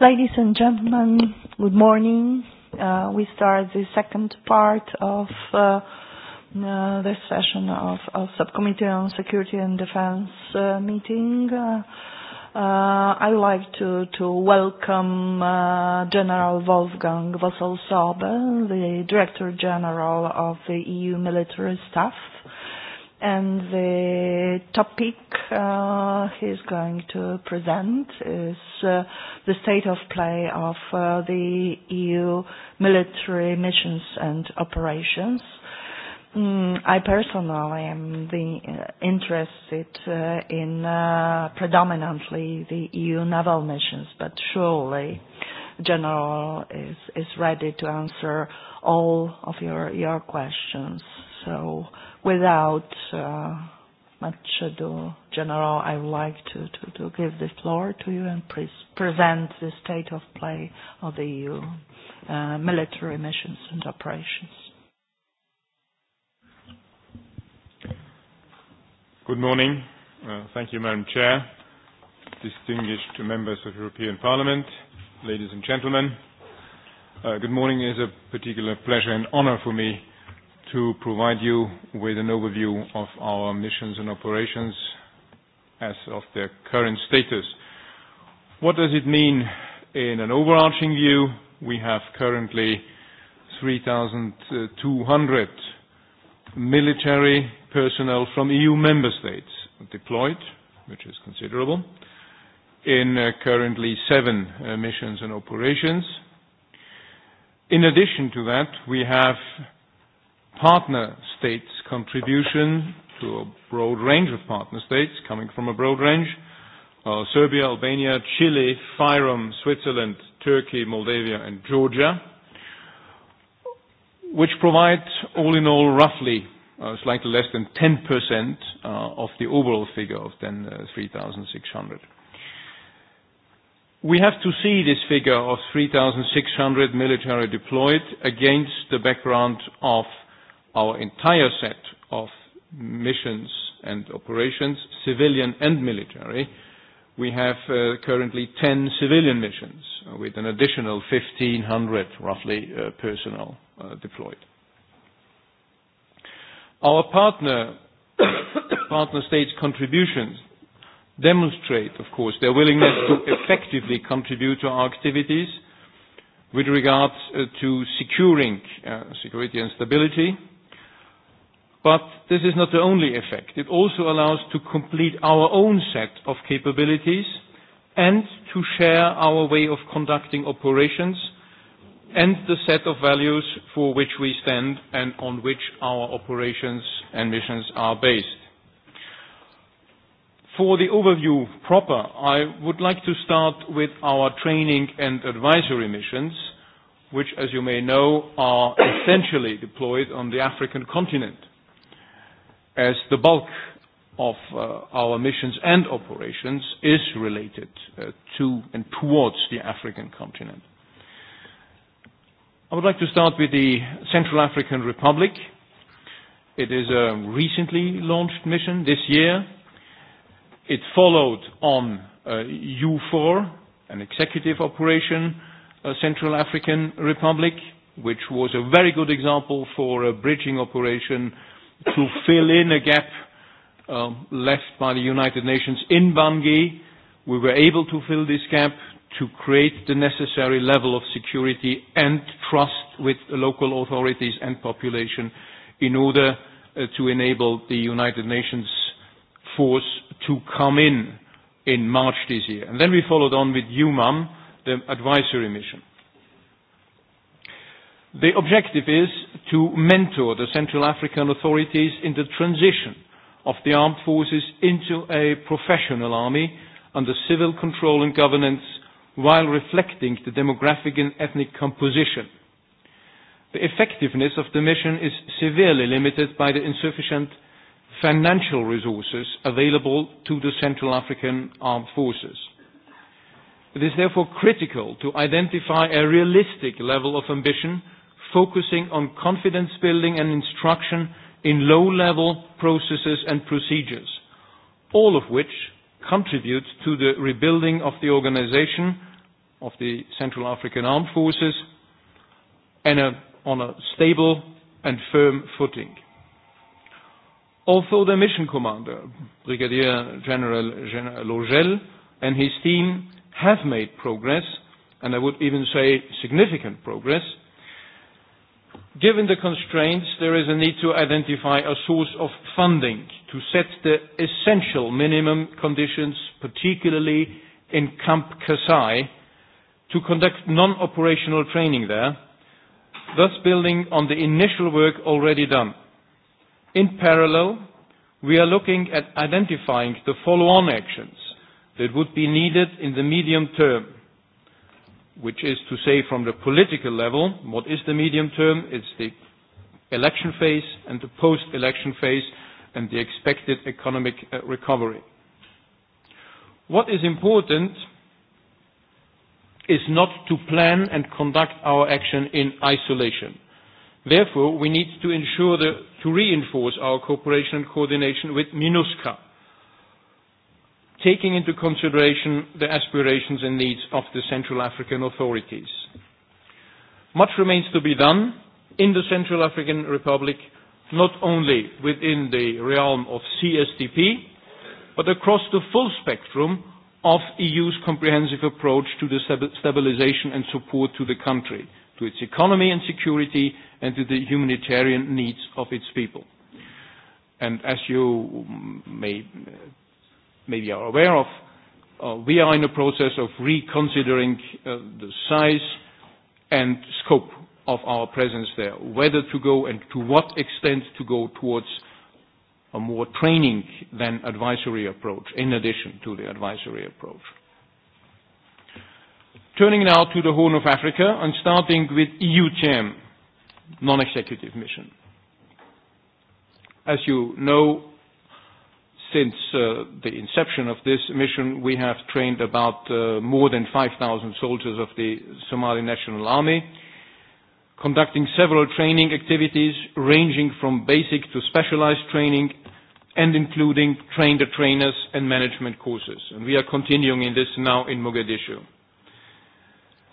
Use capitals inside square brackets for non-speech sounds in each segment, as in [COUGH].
Ladies and gentlemen, good morning. Uh, we start the second part of uh, uh, the session of, of Subcommittee on Security and Defense uh, meeting. Uh, uh, I would like to, to welcome uh, General Wolfgang Wasselsobe, the Director General of the EU Military Staff. And the topic uh, he's going to present is uh, the state of play of uh, the EU military missions and operations. Mm, I personally am the, uh, interested uh, in uh, predominantly the EU naval missions, but surely General is, is ready to answer all of your, your questions. So without uh, much ado, General, I would like to, to, to give the floor to you and pre present the state of play of the EU uh, military missions and operations. Good morning. Uh, thank you, Madam Chair, distinguished members of the European Parliament, ladies and gentlemen. Uh, good morning. It is a particular pleasure and honor for me to provide you with an overview of our missions and operations as of their current status. What does it mean in an overarching view? We have currently 3,200 military personnel from EU member states deployed, which is considerable, in uh, currently seven uh, missions and operations. In addition to that, we have partner states' contribution to a broad range of partner states, coming from a broad range. Uh, Serbia, Albania, Chile, Fyrom, Switzerland, Turkey, Moldavia, and Georgia, which provide all in all roughly uh, slightly less than 10% uh, of the overall figure of then uh, 3,600. We have to see this figure of 3,600 military deployed against the background of our entire set of missions and operations, civilian and military. We have uh, currently 10 civilian missions with an additional 1,500 roughly uh, personnel uh, deployed. Our partner, [COUGHS] partner states' contributions demonstrate, of course, their willingness to effectively contribute to our activities with regard uh, to securing uh, security and stability, But this is not the only effect. It also allows to complete our own set of capabilities and to share our way of conducting operations and the set of values for which we stand and on which our operations and missions are based. For the overview proper, I would like to start with our training and advisory missions, which, as you may know, are essentially deployed on the African continent as the bulk of uh, our missions and operations is related uh, to and towards the African continent. I would like to start with the Central African Republic. It is a recently launched mission this year. It followed on uh, U4, an executive operation, uh, Central African Republic, which was a very good example for a bridging operation to fill in a gap um, left by the United Nations in Bangui. We were able to fill this gap to create the necessary level of security and trust with the local authorities and population in order uh, to enable the United Nations force to come in in March this year. And then we followed on with UMAM, the advisory mission. The objective is to mentor the Central African authorities in the transition of the armed forces into a professional army under civil control and governance while reflecting the demographic and ethnic composition. The effectiveness of the mission is severely limited by the insufficient financial resources available to the Central African Armed Forces. It is therefore critical to identify a realistic level of ambition focusing on confidence building and instruction in low-level processes and procedures, all of which contribute to the rebuilding of the organization of the Central African Armed Forces and a, on a stable and firm footing. Although the mission commander, Brigadier General, Logel, and his team have made progress, and I would even say significant progress, Given the constraints, there is a need to identify a source of funding to set the essential minimum conditions, particularly in Camp Kasai, to conduct non-operational training there, thus building on the initial work already done. In parallel, we are looking at identifying the follow-on actions that would be needed in the medium term which is to say from the political level, what is the medium term? It's the election phase and the post-election phase and the expected economic uh, recovery. What is important is not to plan and conduct our action in isolation. Therefore, we need to ensure the, to reinforce our cooperation and coordination with MINUSCA taking into consideration the aspirations and needs of the Central African authorities. Much remains to be done in the Central African Republic, not only within the realm of CSDP, but across the full spectrum of EU's comprehensive approach to the stabilization and support to the country, to its economy and security, and to the humanitarian needs of its people. And as you may maybe are aware of, uh, we are in the process of reconsidering uh, the size and scope of our presence there, whether to go and to what extent to go towards a more training than advisory approach, in addition to the advisory approach. Turning now to the Horn of Africa and starting with EUTM, non-executive mission. As you know, since uh, the inception of this mission, we have trained about uh, more than 5,000 soldiers of the Somali National Army, conducting several training activities ranging from basic to specialized training and including trained trainers and management courses. And we are continuing in this now in Mogadishu.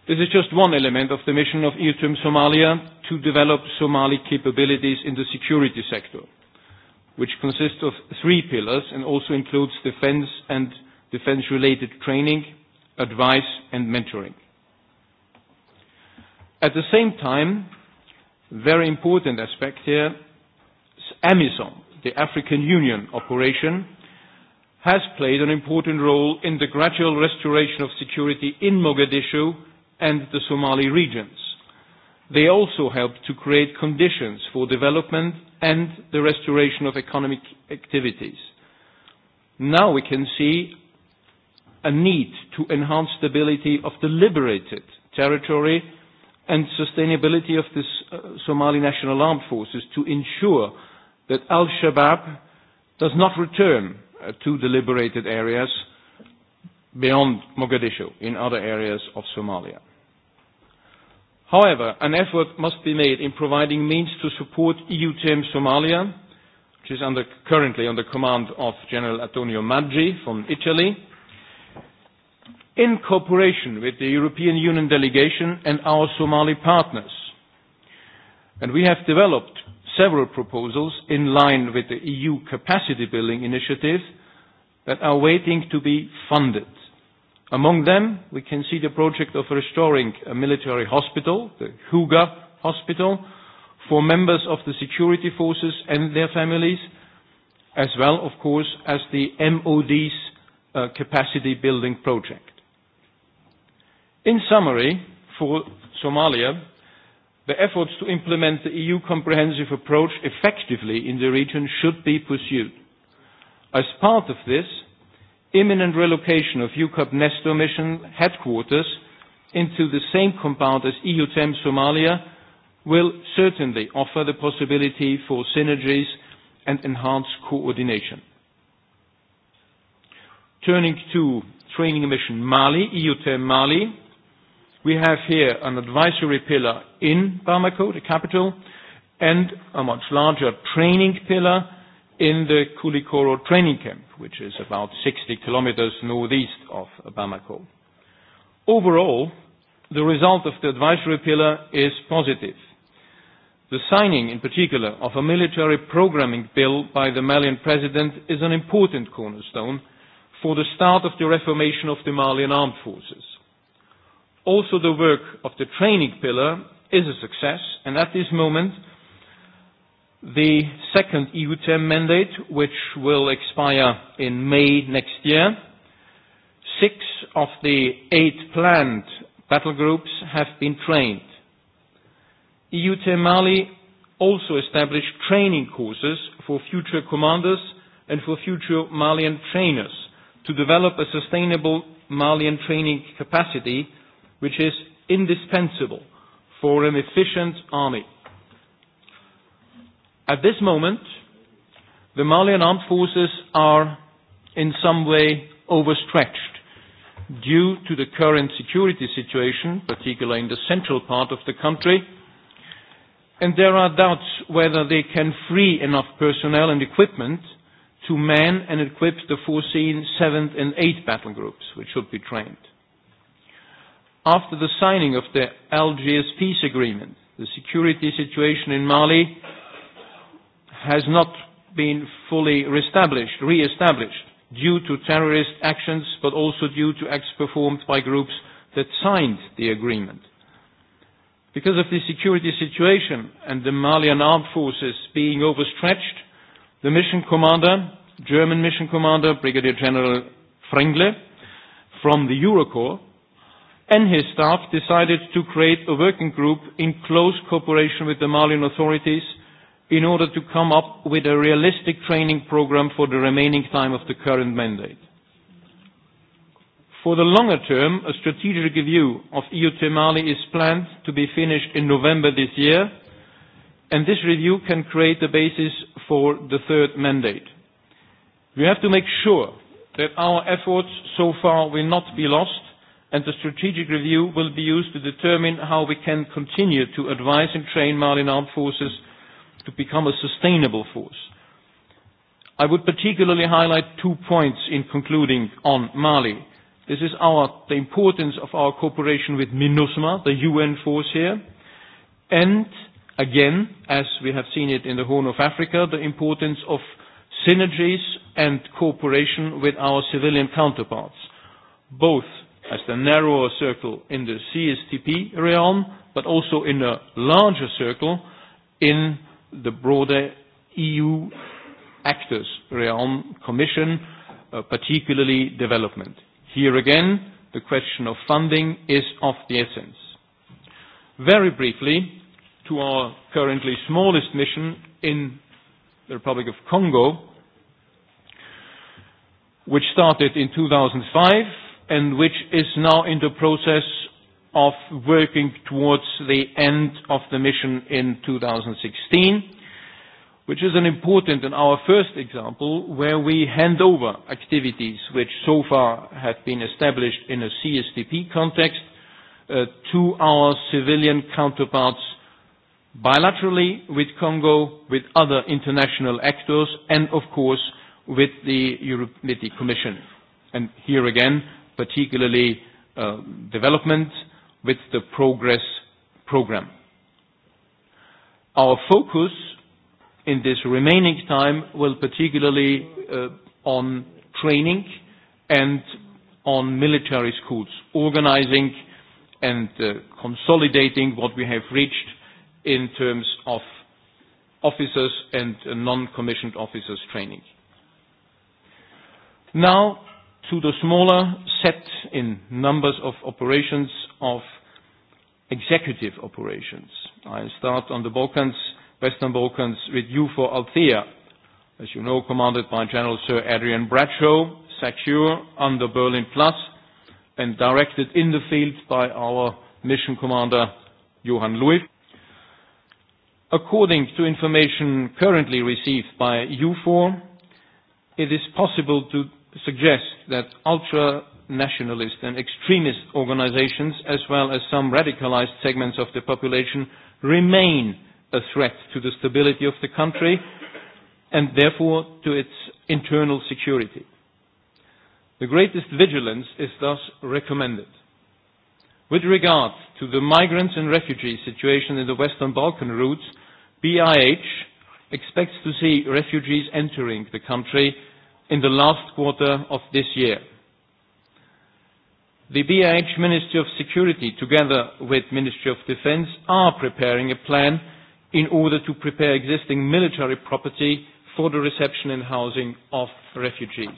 This is just one element of the mission of EUTM Somalia to develop Somali capabilities in the security sector which consists of three pillars and also includes defense and defense-related training, advice, and mentoring. At the same time, very important aspect here, AMISOM, the African Union operation, has played an important role in the gradual restoration of security in Mogadishu and the Somali regions. They also help to create conditions for development and the restoration of economic activities. Now we can see a need to enhance stability of the liberated territory and sustainability of the uh, Somali National Armed Forces to ensure that Al-Shabaab does not return uh, to the liberated areas beyond Mogadishu in other areas of Somalia. However, an effort must be made in providing means to support EUTM Somalia, which is under, currently under command of General Antonio Maggi from Italy, in cooperation with the European Union delegation and our Somali partners. And we have developed several proposals in line with the EU capacity building initiative that are waiting to be funded. Among them, we can see the project of restoring a military hospital, the Huga Hospital, for members of the security forces and their families, as well, of course, as the MOD's uh, capacity building project. In summary, for Somalia, the efforts to implement the EU comprehensive approach effectively in the region should be pursued. As part of this, imminent relocation of UCOP Nestor mission headquarters into the same compound as EUTEM Somalia will certainly offer the possibility for synergies and enhanced coordination. Turning to training mission Mali, EUTEM Mali, we have here an advisory pillar in Bamako, the capital, and a much larger training pillar in the Kulikoro training camp, which is about 60 kilometers northeast of Bamako. Overall, the result of the advisory pillar is positive. The signing, in particular, of a military programming bill by the Malian president is an important cornerstone for the start of the reformation of the Malian armed forces. Also, the work of the training pillar is a success, and at this moment, the second EU term mandate, which will expire in May next year. Six of the eight planned battle groups have been trained. EU term Mali also established training courses for future commanders and for future Malian trainers to develop a sustainable Malian training capacity, which is indispensable for an efficient army. At this moment, the Malian armed forces are in some way overstretched due to the current security situation, particularly in the central part of the country, and there are doubts whether they can free enough personnel and equipment to man and equip the foreseen 7th and 8th battle groups, which should be trained. After the signing of the LGS peace agreement, the security situation in Mali has not been fully re-established re due to terrorist actions, but also due to acts performed by groups that signed the agreement. Because of the security situation and the Malian armed forces being overstretched, the mission commander, German mission commander, Brigadier General Frengle, from the Eurocorps, and his staff decided to create a working group in close cooperation with the Malian authorities in order to come up with a realistic training program for the remaining time of the current mandate. For the longer term, a strategic review of EU Temali is planned to be finished in November this year, and this review can create the basis for the third mandate. We have to make sure that our efforts so far will not be lost, and the strategic review will be used to determine how we can continue to advise and train Malian armed forces to become a sustainable force. I would particularly highlight two points in concluding on Mali. This is our, the importance of our cooperation with MINUSMA, the UN force here, and again, as we have seen it in the Horn of Africa, the importance of synergies and cooperation with our civilian counterparts, both as the narrower circle in the CSTP realm, but also in a larger circle in the broader EU actors, Realm Commission, uh, particularly development. Here again, the question of funding is of the essence. Very briefly, to our currently smallest mission in the Republic of Congo, which started in 2005 and which is now in the process of working towards the end of the mission in 2016, which is an important and our first example where we hand over activities which so far have been established in a CSTP context uh, to our civilian counterparts bilaterally with Congo, with other international actors, and of course with the, Europe, with the Commission. And here again, particularly uh, development with the Progress program. Our focus in this remaining time will particularly uh, on training and on military schools, organizing and uh, consolidating what we have reached in terms of officers and uh, non-commissioned officers training. Now to the smaller set in numbers of operations of executive operations. I start on the Balkans, Western Balkans, with EUFOR Althea, as you know, commanded by General Sir Adrian Bradshaw, secure under Berlin Plus, and directed in the field by our mission commander, Johan Louis. According to information currently received by EUFOR, it is possible to suggest that ultra nationalist and extremist organizations, as well as some radicalized segments of the population, remain a threat to the stability of the country and therefore to its internal security. The greatest vigilance is thus recommended. With regard to the migrants and refugee situation in the Western Balkan routes, BIH expects to see refugees entering the country in the last quarter of this year. The BIH Ministry of Security, together with Ministry of Defense, are preparing a plan in order to prepare existing military property for the reception and housing of refugees.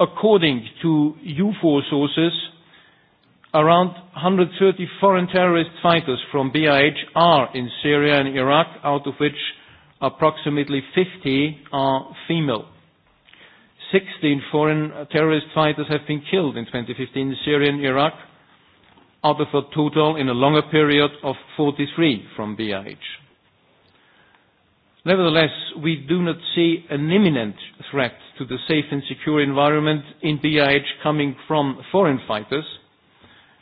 According to U4 sources, around 130 foreign terrorist fighters from BIH are in Syria and Iraq, out of which approximately 50 are female. 16 foreign terrorist fighters have been killed in 2015 in Syria and Iraq, out of a total in a longer period of 43 from BIH. Nevertheless, we do not see an imminent threat to the safe and secure environment in BIH coming from foreign fighters,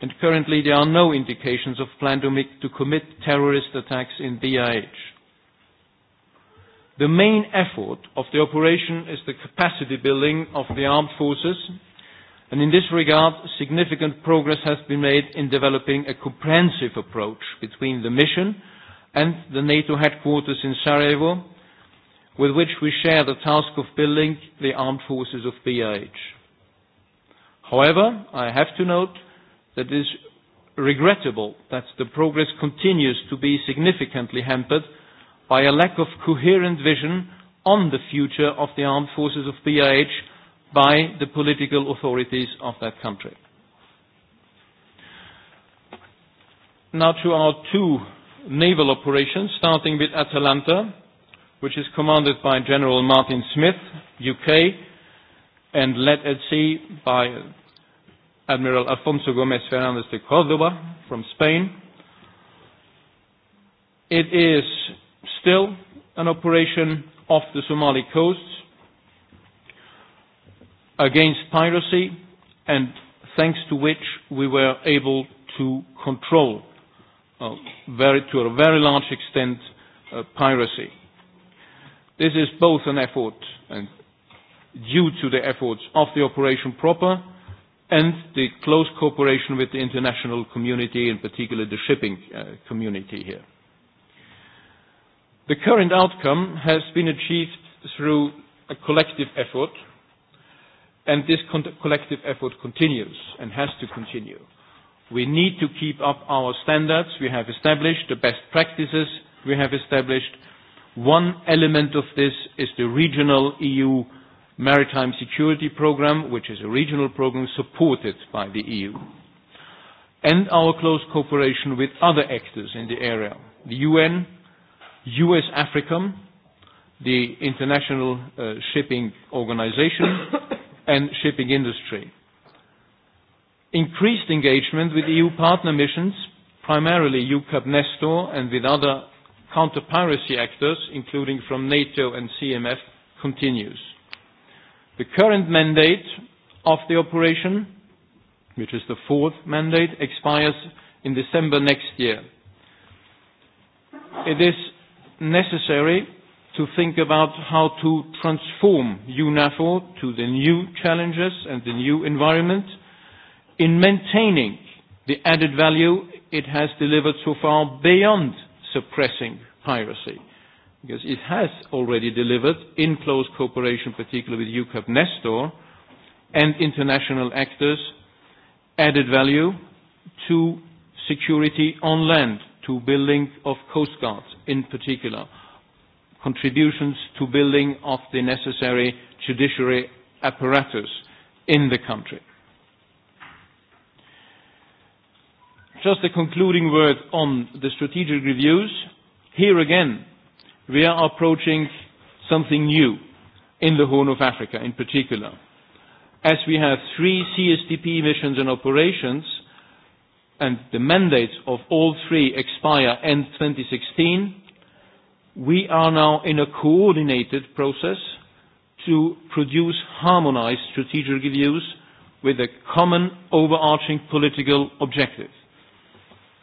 and currently there are no indications of plan to, make, to commit terrorist attacks in BIH. The main effort of the operation is the capacity building of the armed forces, and in this regard, significant progress has been made in developing a comprehensive approach between the mission and the NATO headquarters in Sarajevo, with which we share the task of building the armed forces of BIH. However, I have to note that it is regrettable that the progress continues to be significantly hampered by a lack of coherent vision on the future of the armed forces of PIH by the political authorities of that country. Now to our two naval operations, starting with Atalanta, which is commanded by General Martin Smith, UK, and led at sea by Admiral Alfonso Gomez Fernandez de Cordoba from Spain. It is still an operation off the Somali coasts against piracy and thanks to which we were able to control uh, very, to a very large extent uh, piracy. This is both an effort and due to the efforts of the operation proper and the close cooperation with the international community, in particular the shipping uh, community here. The current outcome has been achieved through a collective effort, and this con collective effort continues and has to continue. We need to keep up our standards we have established, the best practices we have established. One element of this is the regional EU Maritime Security Programme, which is a regional programme supported by the EU, and our close cooperation with other actors in the area, the UN, US AFRICOM, the International uh, Shipping Organization, [COUGHS] and shipping industry. Increased engagement with EU partner missions, primarily UCAP Nestor and with other counter-piracy actors, including from NATO and CMF, continues. The current mandate of the operation, which is the fourth mandate, expires in December next year. It is necessary to think about how to transform UNAFOR to the new challenges and the new environment in maintaining the added value it has delivered so far beyond suppressing piracy. Because it has already delivered in close cooperation, particularly with UCAP Nestor and international actors, added value to security on land, to building of coast guards in particular, contributions to building of the necessary judiciary apparatus in the country. Just a concluding word on the strategic reviews. Here again, we are approaching something new in the Horn of Africa in particular. As we have three CSDP missions and operations, and the mandates of all three expire end 2016, we are now in a coordinated process to produce harmonized strategic reviews with a common overarching political objective.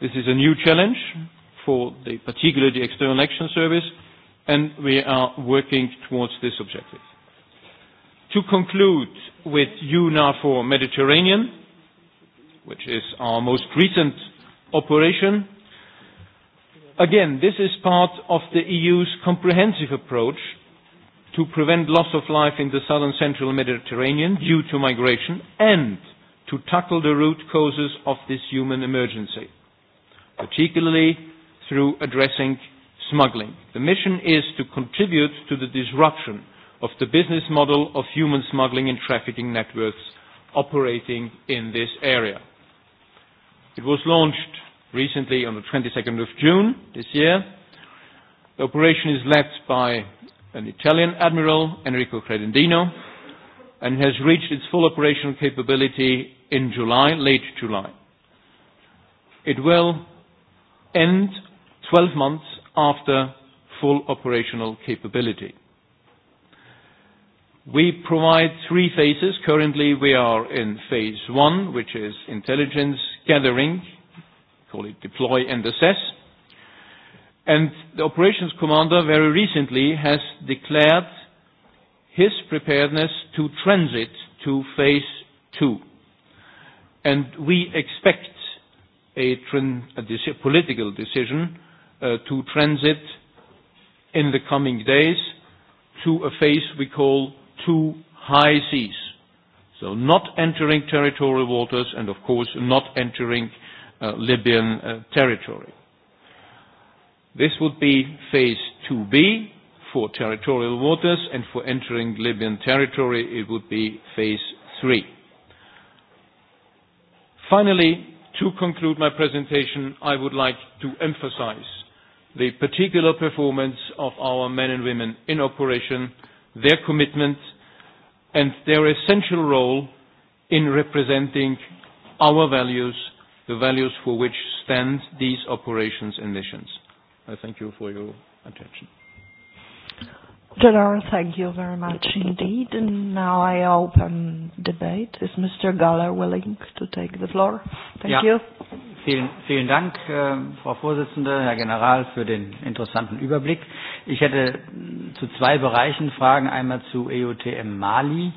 This is a new challenge for the, particularly the External Action Service, and we are working towards this objective. To conclude with UNAFOR Mediterranean, which is our most recent operation. Again, this is part of the EU's comprehensive approach to prevent loss of life in the southern central Mediterranean due to migration and to tackle the root causes of this human emergency, particularly through addressing smuggling. The mission is to contribute to the disruption of the business model of human smuggling and trafficking networks operating in this area. It was launched recently on the 22nd of June this year. The operation is led by an Italian admiral, Enrico Credendino, and has reached its full operational capability in July, late July. It will end 12 months after full operational capability. We provide three phases. Currently, we are in phase one, which is intelligence gathering, call it deploy and assess. And The operations commander very recently has declared his preparedness to transit to phase two. And We expect a trend a political decision uh to transit in the coming days to a phase we call two high seas. So not entering territorial waters and of course not entering uh, Libyan uh, territory. This would be phase 2B for territorial waters and for entering Libyan territory it would be phase 3. Finally, to conclude my presentation, I would like to emphasize the particular performance of our men and women in operation their commitment, and their essential role in representing our values, the values for which stand these operations and missions. I thank you for your attention. Gerard, thank you very much indeed. And now I open debate. Is Mr. Galler willing to take the floor? Thank ja. you. Vielen, vielen Dank, äh, Frau Vorsitzende, Herr General, für den interessanten Überblick. Ich hätte hm, zu zwei Bereichen Fragen. Einmal zu EUTM Mali.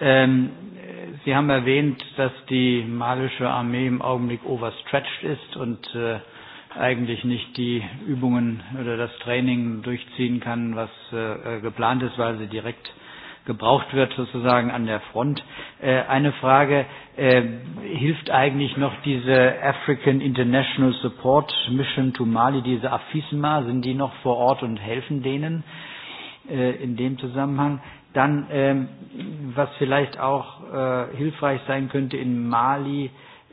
Ähm, Sie haben erwähnt, dass die malische Armee im Augenblick overstretched ist und äh, eigentlich nicht die Übungen oder das Training durchziehen kann, was äh, geplant ist, weil sie direkt gebraucht wird sozusagen an der Front. Äh, eine Frage, äh, hilft eigentlich noch diese African International Support Mission to Mali, diese AFISMA, sind die noch vor Ort und helfen denen äh, in dem Zusammenhang? Dann, äh, was vielleicht auch äh, hilfreich sein könnte in Mali, äh,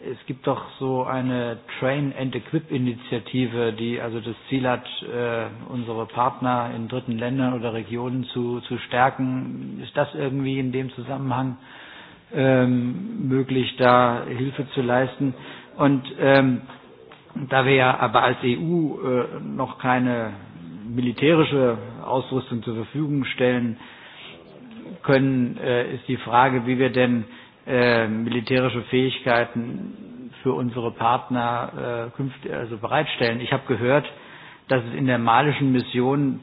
es gibt doch so eine Train and Equip Initiative, die also das Ziel hat, äh, unsere Partner in dritten Ländern oder Regionen zu, zu stärken. Ist das irgendwie in dem Zusammenhang ähm, möglich, da Hilfe zu leisten? Und ähm, da wir ja aber als EU äh, noch keine militärische Ausrüstung zur Verfügung stellen können, äh, ist die Frage, wie wir denn äh, Äh, militärische Fähigkeiten für unsere Partner äh, künft, also bereitstellen. Ich habe gehört, dass es in der malischen Mission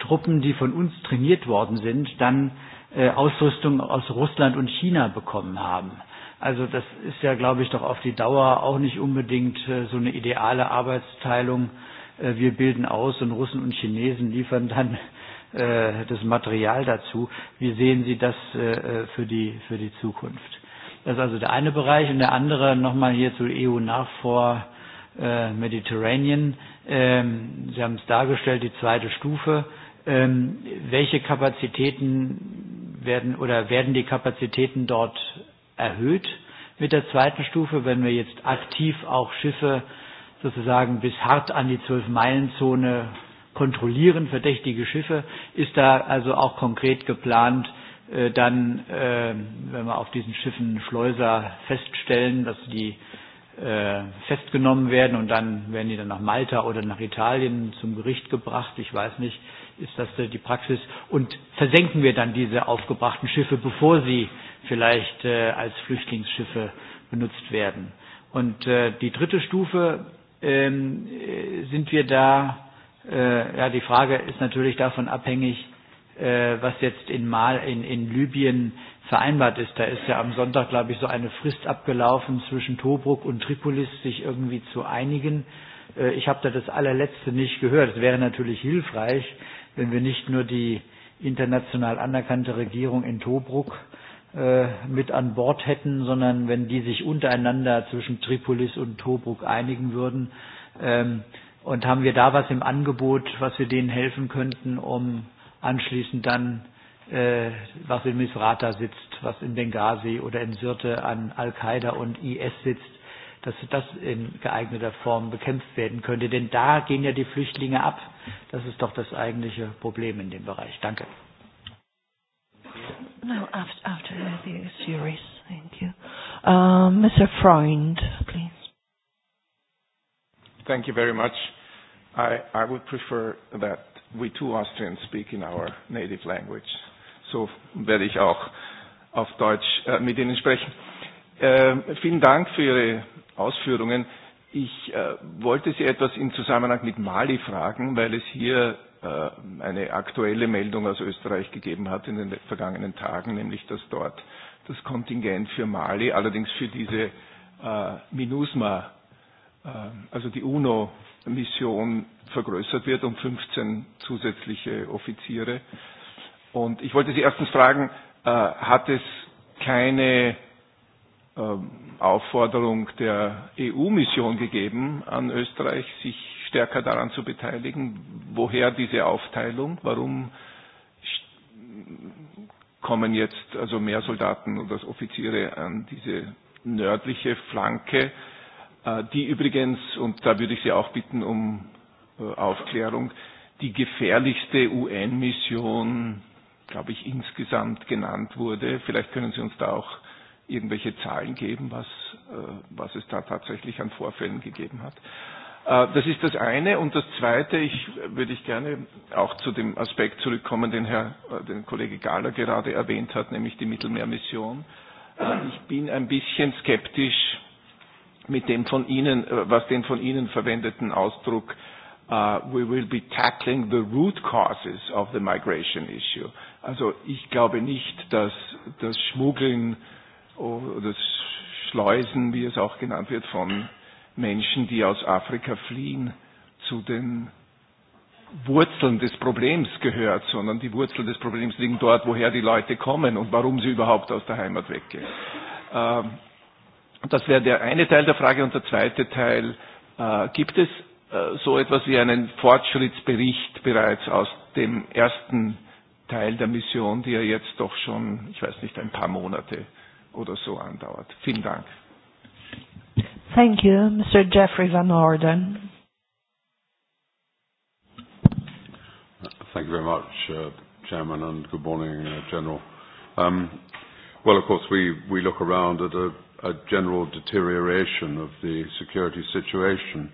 Truppen, die von uns trainiert worden sind, dann äh, Ausrüstung aus Russland und China bekommen haben. Also das ist ja, glaube ich, doch auf die Dauer auch nicht unbedingt äh, so eine ideale Arbeitsteilung. Äh, wir bilden aus und Russen und Chinesen liefern dann äh, das Material dazu. Wie sehen Sie das äh, äh für, die, für die Zukunft? Das ist also der eine Bereich. Und der andere nochmal hier zu EU nach vor äh, Mediterranean. Ähm, Sie haben es dargestellt, die zweite Stufe. Ähm, welche Kapazitäten werden oder werden die Kapazitäten dort erhöht mit der zweiten Stufe, wenn wir jetzt aktiv auch Schiffe sozusagen bis hart an die Zwölf-Meilen-Zone kontrollieren, verdächtige Schiffe? Ist da also auch konkret geplant, Äh, dann, ähm, wenn wir auf diesen Schiffen Schleuser feststellen, dass die äh, festgenommen werden und dann werden die dann nach Malta oder nach Italien zum Gericht gebracht. Ich weiß nicht, ist das die Praxis? Und versenken wir dann diese aufgebrachten Schiffe, bevor sie vielleicht äh, als Flüchtlingsschiffe benutzt werden? Und die dritte Stufe ähm, sind wir da, ja, die Frage ist natürlich davon abhängig, äh, was jetzt in, Mal, in, in Libyen vereinbart ist. Da ist ja am Sonntag, glaube ich, so eine Frist abgelaufen, zwischen Tobruk und Tripolis sich irgendwie zu einigen. Äh, ich habe da das allerletzte nicht gehört. Es wäre natürlich hilfreich, wenn wir nicht nur die international anerkannte Regierung in Tobruk äh, mit an Bord hätten, sondern wenn die sich untereinander zwischen Tripolis und Tobruk einigen würden. Ähm, und haben wir da was im Angebot, was wir denen helfen könnten, um anschließend dann, äh, was in Misrata sitzt, was in Benghazi oder in Sirte an Al-Qaida und IS sitzt, dass das in geeigneter Form bekämpft werden könnte. Denn da gehen ja die Flüchtlinge ab. Das ist doch das eigentliche Problem in dem Bereich. Danke. Now, after, after the series, Thank you. Uh, um, Mr. Freund, please. Thank you very much. I, I would prefer that we two Austrians speak in our native language. So werde ich auch auf Deutsch äh, mit Ihnen sprechen. Äh, vielen Dank für Ihre Ausführungen. Ich äh, wollte Sie etwas im Zusammenhang mit Mali fragen, weil es hier äh, eine aktuelle Meldung aus Österreich gegeben hat in den vergangenen Tagen, nämlich dass dort das Kontingent für Mali, allerdings für diese äh, MINUSMA, äh, also die UNO, Mission vergrößert wird um 15 zusätzliche Offiziere. Und ich wollte Sie erstens fragen, äh, hat es keine ähm, Aufforderung der EU-Mission gegeben an Österreich, sich stärker daran zu beteiligen? Woher diese Aufteilung? Warum kommen jetzt also mehr Soldaten oder Offiziere an diese nördliche Flanke Äh, die übrigens, und da würde ich Sie auch bitten um äh, Aufklärung, die gefährlichste UN-Mission, glaube ich, insgesamt genannt wurde. Vielleicht können Sie uns da auch irgendwelche Zahlen geben, was, äh, was es da tatsächlich an Vorfällen gegeben hat. Das ist das eine. Und das zweite, ich würde ich gerne auch zu dem Aspekt zurückkommen, den Herr, den Kollege Gahler gerade erwähnt hat, nämlich die Mittelmeermission. Ich bin ein bisschen skeptisch, mit dem von Ihnen, äh, was den von Ihnen verwendeten Ausdruck uh, we will be tackling the root causes of the migration issue. Also ich glaube nicht, dass das Schmuggeln oder das Schleusen, wie es auch genannt wird, von Menschen, die aus Afrika fliehen, zu den Wurzeln des Problems gehört, sondern die Wurzeln des Problems liegen dort, woher die Leute kommen und warum sie überhaupt aus der Heimat weggehen. Ähm, Das wäre der eine Teil der Frage. Und der zweite Teil, äh, gibt es äh, so etwas wie einen Fortschrittsbericht bereits aus dem ersten Teil der Mission, die ja jetzt doch schon, ich weiß nicht, ein paar Monate oder so andauert? Vielen Dank. Thank you, Mr. Jeffrey Van Orden. Thank you very much, uh, Chairman, and good morning, uh, General. Um, well, of course, we, we look around at a a general deterioration of the security situation.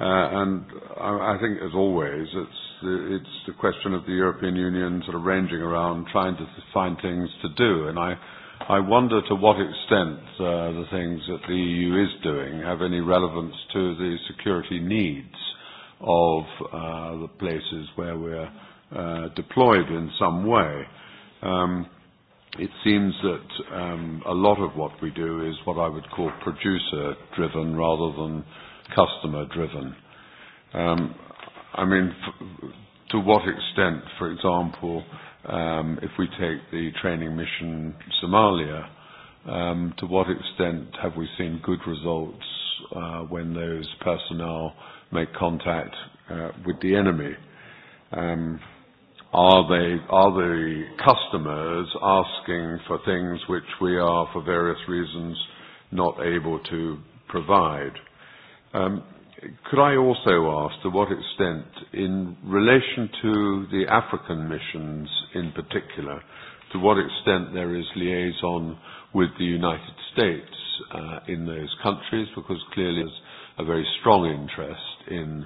Uh, and I, I think, as always, it's the, it's the question of the European Union sort of ranging around trying to find things to do. And I, I wonder to what extent uh, the things that the EU is doing have any relevance to the security needs of uh, the places where we're uh, deployed in some way. Um, it seems that um, a lot of what we do is what I would call producer driven rather than customer driven. Um, I mean, f- to what extent, for example, um, if we take the training mission Somalia, um, to what extent have we seen good results uh, when those personnel make contact uh, with the enemy? Um, are they are the customers asking for things which we are for various reasons not able to provide um, could I also ask to what extent in relation to the African missions in particular to what extent there is liaison with the United States uh, in those countries because clearly there's a very strong interest in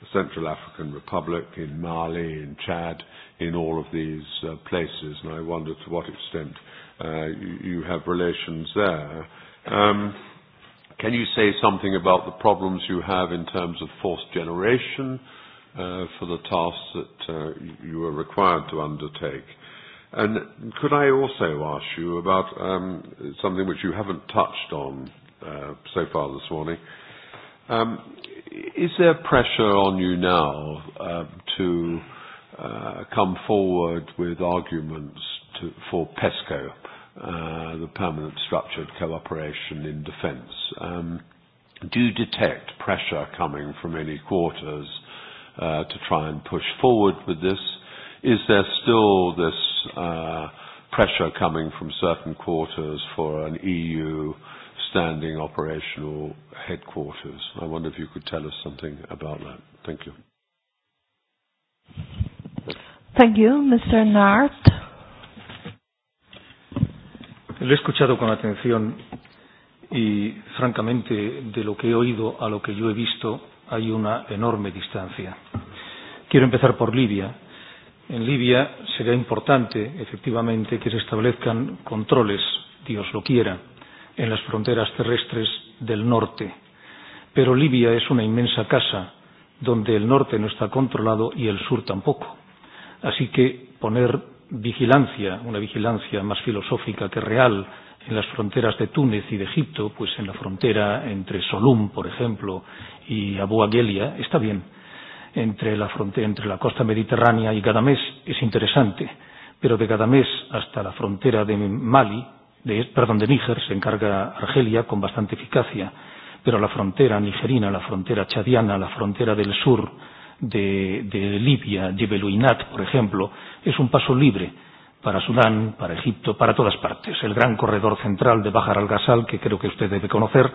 the Central African Republic in Mali in Chad in all of these uh, places, and I wonder to what extent uh, you, you have relations there. Um, can you say something about the problems you have in terms of forced generation uh, for the tasks that uh, you are required to undertake? And could I also ask you about um, something which you haven't touched on uh, so far this morning? Um, is there pressure on you now uh, to uh, come forward with arguments to, for PESCO, uh, the Permanent Structured Cooperation in Defence. Um, do you detect pressure coming from any quarters uh, to try and push forward with this? Is there still this uh, pressure coming from certain quarters for an EU standing operational headquarters? I wonder if you could tell us something about that. Thank you. Thank you, Mr. Nart. Lo he escuchado con atención y, francamente, de lo que he oído a lo que yo he visto hay una enorme distancia. Quiero empezar por Libia. En Libia sería importante, efectivamente, que se establezcan controles, Dios lo quiera, en las fronteras terrestres del norte. Pero Libia es una inmensa casa donde el norte no está controlado y el sur tampoco Así que poner vigilancia, una vigilancia más filosófica que real, en las fronteras de Túnez y de Egipto, pues en la frontera entre Solum, por ejemplo, y Abu Aguelia, está bien. Entre la, frontera, entre la costa mediterránea y Gadamés es interesante, pero de Gadamés hasta la frontera de Mali, de, perdón, de Níger, se encarga Argelia con bastante eficacia, pero la frontera nigerina, la frontera chadiana, la frontera del sur, de, de Libia, de Beluinat, por ejemplo, es un paso libre para Sudán, para Egipto, para todas partes. El gran corredor central de Bajar al-Ghazal, que creo que usted debe conocer,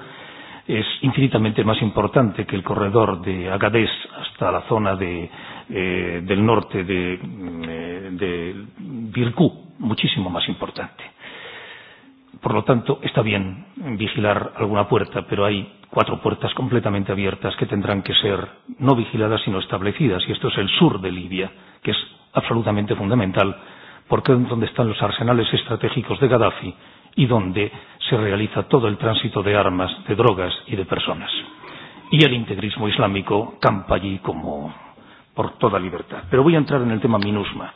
es infinitamente más importante que el corredor de Agadez hasta la zona de, eh, del norte de, eh, de Birkú, muchísimo más importante. Por lo tanto, está bien vigilar alguna puerta, pero hay cuatro puertas completamente abiertas que tendrán que ser no vigiladas sino establecidas. Y esto es el sur de Libia, que es absolutamente fundamental, porque es donde están los arsenales estratégicos de Gaddafi y donde se realiza todo el tránsito de armas, de drogas y de personas. Y el integrismo islámico campa allí como por toda libertad. Pero voy a entrar en el tema MINUSMA.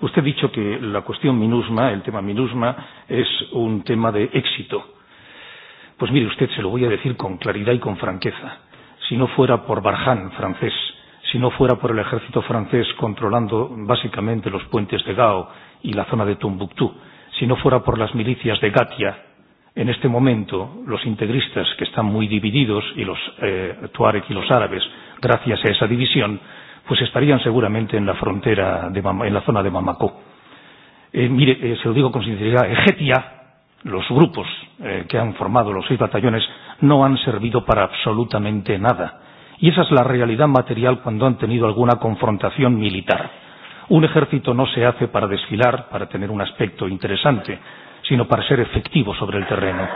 Usted ha dicho que la cuestión MINUSMA, el tema MINUSMA, es un tema de éxito Pues mire usted, se lo voy a decir con claridad y con franqueza. Si no fuera por Barján, francés, si no fuera por el ejército francés controlando básicamente los puentes de Gao y la zona de Tumbuctú, si no fuera por las milicias de Gatia, en este momento los integristas que están muy divididos y los eh, tuareg y los árabes, gracias a esa división, pues estarían seguramente en la frontera de Mama, en la zona de Mamacó. Eh, mire, eh, se lo digo con sinceridad, Egetia los grupos eh, que han formado los seis batallones no han servido para absolutamente nada. Y esa es la realidad material cuando han tenido alguna confrontación militar. Un ejército no se hace para desfilar, para tener un aspecto interesante, sino para ser efectivo sobre el terreno.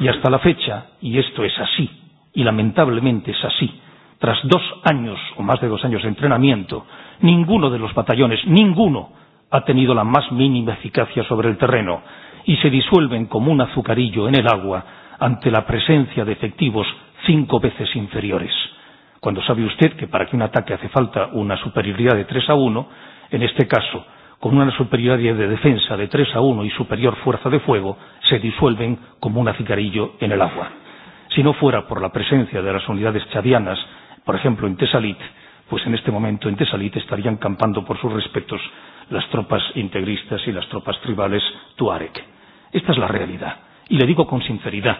Y hasta la fecha, y esto es así, y lamentablemente es así, tras dos años o más de dos años de entrenamiento, ninguno de los batallones, ninguno, ha tenido la más mínima eficacia sobre el terreno y se disuelven como un azucarillo en el agua ante la presencia de efectivos cinco veces inferiores. Cuando sabe usted que para que un ataque hace falta una superioridad de 3 a 1, en este caso, con una superioridad de defensa de 3 a 1 y superior fuerza de fuego, se disuelven como un azucarillo en el agua. Si no fuera por la presencia de las unidades chadianas, por ejemplo en Tesalit, pues en este momento en Tesalit estarían campando por sus respetos las tropas integristas y las tropas tribales Tuareg. Esta es la realidad. Y le digo con sinceridad,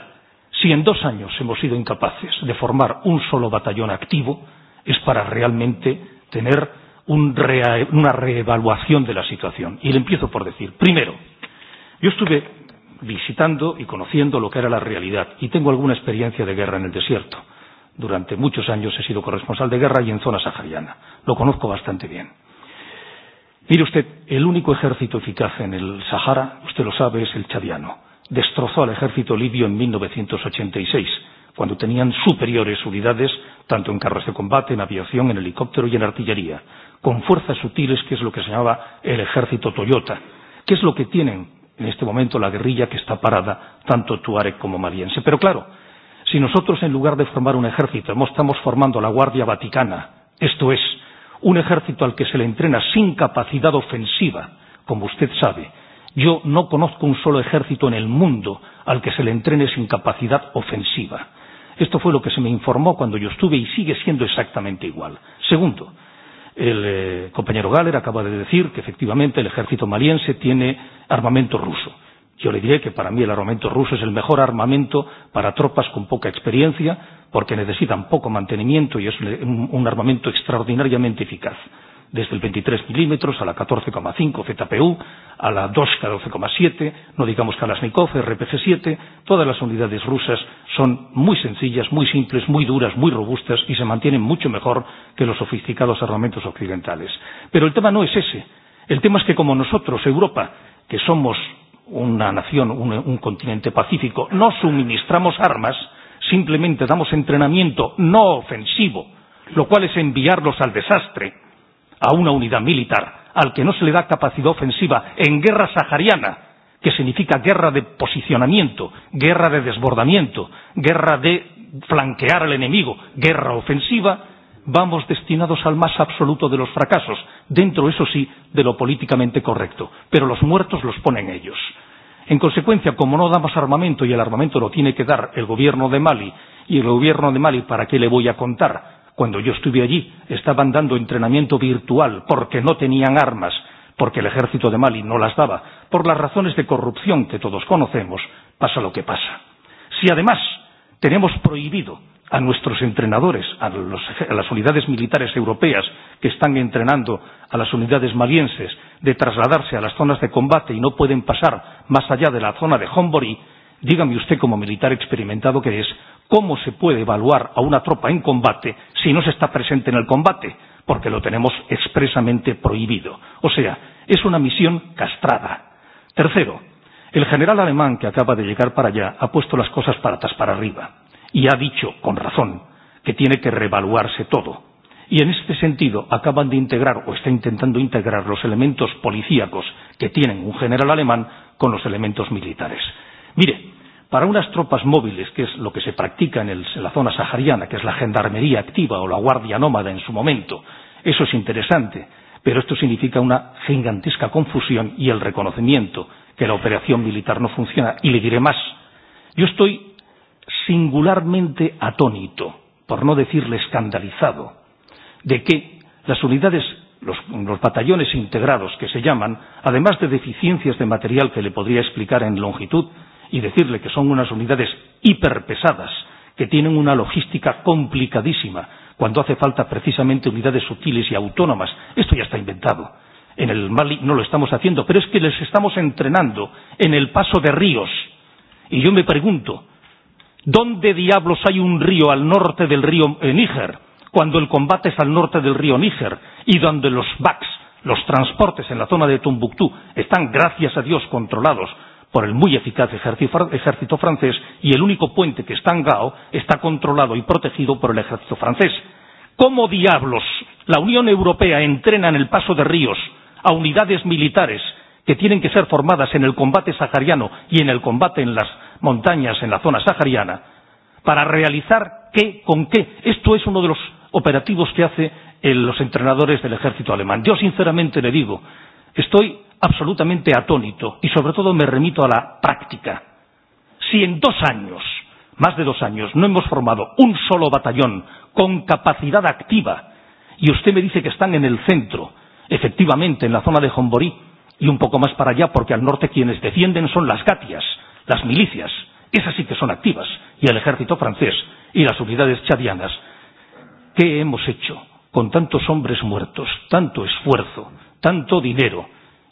si en dos años hemos sido incapaces de formar un solo batallón activo, es para realmente tener un re, una reevaluación de la situación. Y le empiezo por decir, primero, yo estuve visitando y conociendo lo que era la realidad y tengo alguna experiencia de guerra en el desierto. Durante muchos años he sido corresponsal de guerra y en zona sahariana. Lo conozco bastante bien. Mire usted, el único ejército eficaz en el Sahara, usted lo sabe, es el chadiano. Destrozó al ejército libio en 1986, cuando tenían superiores unidades, tanto en carros de combate, en aviación, en helicóptero y en artillería, con fuerzas sutiles, que es lo que se llamaba el ejército Toyota, que es lo que tienen en este momento la guerrilla que está parada, tanto Tuareg como maliense. Pero claro, si nosotros en lugar de formar un ejército no estamos formando la Guardia Vaticana, esto es, un ejército al que se le entrena sin capacidad ofensiva, como usted sabe. Yo no conozco un solo ejército en el mundo al que se le entrene sin capacidad ofensiva. Esto fue lo que se me informó cuando yo estuve y sigue siendo exactamente igual. Segundo, el eh, compañero Galler acaba de decir que efectivamente el ejército maliense tiene armamento ruso. Yo le diré que para mí el armamento ruso es el mejor armamento para tropas con poca experiencia, porque necesitan poco mantenimiento y es un armamento extraordinariamente eficaz desde el 23 milímetros a la 14,5 ZPU, a la 2K12,7, no digamos Kalashnikov, rpg 7 todas las unidades rusas son muy sencillas, muy simples, muy duras, muy robustas y se mantienen mucho mejor que los sofisticados armamentos occidentales. Pero el tema no es ese. El tema es que como nosotros, Europa, que somos una nación, un, un continente pacífico, no suministramos armas, simplemente damos entrenamiento no ofensivo, lo cual es enviarlos al desastre, a una unidad militar, al que no se le da capacidad ofensiva en guerra sahariana, que significa guerra de posicionamiento, guerra de desbordamiento, guerra de flanquear al enemigo, guerra ofensiva, vamos destinados al más absoluto de los fracasos, dentro, eso sí, de lo políticamente correcto. Pero los muertos los ponen ellos. En consecuencia, como no damos armamento y el armamento lo tiene que dar el gobierno de Mali, y el gobierno de Mali, ¿para qué le voy a contar? Cuando yo estuve allí, estaban dando entrenamiento virtual porque no tenían armas, porque el ejército de Mali no las daba, por las razones de corrupción que todos conocemos, pasa lo que pasa. Si además tenemos prohibido a nuestros entrenadores, a, los, a las unidades militares europeas que están entrenando a las unidades malienses de trasladarse a las zonas de combate y no pueden pasar más allá de la zona de Hombori, dígame usted como militar experimentado que es, ¿cómo se puede evaluar a una tropa en combate si no se está presente en el combate? Porque lo tenemos expresamente prohibido. O sea, es una misión castrada. Tercero, el general alemán que acaba de llegar para allá ha puesto las cosas patas para arriba y ha dicho, con razón, que tiene que revaluarse todo. Y en este sentido acaban de integrar o está intentando integrar los elementos policíacos que tienen un general alemán con los elementos militares. Mire, para unas tropas móviles, que es lo que se practica en, el, en la zona sahariana, que es la gendarmería activa o la guardia nómada en su momento, eso es interesante, pero esto significa una gigantesca confusión y el reconocimiento que la operación militar no funciona. Y le diré más, yo estoy singularmente atónito, por no decirle escandalizado, de que las unidades, los, los batallones integrados que se llaman, además de deficiencias de material que le podría explicar en longitud y decirle que son unas unidades hiperpesadas, que tienen una logística complicadísima, cuando hace falta precisamente unidades sutiles y autónomas, esto ya está inventado. En el Mali no lo estamos haciendo, pero es que les estamos entrenando en el paso de ríos. Y yo me pregunto, ¿Dónde diablos hay un río al norte del río Níger? Cuando el combate es al norte del río Níger y donde los BACs, los transportes en la zona de Tumbuctú, están, gracias a Dios, controlados por el muy eficaz ejército francés y el único puente que está en Gao está controlado y protegido por el ejército francés. ¿Cómo diablos la Unión Europea entrena en el paso de ríos a unidades militares que tienen que ser formadas en el combate sahariano y en el combate en las montañas en la zona sahariana, para realizar qué con qué. Esto es uno de los operativos que el, los entrenadores del ejército alemán. Yo sinceramente le digo, estoy absolutamente atónito y sobre todo me remito a la práctica. Si en dos años, más de dos años, no hemos formado un solo batallón con capacidad activa y usted me dice que están en el centro, efectivamente en la zona de Homborí y un poco más para allá porque al norte quienes defienden son las Gatias, Las milicias, esas sí que son activas, y el ejército francés y las unidades chadianas. ¿Qué hemos hecho con tantos hombres muertos, tanto esfuerzo, tanto dinero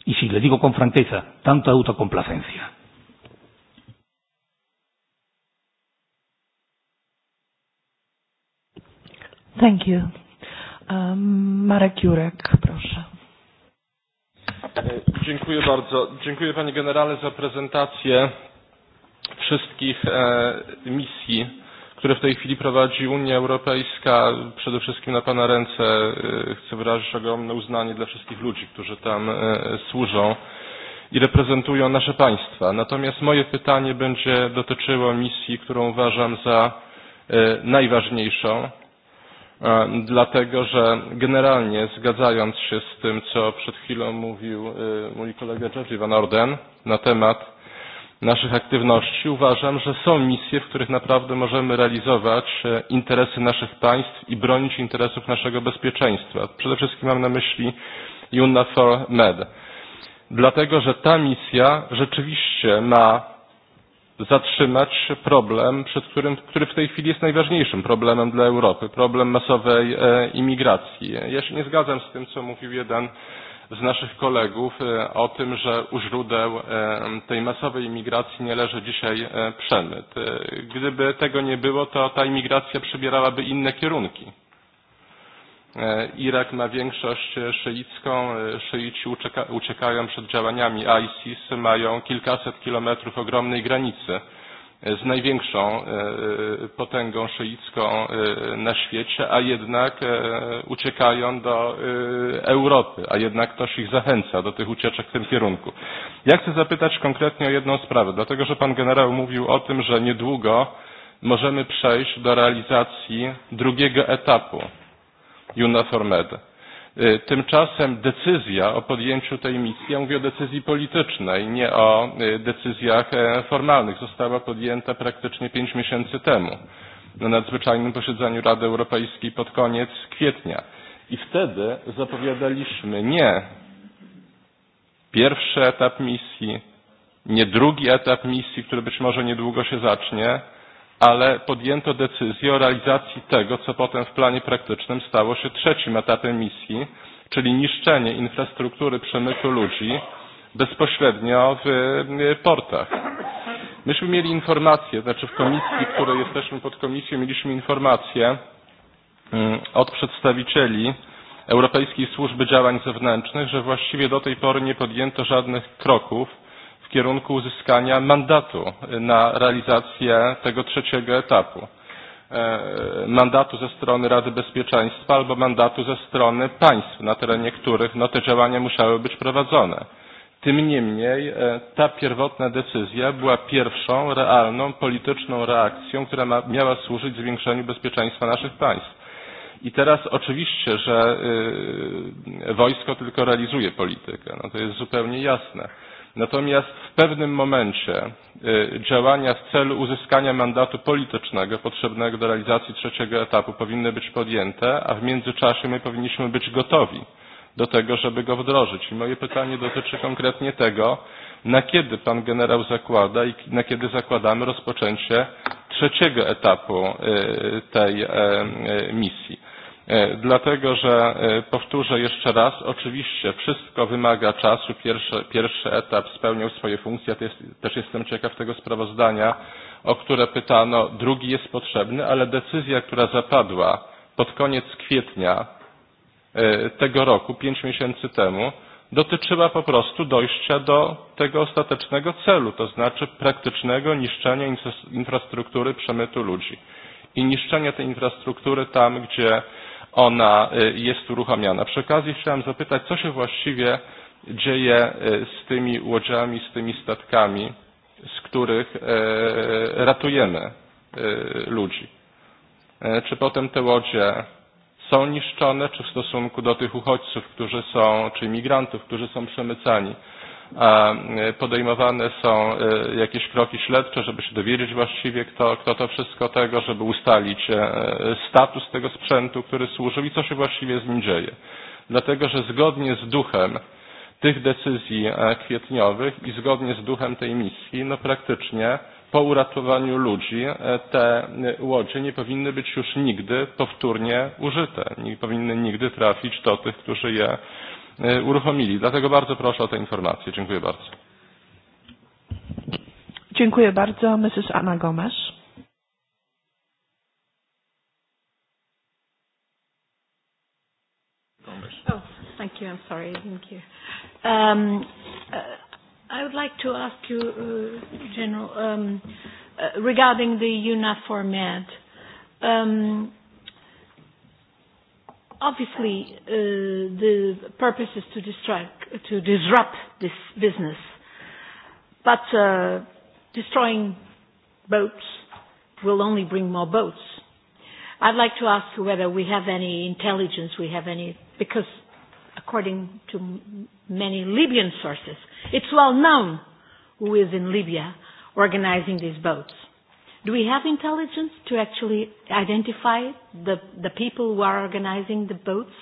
y, si le digo con franqueza, tanta autocomplacencia? Thank you. Um, Marek Jurek, proszę. E, dziękuję bardzo. Dziękuję Panie Generale za prezentację wszystkich e, misji, które w tej chwili prowadzi Unia Europejska. Przede wszystkim na Pana ręce e, chcę wyrazić ogromne uznanie dla wszystkich ludzi, którzy tam e, służą i reprezentują nasze państwa. Natomiast moje pytanie będzie dotyczyło misji, którą uważam za najważniejszą, dlatego że generalnie zgadzając się z tym, co przed chwilą mówił mój kolega George Van Orden na temat naszych aktywności, uważam, że są misje, w których naprawdę możemy realizować e, interesy naszych państw i bronić interesów naszego bezpieczeństwa. Przede wszystkim mam na myśli UNAFOR Med. Dlatego, że ta misja rzeczywiście ma zatrzymać problem, przed którym, który w tej chwili jest najważniejszym problemem dla Europy, problem masowej e, imigracji. Ja się nie zgadzam z tym, co mówił jeden z naszych kolegów e, o tym, że u źródeł e, tej masowej imigracji nie leży dzisiaj e, przemyt. Gdyby tego nie było, to ta imigracja przybierałaby inne kierunki. Irak ma większość szyicką, szyici ucieka, uciekają przed działaniami ISIS, mają kilkaset kilometrów ogromnej granicy z największą e, e, potęgą szyicką e, na świecie, a jednak uciekają do Europy, a jednak ktoś ich zachęca do tych ucieczek w tym kierunku. Ja chcę zapytać konkretnie o jedną sprawę, dlatego że pan generał mówił o tym, że niedługo możemy przejść do realizacji drugiego etapu UNAFOR MED E, tymczasem decyzja o podjęciu tej misji, ja mówię o decyzji politycznej, nie o e, decyzjach e, formalnych, została podjęta praktycznie pięć miesięcy temu na nadzwyczajnym posiedzeniu Rady Europejskiej pod koniec kwietnia. I wtedy zapowiadaliśmy nie pierwszy etap misji, nie drugi etap misji, który być może niedługo się zacznie, ale podjęto decyzję o realizacji tego, co potem w planie praktycznym stało się trzecim etapem misji, czyli niszczenie infrastruktury przemytu ludzi bezpośrednio w e, portach. Myśmy mieli informację, znaczy w komisji, w której jesteśmy pod komisją, mieliśmy informację mm, od przedstawicieli Europejskiej Służby Działań Zewnętrznych, że właściwie do tej pory nie podjęto żadnych kroków kierunku uzyskania mandatu na realizację tego trzeciego etapu e, mandatu ze strony Rady Bezpieczeństwa albo mandatu ze strony państw, na terenie których no, te działania musiały być prowadzone. Tym niemniej e, ta pierwotna decyzja była pierwszą realną polityczną reakcją, która ma, miała służyć zwiększeniu bezpieczeństwa naszych państw. I teraz oczywiście, że y, wojsko tylko realizuje politykę, no to jest zupełnie jasne Natomiast w pewnym momencie działania w celu uzyskania mandatu politycznego potrzebnego do realizacji trzeciego etapu powinny być podjęte, a w międzyczasie my powinniśmy być gotowi do tego, żeby go wdrożyć. I moje pytanie dotyczy konkretnie tego, na kiedy pan generał zakłada i na kiedy zakładamy rozpoczęcie trzeciego etapu tej misji. E, dlatego że e, powtórzę jeszcze raz, oczywiście wszystko wymaga czasu, pierwszy, pierwszy etap spełniał swoje funkcje, też jestem ciekaw tego sprawozdania, o które pytano, drugi jest potrzebny, ale decyzja, która zapadła pod koniec kwietnia e, tego roku, pięć miesięcy temu, dotyczyła po prostu dojścia do tego ostatecznego celu, to znaczy praktycznego niszczenia infrastruktury przemytu ludzi i niszczenia tej infrastruktury tam, gdzie ona e, jest uruchamiana. Przy okazji chciałem zapytać, co się właściwie dzieje e, z tymi łodziami, z tymi statkami, z których e, ratujemy ludzi. Czy potem te łodzie są niszczone, czy w stosunku do tych uchodźców, którzy są, czy imigrantów, którzy są przemycani, a e, podejmowane są e, jakieś kroki śledcze, żeby się dowiedzieć właściwie, kto, kto to wszystko tego, żeby ustalić e, status tego sprzętu, który służył i co się właściwie z nim dzieje. Dlatego, że zgodnie z duchem tych decyzji kwietniowych i zgodnie z duchem tej misji, no praktycznie po uratowaniu ludzi te łodzie nie powinny być już nigdy powtórnie użyte. Nie powinny nigdy trafić do tych, którzy je E, uruchomili. Dlatego bardzo proszę o te informacje. Dziękuję bardzo. Dziękuję bardzo. Mrs. Anna Gomes. Oh, thank you. I'm sorry. Thank you. Um, uh, I would like to ask you, uh, General, um, uh, regarding the UNAFOR med. Um, obviously uh, the purpose is to distract, to disrupt this business, but uh, destroying boats will only bring more boats. I'd like to ask whether we have any intelligence, we have any, because according to many Libyan sources, it's well known who is in Libya organizing these boats. Do we have intelligence to actually identify the, the people who are organizing the boats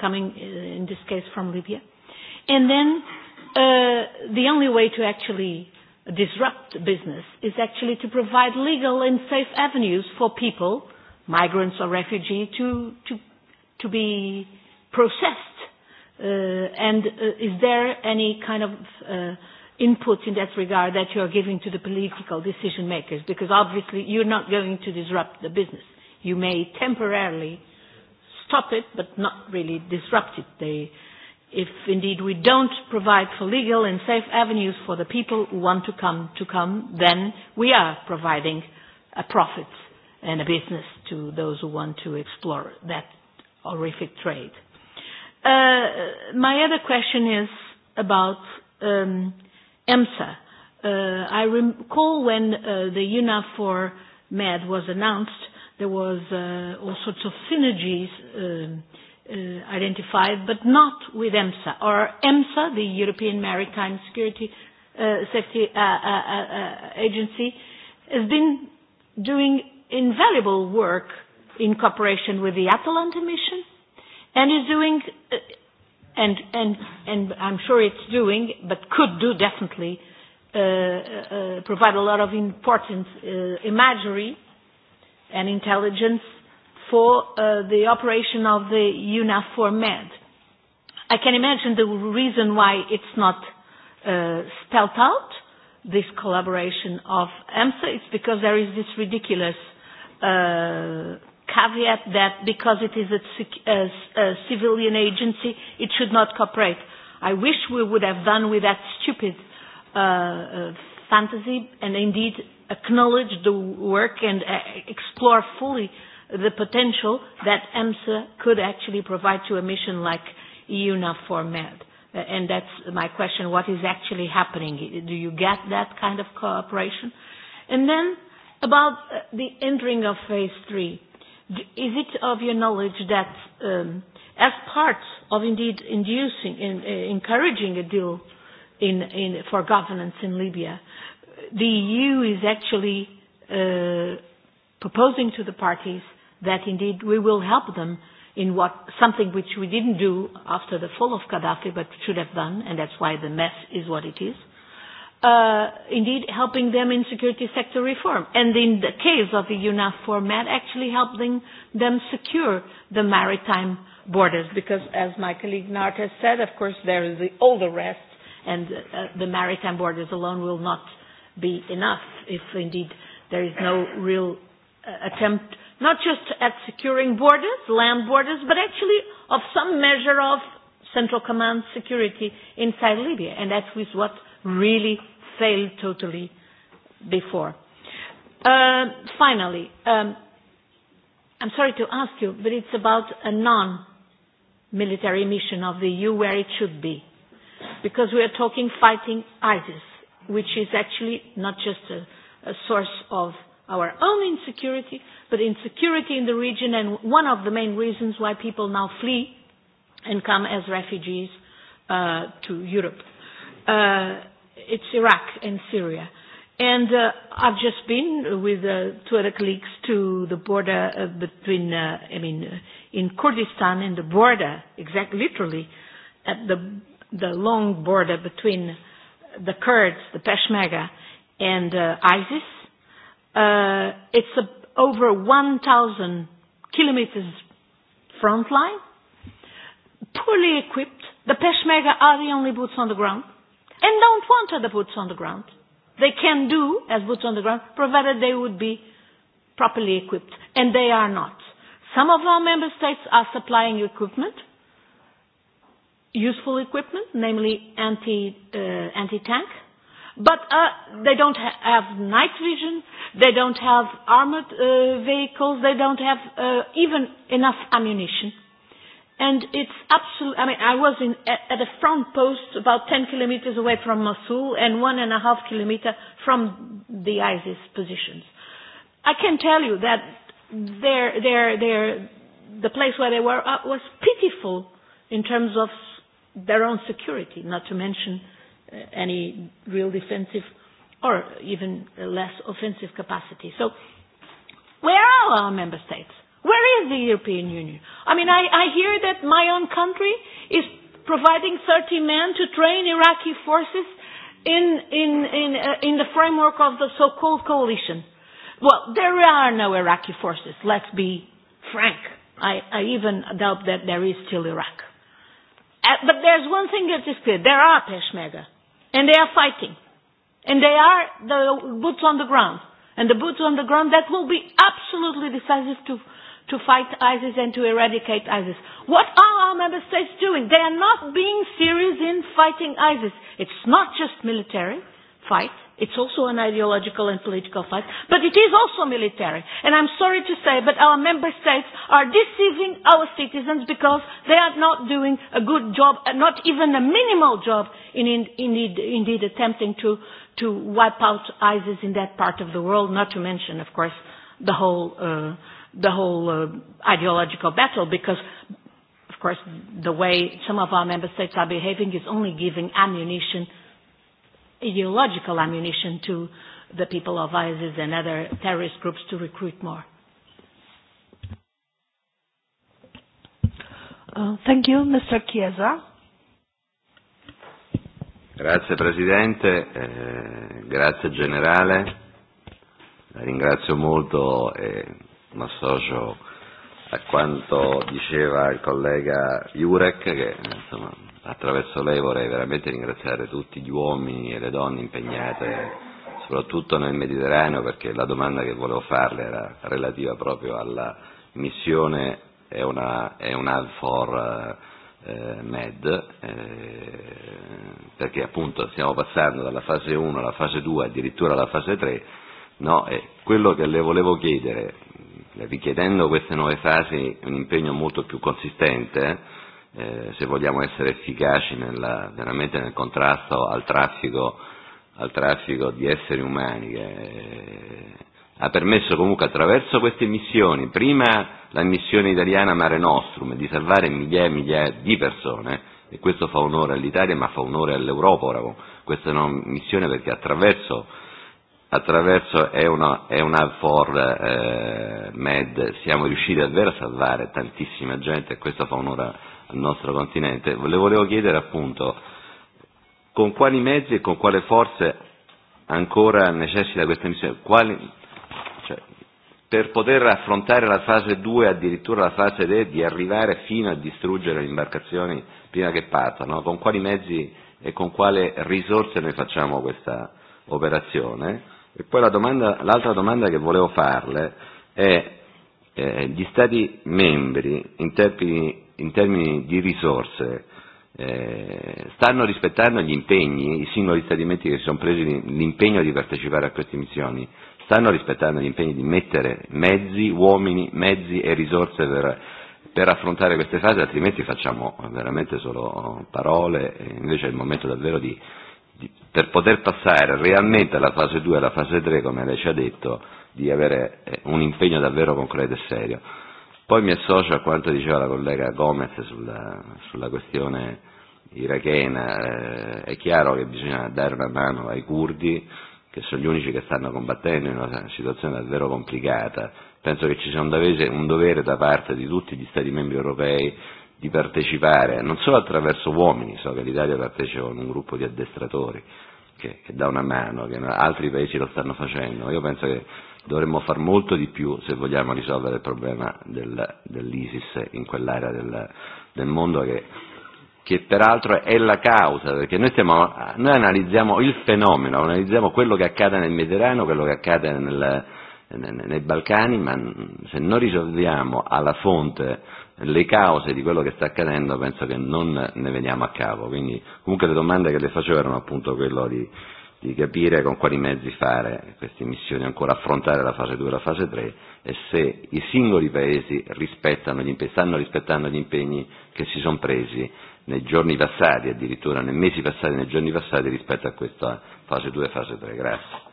coming, uh, in this case, from Libya? And then uh, the only way to actually disrupt business is actually to provide legal and safe avenues for people, migrants or refugees, to, to, to be processed. Uh, and uh, is there any kind of uh, inputs in that regard that you are giving to the political decision makers because obviously you're not going to disrupt the business. You may temporarily stop it but not really disrupt it. They, if indeed we don't provide for legal and safe avenues for the people who want to come to come, then we are providing a profit and a business to those who want to explore that horrific trade. Uh, my other question is about um, EMSA. Uh, I recall when uh, the UNAFOR MED was announced, there was uh, all sorts of synergies uh, uh, identified, but not with EMSA. Or EMSA, the European Maritime Security uh, Safety uh, uh, uh, Agency, has been doing invaluable work in cooperation with the Atalanta mission and is doing uh, and, and, and I'm sure it's doing, but could do definitely, uh, uh, uh provide a lot of important uh, imagery and intelligence for uh, the operation of the UNAFOR Med. I can imagine the reason why it's not uh, spelled out, this collaboration of EMSA, it's because there is this ridiculous uh, caveat that because it is a, a, a civilian agency, it should not cooperate. I wish we would have done with that stupid uh, uh, fantasy and indeed acknowledge the work and uh, explore fully the potential that EMSA could actually provide to a mission like EUNAVFOR MED. Uh, and that's my question, what is actually happening? Do you get that kind of cooperation? And then about uh, the entering of phase three is it of your knowledge that um, as part of indeed inducing in, uh, encouraging a deal in, in, for governance in Libya, the EU is actually uh, proposing to the parties that indeed we will help them in what something which we didn't do after the fall of Gaddafi, but should have done, and that's why the mess is what it is uh, indeed helping them in security sector reform. And in the case of the UNAF format, actually helping them secure the maritime borders, because as my colleague Nart has said, of course, there is the, all the rest, and uh, the maritime borders alone will not be enough if indeed there is no real uh, attempt not just at securing borders, land borders, but actually of some measure of central command security inside Libya. And that is what really failed totally before. Uh, finally, um, I'm sorry to ask you, but it's about a non-military mission of the EU where it should be. Because we are talking fighting ISIS, which is actually not just a, a source of our own insecurity, but insecurity in the region and one of the main reasons why people now flee and come as refugees uh, to Europe. Uh, it's Iraq and Syria. And uh, I've just been with uh, two other colleagues to the border uh, between, uh, I mean, uh, in Kurdistan, and the border, exactly, literally, at the the long border between the Kurds, the Peshmerga, and uh, ISIS. Uh, it's a, over 1,000 kilometers front line, poorly equipped. The Peshmerga are the only boots on the ground and don't want other boots on the ground. They can do as boots on the ground, provided they would be properly equipped, and they are not. Some of our member states are supplying equipment, useful equipment, namely anti uh, anti tank, but uh, they don't ha- have night vision, they don't have armored uh, vehicles, they don't have uh, even enough ammunition and it's absolute. I mean, I was in, at, at a front post about 10 kilometers away from Mosul and one and a half kilometer from the ISIS positions. I can tell you that their, their, their, the place where they were uh, was pitiful in terms of their own security, not to mention uh, any real defensive or even less offensive capacity. So, where are our member states? Where is the European Union? I mean, I, I hear that my own country is providing 30 men to train Iraqi forces in, in, in, uh, in the framework of the so-called coalition. Well, there are no Iraqi forces, let's be frank. I, I even doubt that there is still Iraq. Uh, but there's one thing that is clear. There are Peshmerga. And they are fighting. And they are the boots on the ground. And the boots on the ground, that will be absolutely decisive to, to fight ISIS and to eradicate ISIS. What are our member states doing? They are not being serious in fighting ISIS. It's not just military fight. It's also an ideological and political fight, but it is also military. And I'm sorry to say, but our member states are deceiving our citizens because they are not doing a good job, uh, not even a minimal job in, in indeed, indeed attempting to, to wipe out ISIS in that part of the world, not to mention, of course, the whole uh, the whole uh, ideological battle because, of course, the way some of our member states are behaving is only giving ammunition, ideological ammunition to the people of ISIS and other terrorist groups to recruit more. Uh, thank you, Mr. Chiesa. Grazie Presidente, eh, grazie Generale, la ringrazio molto. Eh, mi associo a quanto diceva il collega Jurek, che insomma, attraverso lei vorrei veramente ringraziare tutti gli uomini e le donne impegnate soprattutto nel Mediterraneo perché la domanda che volevo farle era relativa proprio alla missione è una, è una for eh, Med, eh, perché appunto stiamo passando dalla fase 1 alla fase 2 addirittura alla fase 3, no? e quello che le volevo chiedere richiedendo queste nuove fasi un impegno molto più consistente, eh, se vogliamo essere efficaci nella, veramente nel contrasto al traffico, al traffico di esseri umani, che eh, ha permesso comunque attraverso queste missioni, prima la missione italiana Mare Nostrum, di salvare migliaia e migliaia di persone, e questo fa onore all'Italia ma fa onore all'Europa ora con questa missione perché attraverso attraverso EUNAVFOR eh, Med siamo riusciti davvero a salvare tantissima gente e questo fa onore al nostro continente. Le volevo chiedere appunto con quali mezzi e con quale forze ancora necessita questa missione, quali, cioè, per poter affrontare la fase 2 addirittura la fase 3 di arrivare fino a distruggere le imbarcazioni prima che partano, con quali mezzi e con quale risorse noi facciamo questa operazione? E poi la domanda, l'altra domanda che volevo farle è eh, gli Stati membri in termini, in termini di risorse eh, stanno rispettando gli impegni, i singoli Stati membri che si sono presi l'impegno di partecipare a queste missioni, stanno rispettando gli impegni di mettere mezzi, uomini, mezzi e risorse per, per affrontare queste fasi, altrimenti facciamo veramente solo parole, e invece è il momento davvero di di, per poter passare realmente alla fase 2 e alla fase 3, come lei ci ha detto, di avere eh, un impegno davvero concreto e serio. Poi mi associo a quanto diceva la collega Gomez sulla, sulla questione irachena. Eh, è chiaro che bisogna dare una mano ai curdi, che sono gli unici che stanno combattendo in una situazione davvero complicata. Penso che ci sia un dovere, un dovere da parte di tutti gli Stati membri europei di partecipare, non solo attraverso uomini, so che l'Italia partecipa con un gruppo di addestratori che, che dà una mano, che altri paesi lo stanno facendo, io penso che dovremmo far molto di più se vogliamo risolvere il problema del, dell'ISIS in quell'area del, del mondo che, che peraltro è la causa, perché noi, stiamo, noi analizziamo il fenomeno, analizziamo quello che accade nel Mediterraneo, quello che accade nel, nei Balcani, ma se non risolviamo alla fonte le cause di quello che sta accadendo penso che non ne veniamo a capo. Quindi comunque le domande che le facevo erano appunto quello di, di capire con quali mezzi fare queste missioni, ancora affrontare la fase 2 e la fase 3 e se i singoli paesi rispettano gli impegni, stanno rispettando gli impegni che si sono presi nei giorni passati, addirittura nei mesi passati, nei giorni passati rispetto a questa fase 2 e fase 3. Grazie.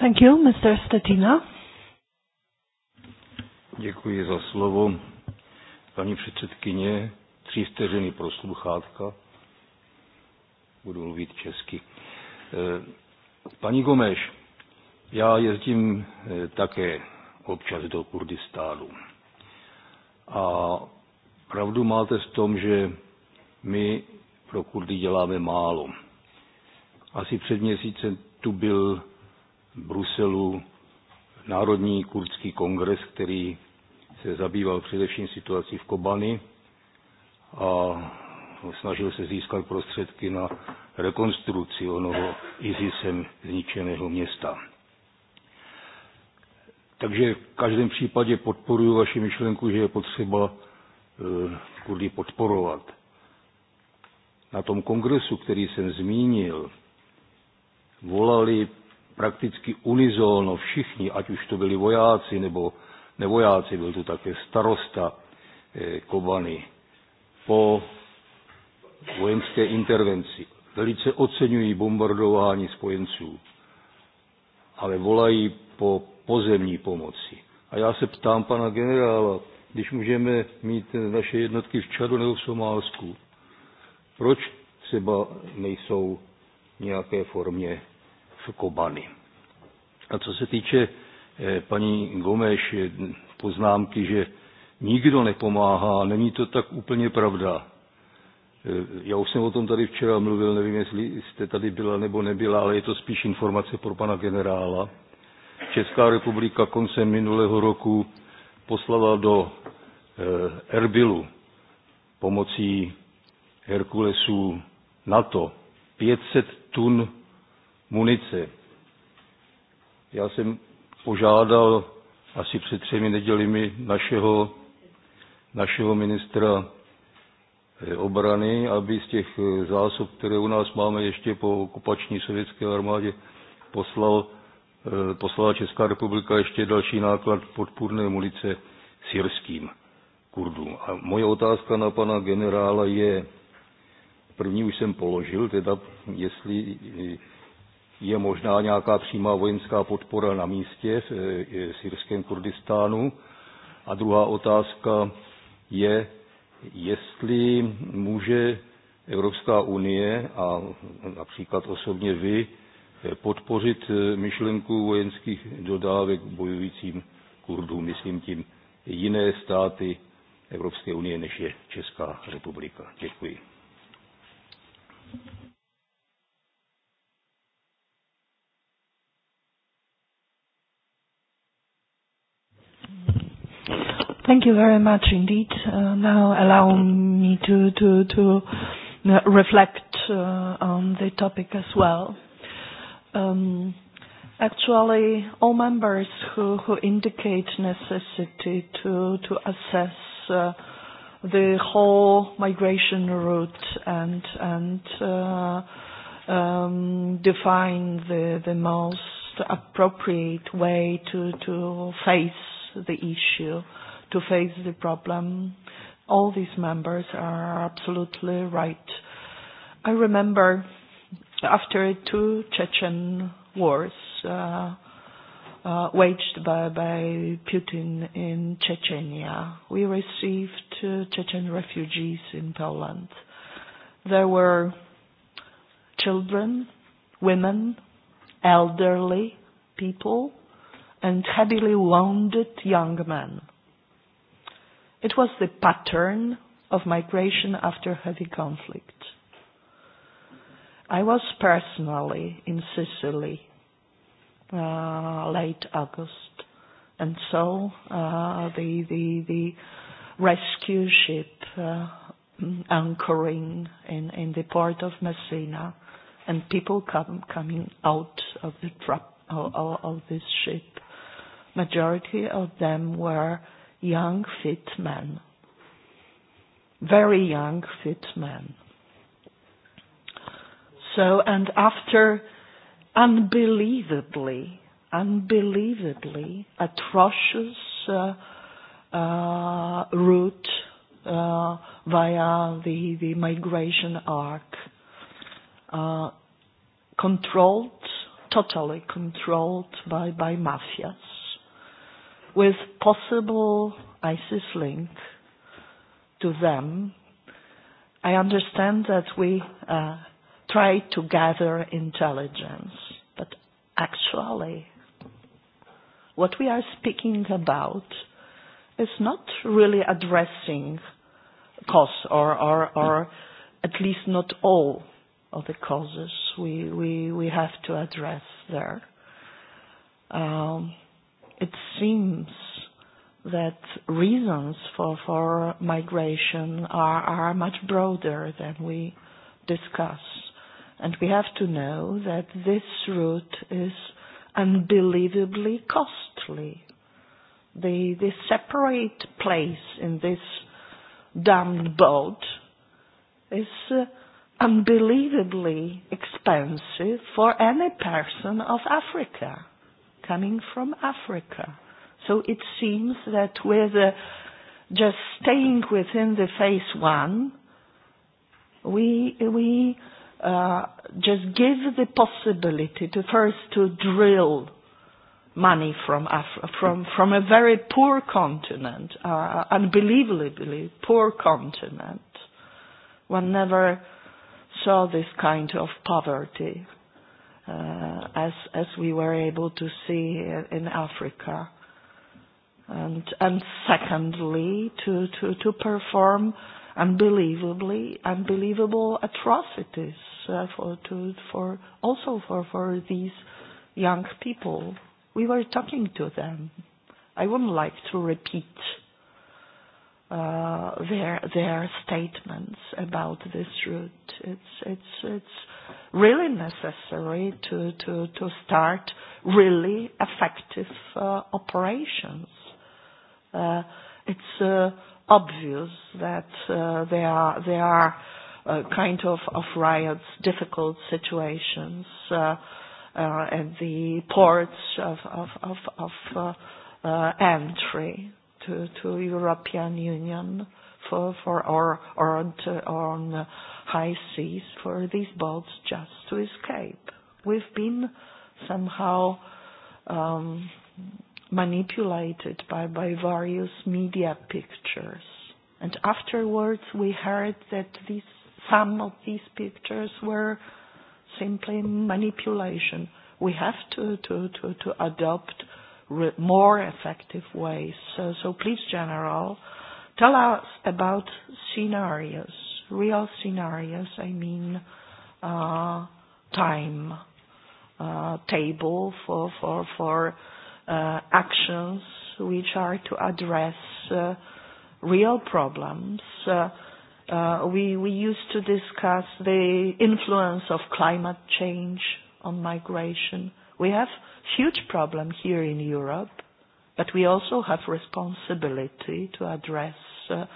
Thank you, Mr. Stetina. Děkuji za slovo. Paní předsedkyně, tři vteřiny pro sluchátka. Budu mluvit česky. E, paní Gomeš, já jezdím e, také občas do Kurdistánu. A pravdu máte v tom, že my pro Kurdy děláme málo. Asi před měsícem tu byl Bruselu Národní kurdský kongres, který se zabýval především situací v Kobani a snažil se získat prostředky na rekonstrukci onoho ISISem zničeného města. Takže v každém případě podporuji vaši myšlenku, že je potřeba e, Kurdy podporovat. Na tom kongresu, který jsem zmínil, volali prakticky unizóno všichni, ať už to byli vojáci nebo nevojáci, byl tu také starosta eh, Kobany, po vojenské intervenci. Velice oceňují bombardování spojenců, ale volají po pozemní pomoci. A já se ptám pana generála, když můžeme mít naše jednotky v Čadu nebo v Somálsku, proč třeba nejsou v nějaké formě v Kobani. A co se týče eh, paní Gomeš eh, poznámky, že nikdo nepomáhá, není to tak úplně pravda. Eh, já už jsem o tom tady včera mluvil, nevím, jestli jste tady byla nebo nebyla, ale je to spíš informace pro pana generála. Česká republika koncem minulého roku poslala do Erbilu pomocí Herkulesů NATO 500 tun Munice. Já jsem požádal asi před třemi nedělimi našeho, našeho ministra eh, obrany, aby z těch eh, zásob, které u nás máme ještě po okupační sovětské armádě, poslal, eh, poslala Česká republika ještě další náklad podpůrné munice syrským kurdům. A moje otázka na pana generála je, první už jsem položil, teda jestli je možná nějaká přímá vojenská podpora na místě eh, v syrském Kurdistánu. A druhá otázka je, jestli může Evropská unie a například osobně vy eh, podpořit eh, myšlenku vojenských dodávek bojujícím Kurdům, myslím tím jiné státy Evropské unie, než je Česká republika. Děkuji. Thank you very much indeed. Uh, now allow me to, to, to uh, reflect uh, on the topic as well. Um, actually, all members who, who indicate necessity to, to assess uh, the whole migration route and, and uh, um, define the, the most appropriate way to, to face the issue to face the problem. All these members are absolutely right. I remember after two Chechen wars uh, uh, waged by, by Putin in Chechnya, we received uh, Chechen refugees in Poland. There were children, women, elderly people, and heavily wounded young men. It was the pattern of migration after heavy conflict. I was personally in Sicily uh, late August, and so uh, the the the rescue ship uh, anchoring in in the port of Messina, and people come coming out of the trap of, of this ship. Majority of them were young, fit men. Very young, fit men. So, and after unbelievably, unbelievably atrocious uh, uh, route uh, via the, the migration arc, uh, controlled, totally controlled by, by mafias with possible ISIS link to them, I understand that we uh, try to gather intelligence, but actually, what we are speaking about is not really addressing cause or, or, or at least not all of the causes we, we, we have to address there. Um, it seems that reasons for, for migration are, are much broader than we discuss. And we have to know that this route is unbelievably costly. The, the separate place in this damned boat is uh, unbelievably expensive for any person of Africa coming from Africa. So it seems that with uh, just staying within the phase one, we, we uh, just give the possibility to first to drill money from Af- from from a very poor continent, uh, unbelievably poor continent. One never saw this kind of poverty uh, as as we were able to see in Africa. And and secondly, to to to perform unbelievably unbelievable atrocities uh, for to for also for for these young people. We were talking to them. I wouldn't like to repeat uh, their their statements about this route. It's it's it's really necessary to, to, to start really effective uh, operations. Uh, it's uh, obvious that uh, there are, there are uh, kind of, of riots, difficult situations uh, uh, at the ports of, of, of, of uh, uh, entry to, to European Union for, for or, or on, to, or on high seas for these boats just to escape. We've been somehow um, manipulated by, by various media pictures. And afterwards we heard that these, some of these pictures were simply manipulation. We have to, to, to, to adopt more effective ways. So, so please, General, tell us about scenarios, real scenarios, I mean uh, time uh, table for, for, for uh, actions which are to address uh, real problems. Uh, uh, we, we used to discuss the influence of climate change on migration. We have huge problem here in Europe But we also have responsibility to address uh,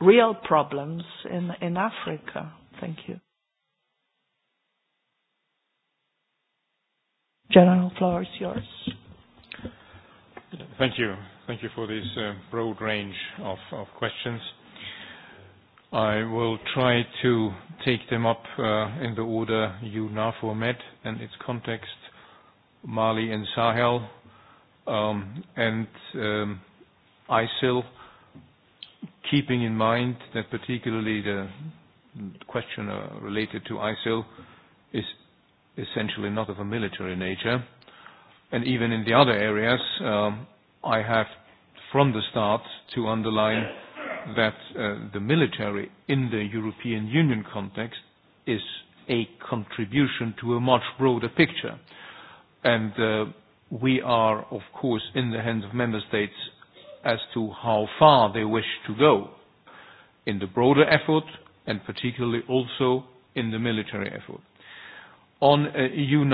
real problems in, in Africa. Thank you. General, floor is yours. Thank you. Thank you for this uh, broad range of, of questions. I will try to take them up uh, in the order you now format and its context, Mali and Sahel, um, and um, ISIL, keeping in mind that particularly the question uh, related to ISIL is essentially not of a military nature. And even in the other areas, um, I have from the start to underline that uh, the military in the European Union context is a contribution to a much broader picture. And uh, we are, of course, in the hands of member states as to how far they wish to go in the broader effort and particularly also in the military effort. On uh, EU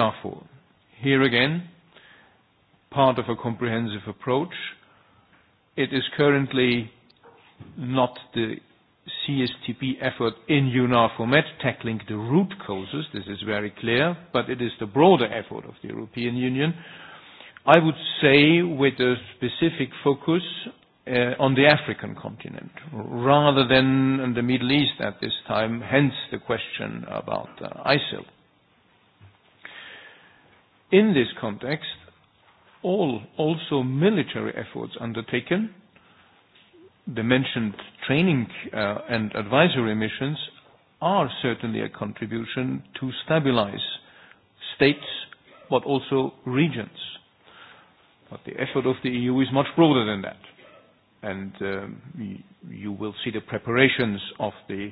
here again, part of a comprehensive approach. It is currently not the CSTP effort in UNAFOMET tackling the root causes, this is very clear, but it is the broader effort of the European Union i would say with a specific focus uh, on the African continent rather than on the Middle East at this time, hence the question about uh, ISIL. In this context, all also military efforts undertaken, the mentioned training uh, and advisory missions are certainly a contribution to stabilize states but also regions But the effort of the EU is much broader than that. And um, you will see the preparations of the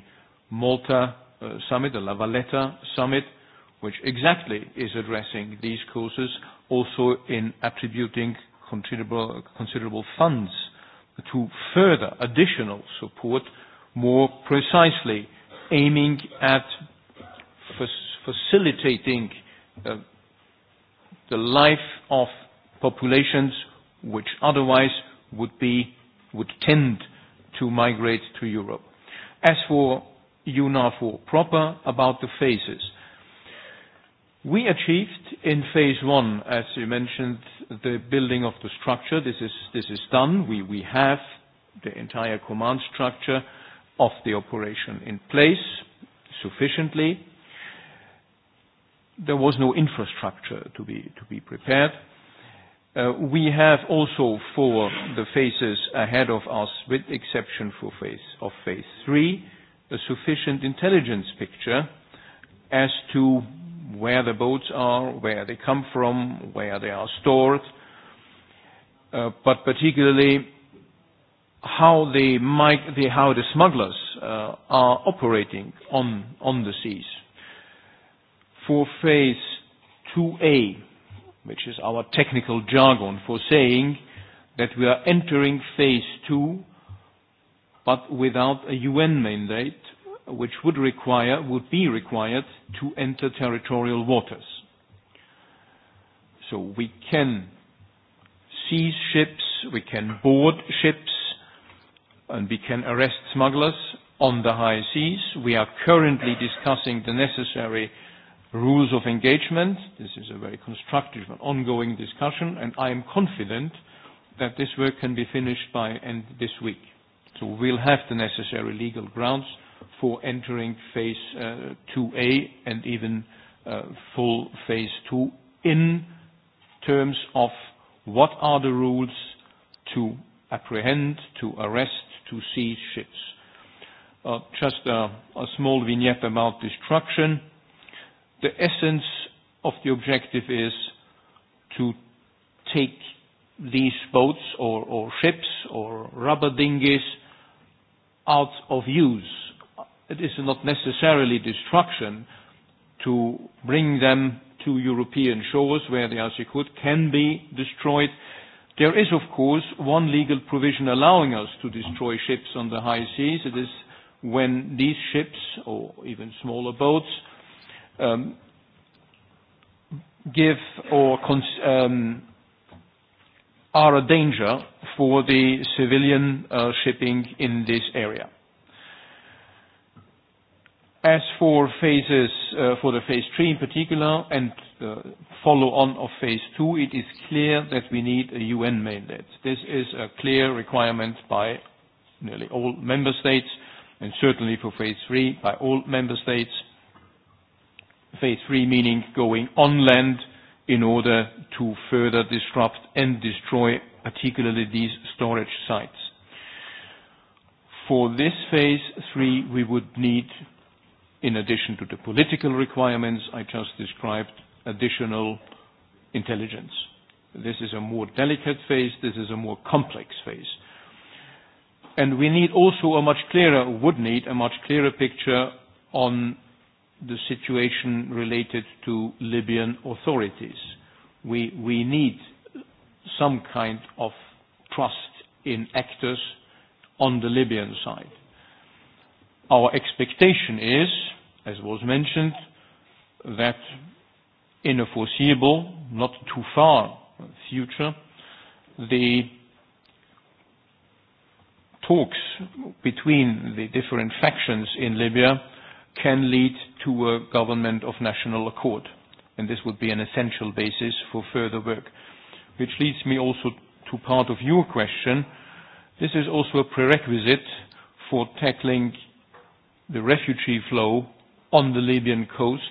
Malta uh, summit, the La Valletta summit, which exactly is addressing these causes, also in attributing considerable, considerable funds to further additional support, more precisely aiming at facilitating uh, the life of populations which otherwise would be would tend to migrate to Europe. As for UNAFOR proper, about the phases. We achieved in phase one, as you mentioned, the building of the structure. This is this is done. We we have the entire command structure of the operation in place sufficiently. There was no infrastructure to be to be prepared. Uh, we have also for the phases ahead of us, with exception for phase of phase three, a sufficient intelligence picture as to where the boats are, where they come from, where they are stored, uh, but particularly how the the, how the smugglers uh, are operating on on the seas. For phase 2A, which is our technical jargon for saying that we are entering phase two, but without a UN mandate, which would require, would be required to enter territorial waters. So we can seize ships, we can board ships, and we can arrest smugglers on the high seas. We are currently discussing the necessary rules of engagement. This is a very constructive and ongoing discussion, and I am confident that this work can be finished by end this week. So we'll have the necessary legal grounds for entering phase uh, 2A and even uh, full phase 2 in terms of what are the rules to apprehend, to arrest, to seize ships. Uh, just a, a small vignette about destruction the essence of the objective is to take these boats or, or ships or rubber dinghies out of use. It is not necessarily destruction to bring them to European shores where they, as can be destroyed. There is, of course, one legal provision allowing us to destroy ships on the high seas. It is when these ships, or even smaller boats, um, give or cons um, are a danger for the civilian uh, shipping in this area. As for phases, uh, for the phase three in particular, and uh, follow on of phase two, it is clear that we need a UN mandate. This is a clear requirement by nearly all member states, and certainly for phase three by all member states phase three meaning going on land in order to further disrupt and destroy particularly these storage sites. For this phase three, we would need, in addition to the political requirements I just described, additional intelligence. This is a more delicate phase. This is a more complex phase. And we need also a much clearer, would need a much clearer picture on the situation related to Libyan authorities. We, we need some kind of trust in actors on the Libyan side. Our expectation is, as was mentioned, that in a foreseeable, not too far future, the talks between the different factions in Libya can lead to a government of national accord. And this would be an essential basis for further work. Which leads me also to part of your question. This is also a prerequisite for tackling the refugee flow on the Libyan coast.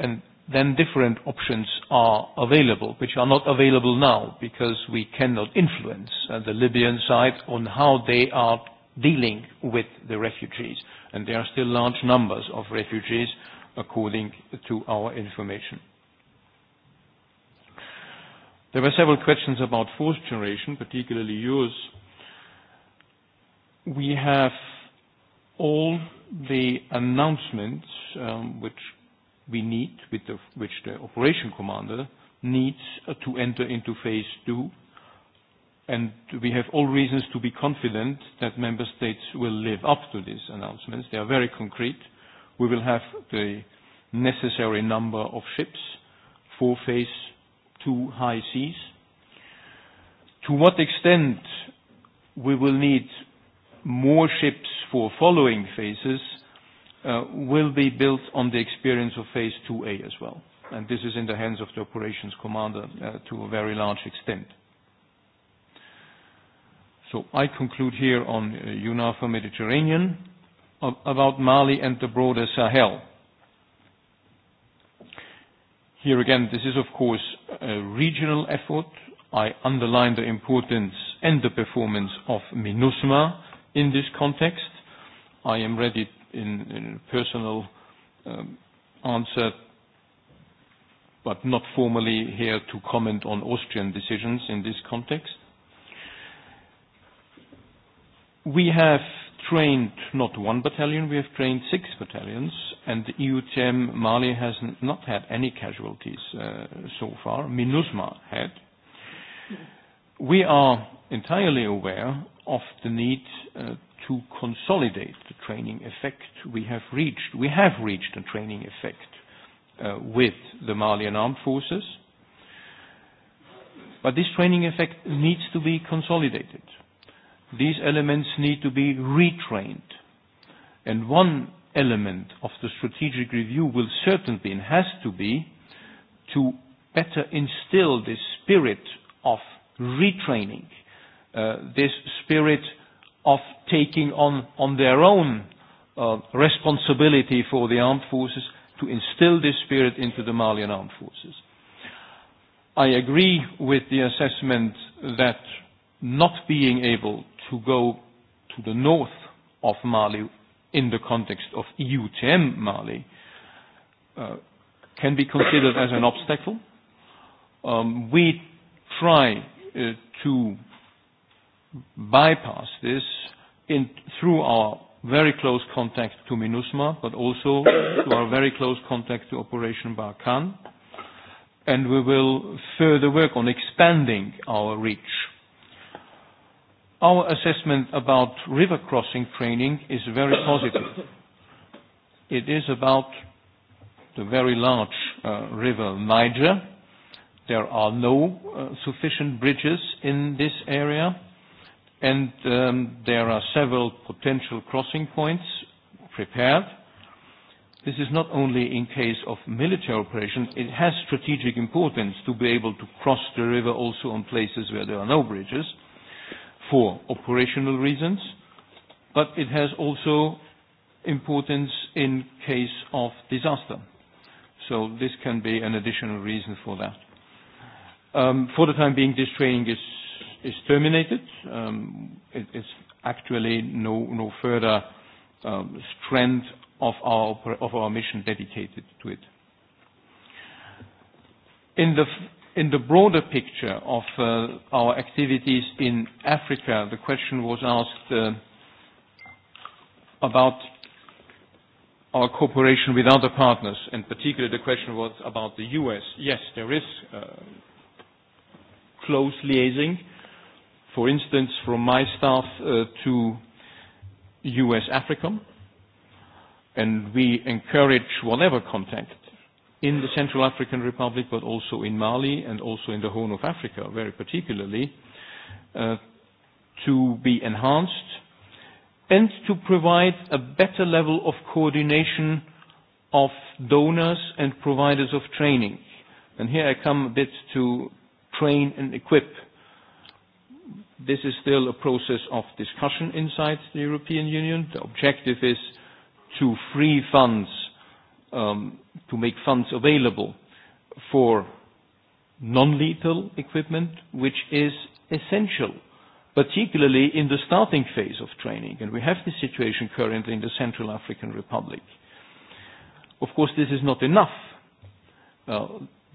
And then different options are available, which are not available now because we cannot influence uh, the Libyan side on how they are dealing with the refugees and there are still large numbers of refugees according to our information. There were several questions about fourth generation, particularly yours. We have all the announcements um, which we need, with the, which the operation commander needs uh, to enter into phase two and we have all reasons to be confident that member states will live up to these announcements. They are very concrete. We will have the necessary number of ships for phase two high seas. To what extent we will need more ships for following phases uh, will be built on the experience of phase 2A as well. And This is in the hands of the operations commander uh, to a very large extent. So I conclude here on uh, UNAFA Mediterranean about Mali and the broader Sahel. Here again, this is of course a regional effort. I underline the importance and the performance of MINUSMA in this context. I am ready in, in personal um, answer, but not formally here to comment on Austrian decisions in this context. We have trained not one battalion, we have trained six battalions, and the EUTM Mali has not had any casualties uh, so far. MINUSMA had. We are entirely aware of the need uh, to consolidate the training effect we have reached. We have reached a training effect uh, with the Malian armed forces, but this training effect needs to be consolidated these elements need to be retrained. And one element of the strategic review will certainly be and has to be to better instill this spirit of retraining, uh, this spirit of taking on, on their own uh, responsibility for the armed forces, to instill this spirit into the Malian armed forces. I agree with the assessment that not being able to go to the north of Mali in the context of EUTM Mali uh, can be considered as an obstacle. Um, we try uh, to bypass this in, through our very close contact to MINUSMA, but also to our very close contact to Operation Barkhane. And we will further work on expanding our reach Our assessment about river crossing training is very positive. It is about the very large uh, river Niger. There are no uh, sufficient bridges in this area, and um, there are several potential crossing points prepared. This is not only in case of military operations, it has strategic importance to be able to cross the river also on places where there are no bridges for operational reasons, but it has also importance in case of disaster. So This can be an additional reason for that. Um, for the time being, this training is is terminated. Um, it is actually no no further um, of our of our mission dedicated to it. In the in the broader picture of uh, our activities in Africa, the question was asked uh, about our cooperation with other partners, and particularly the question was about the U.S. Yes, there is uh, close liaising, for instance, from my staff uh, to U.S. Africa and we encourage whatever contact in the Central African Republic, but also in Mali and also in the Horn of Africa, very particularly, uh, to be enhanced and to provide a better level of coordination of donors and providers of training. And here I come a bit to train and equip. This is still a process of discussion inside the European Union. The objective is to free funds um, to make funds available for non-lethal equipment, which is essential, particularly in the starting phase of training. And we have this situation currently in the Central African Republic. Of course, this is not enough. Uh,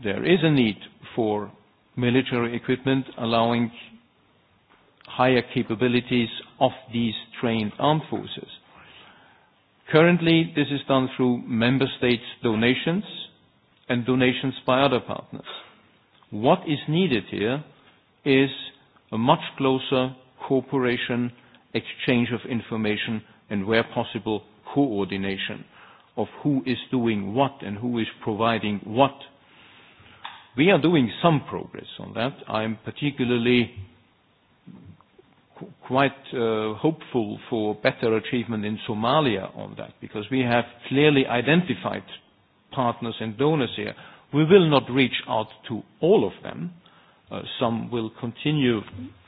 there is a need for military equipment allowing higher capabilities of these trained armed forces. Currently, this is done through member states' donations and donations by other partners. What is needed here is a much closer cooperation, exchange of information, and where possible, coordination of who is doing what and who is providing what. We are doing some progress on that. I am particularly quite uh, hopeful for better achievement in Somalia on that because we have clearly identified partners and donors here. We will not reach out to all of them. Uh, some will continue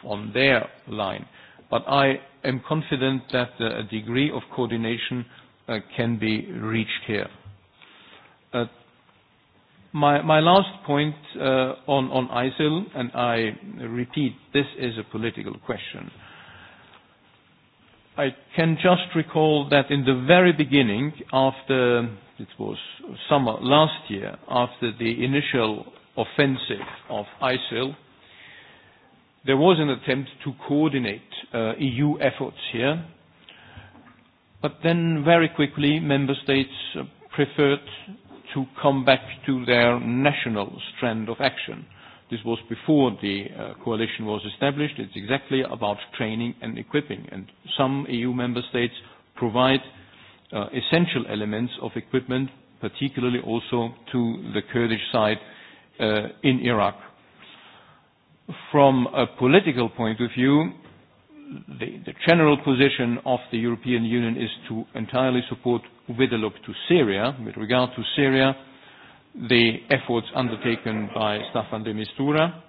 on their line. But I am confident that uh, a degree of coordination uh, can be reached here. Uh, my my last point uh on on ISIL, and I repeat, this is a political question. I can just recall that in the very beginning, after it was summer last year, after the initial offensive of ISIL, there was an attempt to coordinate uh, EU efforts here. But then very quickly, member states preferred to come back to their national strand of action. This was before the uh, coalition was established. It's exactly about training and equipping. And some EU member states provide uh, essential elements of equipment, particularly also to the Kurdish side uh, in Iraq. From a political point of view, the, the general position of the European Union is to entirely support with a look to Syria. With regard to Syria, the efforts undertaken by Staffan de Mistura,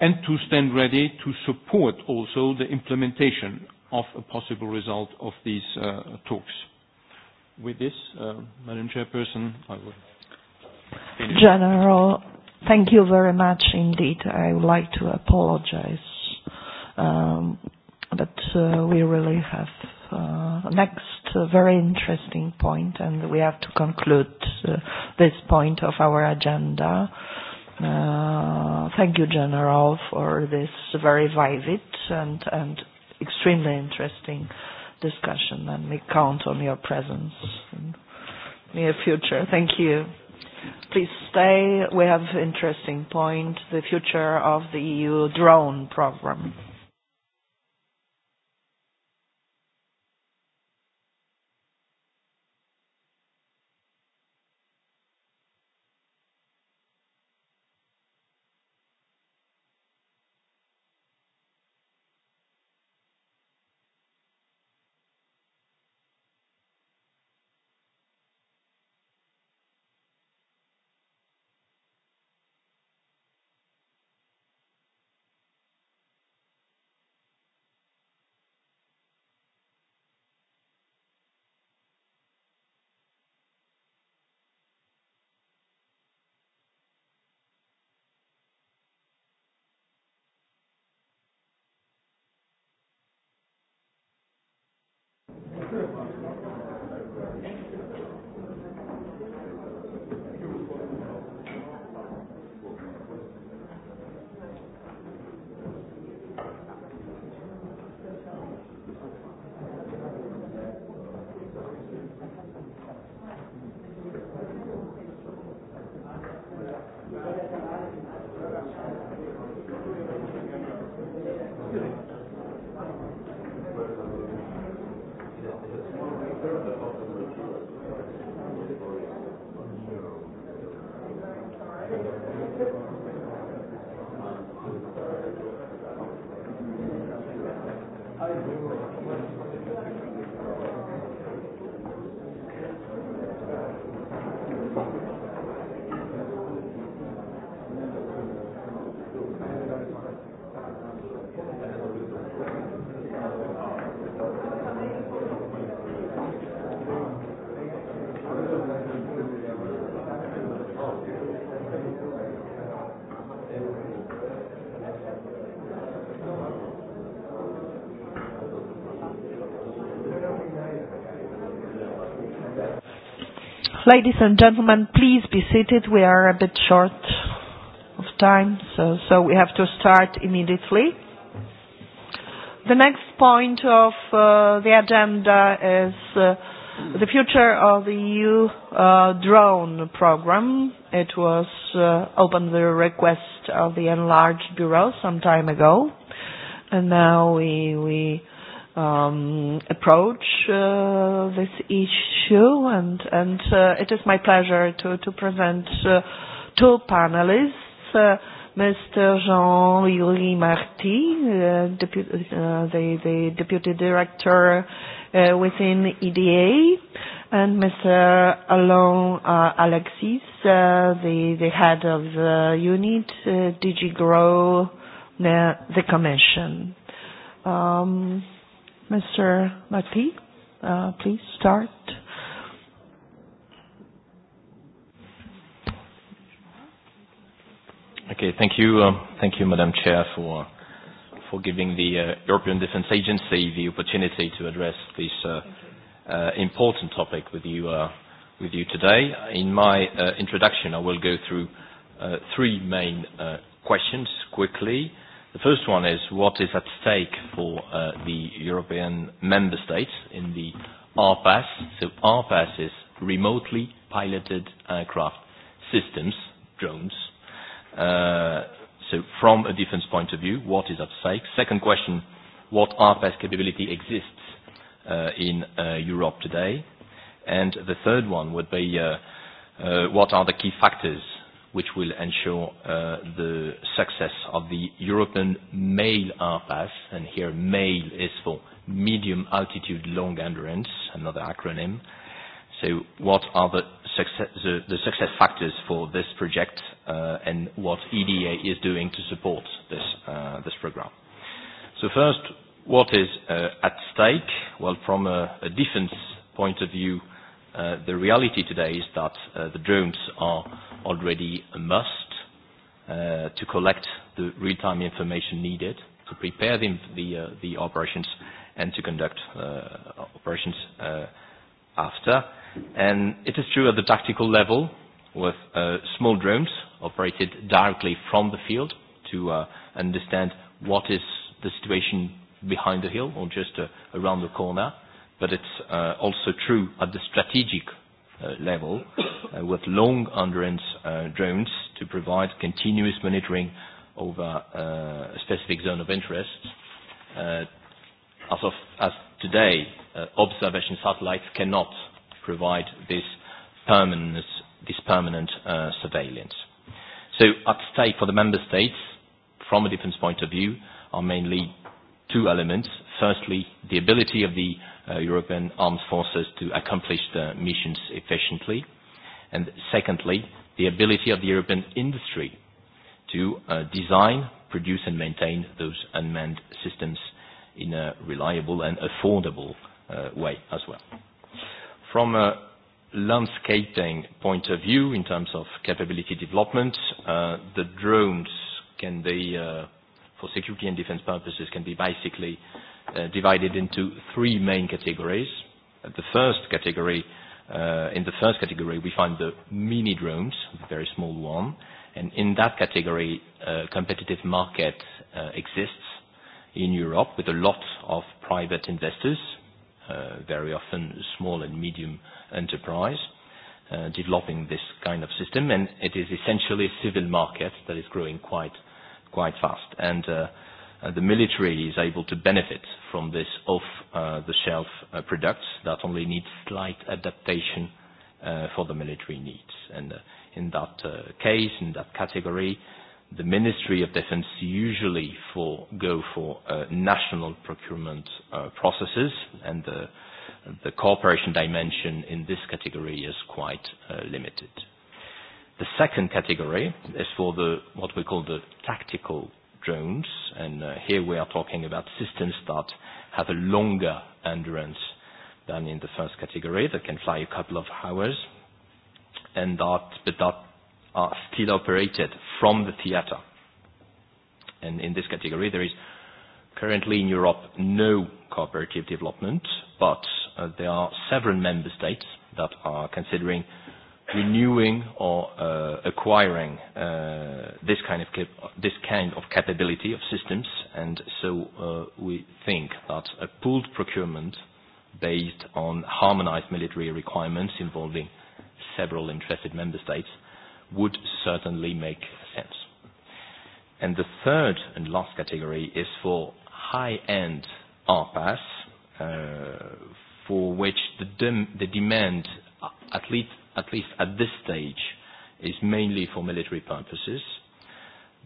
and to stand ready to support also the implementation of a possible result of these uh, talks. With this, uh, Madam Chairperson, I will finish. General, thank you very much indeed. I would like to apologize um, but uh, we really have uh, next uh, very interesting point, and we have to conclude uh, this point of our agenda. Uh, thank you, General, for this very vivid and, and extremely interesting discussion, and we count on your presence in the near future. Thank you. Please stay. We have interesting point, the future of the EU drone program. Ladies and gentlemen, please be seated. We are a bit short of time, so, so we have to start immediately. The next point of uh, the agenda is uh, the future of the EU uh, drone program. It was uh, open the request of the enlarged bureau some time ago, and now we we um, approach uh, this issue, and, and uh, it is my pleasure to, to present uh, two panelists, uh, Mr. Jean-Louis Marty, uh, depu uh, the, the deputy director uh, within EDA, and Mr. Alain uh, Alexis, uh, the, the head of the unit, uh, DG Grow, uh, the Commission. Um, Mr. Mathy, uh, please start. Okay. Thank you. Um, thank you, Madam Chair, for for giving the uh, European Defence Agency the opportunity to address this uh, uh, important topic with you uh, with you today. In my uh, introduction, I will go through uh, three main uh, questions quickly. The first one is what is at stake for uh, the European member states in the RPAS. So RPAS is remotely piloted aircraft systems, drones. Uh, so from a defense point of view, what is at stake? Second question, what RPAS capability exists uh, in uh, Europe today? And the third one would be uh, uh, what are the key factors which will ensure uh, the success of the European Mail RPAS, and here MAIL is for Medium Altitude Long Endurance, another acronym. So what are the success, the, the success factors for this project uh, and what EDA is doing to support this, uh, this program? So first, what is uh, at stake? Well, from a, a defense point of view, uh, Uh, the reality today is that uh, the drones are already a must uh, to collect the real-time information needed to prepare the, the, uh, the operations and to conduct uh, operations uh, after. And it is true at the tactical level with uh, small drones operated directly from the field to uh, understand what is the situation behind the hill or just uh, around the corner. Uh, but it's uh, also true at the strategic uh, level uh, with long endurance uh, drones to provide continuous monitoring over uh, a specific zone of interest. Uh, as of as today, uh, observation satellites cannot provide this permanent, this permanent uh, surveillance. So at stake for the member states, from a defence point of view, are mainly two elements. Firstly, the ability of the uh, European armed forces to accomplish the missions efficiently. And secondly, the ability of the European industry to uh, design, produce and maintain those unmanned systems in a reliable and affordable uh, way as well. From a landscaping point of view, in terms of capability development, uh, the drones can be, uh, for security and defense purposes, can be basically uh, divided into three main categories. Uh, the first category, uh, in the first category, we find the mini drones, the very small one, and in that category, uh, competitive market uh, exists in Europe with a lot of private investors, uh, very often small and medium enterprise, uh, developing this kind of system, and it is essentially a civil market that is growing quite quite fast. And uh, Uh, the military is able to benefit from this off-the-shelf uh, uh, products that only need slight adaptation uh, for the military needs. And uh, in that uh, case, in that category, the Ministry of Defense usually for, go for uh, national procurement uh, processes, and the, uh, the cooperation dimension in this category is quite uh, limited. The second category is for the what we call the tactical drones, and uh, here we are talking about systems that have a longer endurance than in the first category, that can fly a couple of hours, and that, but that are still operated from the theater. And in this category, there is currently in Europe no cooperative development, but uh, there are several member states that are considering renewing or uh, acquiring uh, this kind of cap- this kind of capability of systems, and so uh, we think that a pooled procurement based on harmonized military requirements involving several interested member states would certainly make sense. And the third and last category is for high-end RPAS, uh, for which the, dem- the demand, uh, at least at least at this stage, is mainly for military purposes.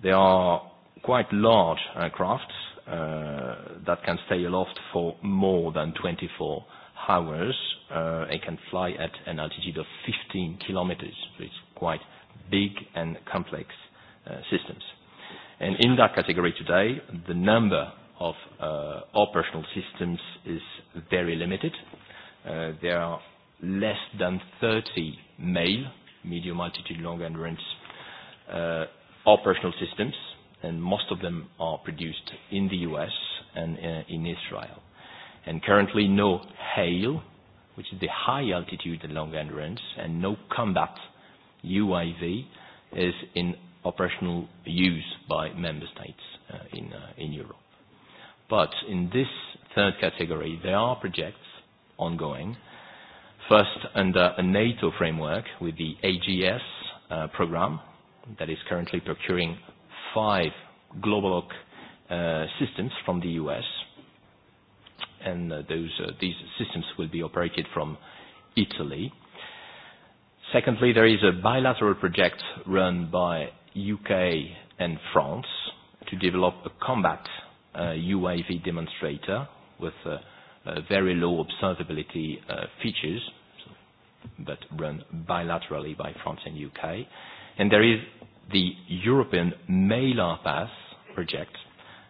They are quite large aircraft uh, that can stay aloft for more than 24 hours. Uh, it can fly at an altitude of 15 kilometers. So it's quite big and complex uh, systems. And in that category today, the number of uh, operational systems is very limited. Uh, there are less than 30 male, medium altitude long endurance uh, operational systems, and most of them are produced in the U.S. and uh, in Israel. And currently, no HAIL, which is the high altitude and long endurance, and no combat UIV is in operational use by member states uh, in, uh, in Europe. But in this third category, there are projects ongoing uh, First, under a NATO framework with the AGS uh, program that is currently procuring five global uh, systems from the U.S. and uh, those uh These systems will be operated from Italy. Secondly, there is a bilateral project run by U.K. and France to develop a combat uh UAV demonstrator with uh uh, very low observability uh, features so, that run bilaterally by France and UK. And there is the European Mail Pass project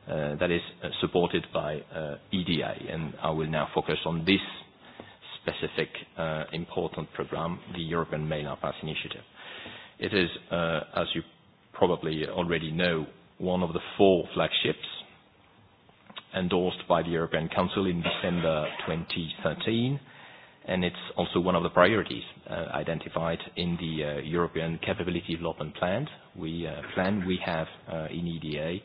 uh, that is uh, supported by uh, EDA. And I will now focus on this specific uh, important program, the European Mail Pass Initiative. It is, uh, as you probably already know, one of the four flagships endorsed by the European Council in December 2013, and it's also one of the priorities uh, identified in the uh, European Capability Development Plan. We uh, plan we have uh, in EDA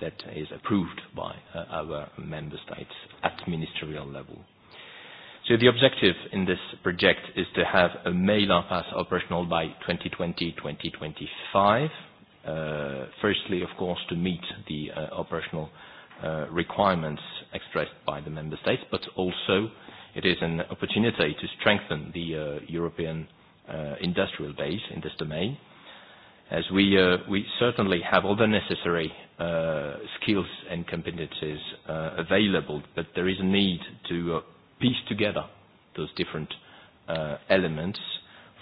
that is approved by uh, our member states at ministerial level. So the objective in this project is to have a mail pass operational by 2020-2025. Uh, firstly, of course, to meet the uh, operational uh, requirements expressed by the member states, but also it is an opportunity to strengthen the uh, European uh, industrial base in this domain, as we, uh, we certainly have all the necessary uh, skills and competencies uh, available, but there is a need to uh, piece together those different uh, elements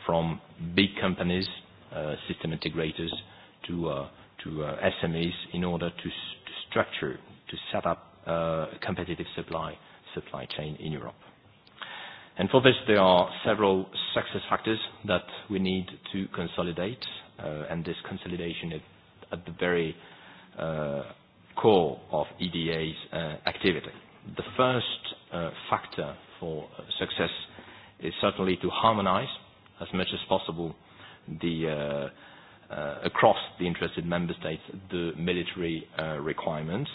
from big companies, uh, system integrators, to, uh, to uh, SMEs in order to, s to structure to set up uh, a competitive supply, supply chain in Europe. And for this, there are several success factors that we need to consolidate, uh, and this consolidation is at the very uh, core of EDA's uh, activity. The first uh, factor for success is certainly to harmonize as much as possible the, uh, uh, across the interested member states the military uh, requirements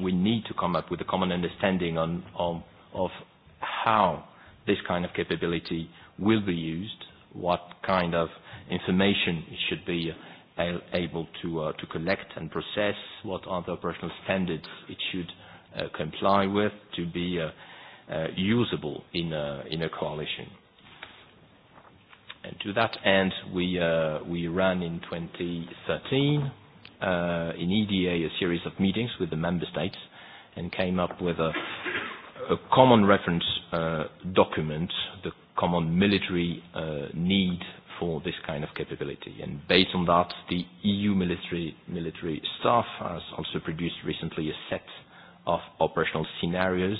we need to come up with a common understanding on, on of how this kind of capability will be used, what kind of information it should be uh, able to, uh, to collect and process, what are the operational standards it should uh, comply with to be uh, uh, usable in a, in a coalition. And to that end, we, uh, we ran in 2013 uh, in EDA a series of meetings with the member states and came up with a, a common reference uh, document, the common military uh, need for this kind of capability. And based on that, the EU military, military staff has also produced recently a set of operational scenarios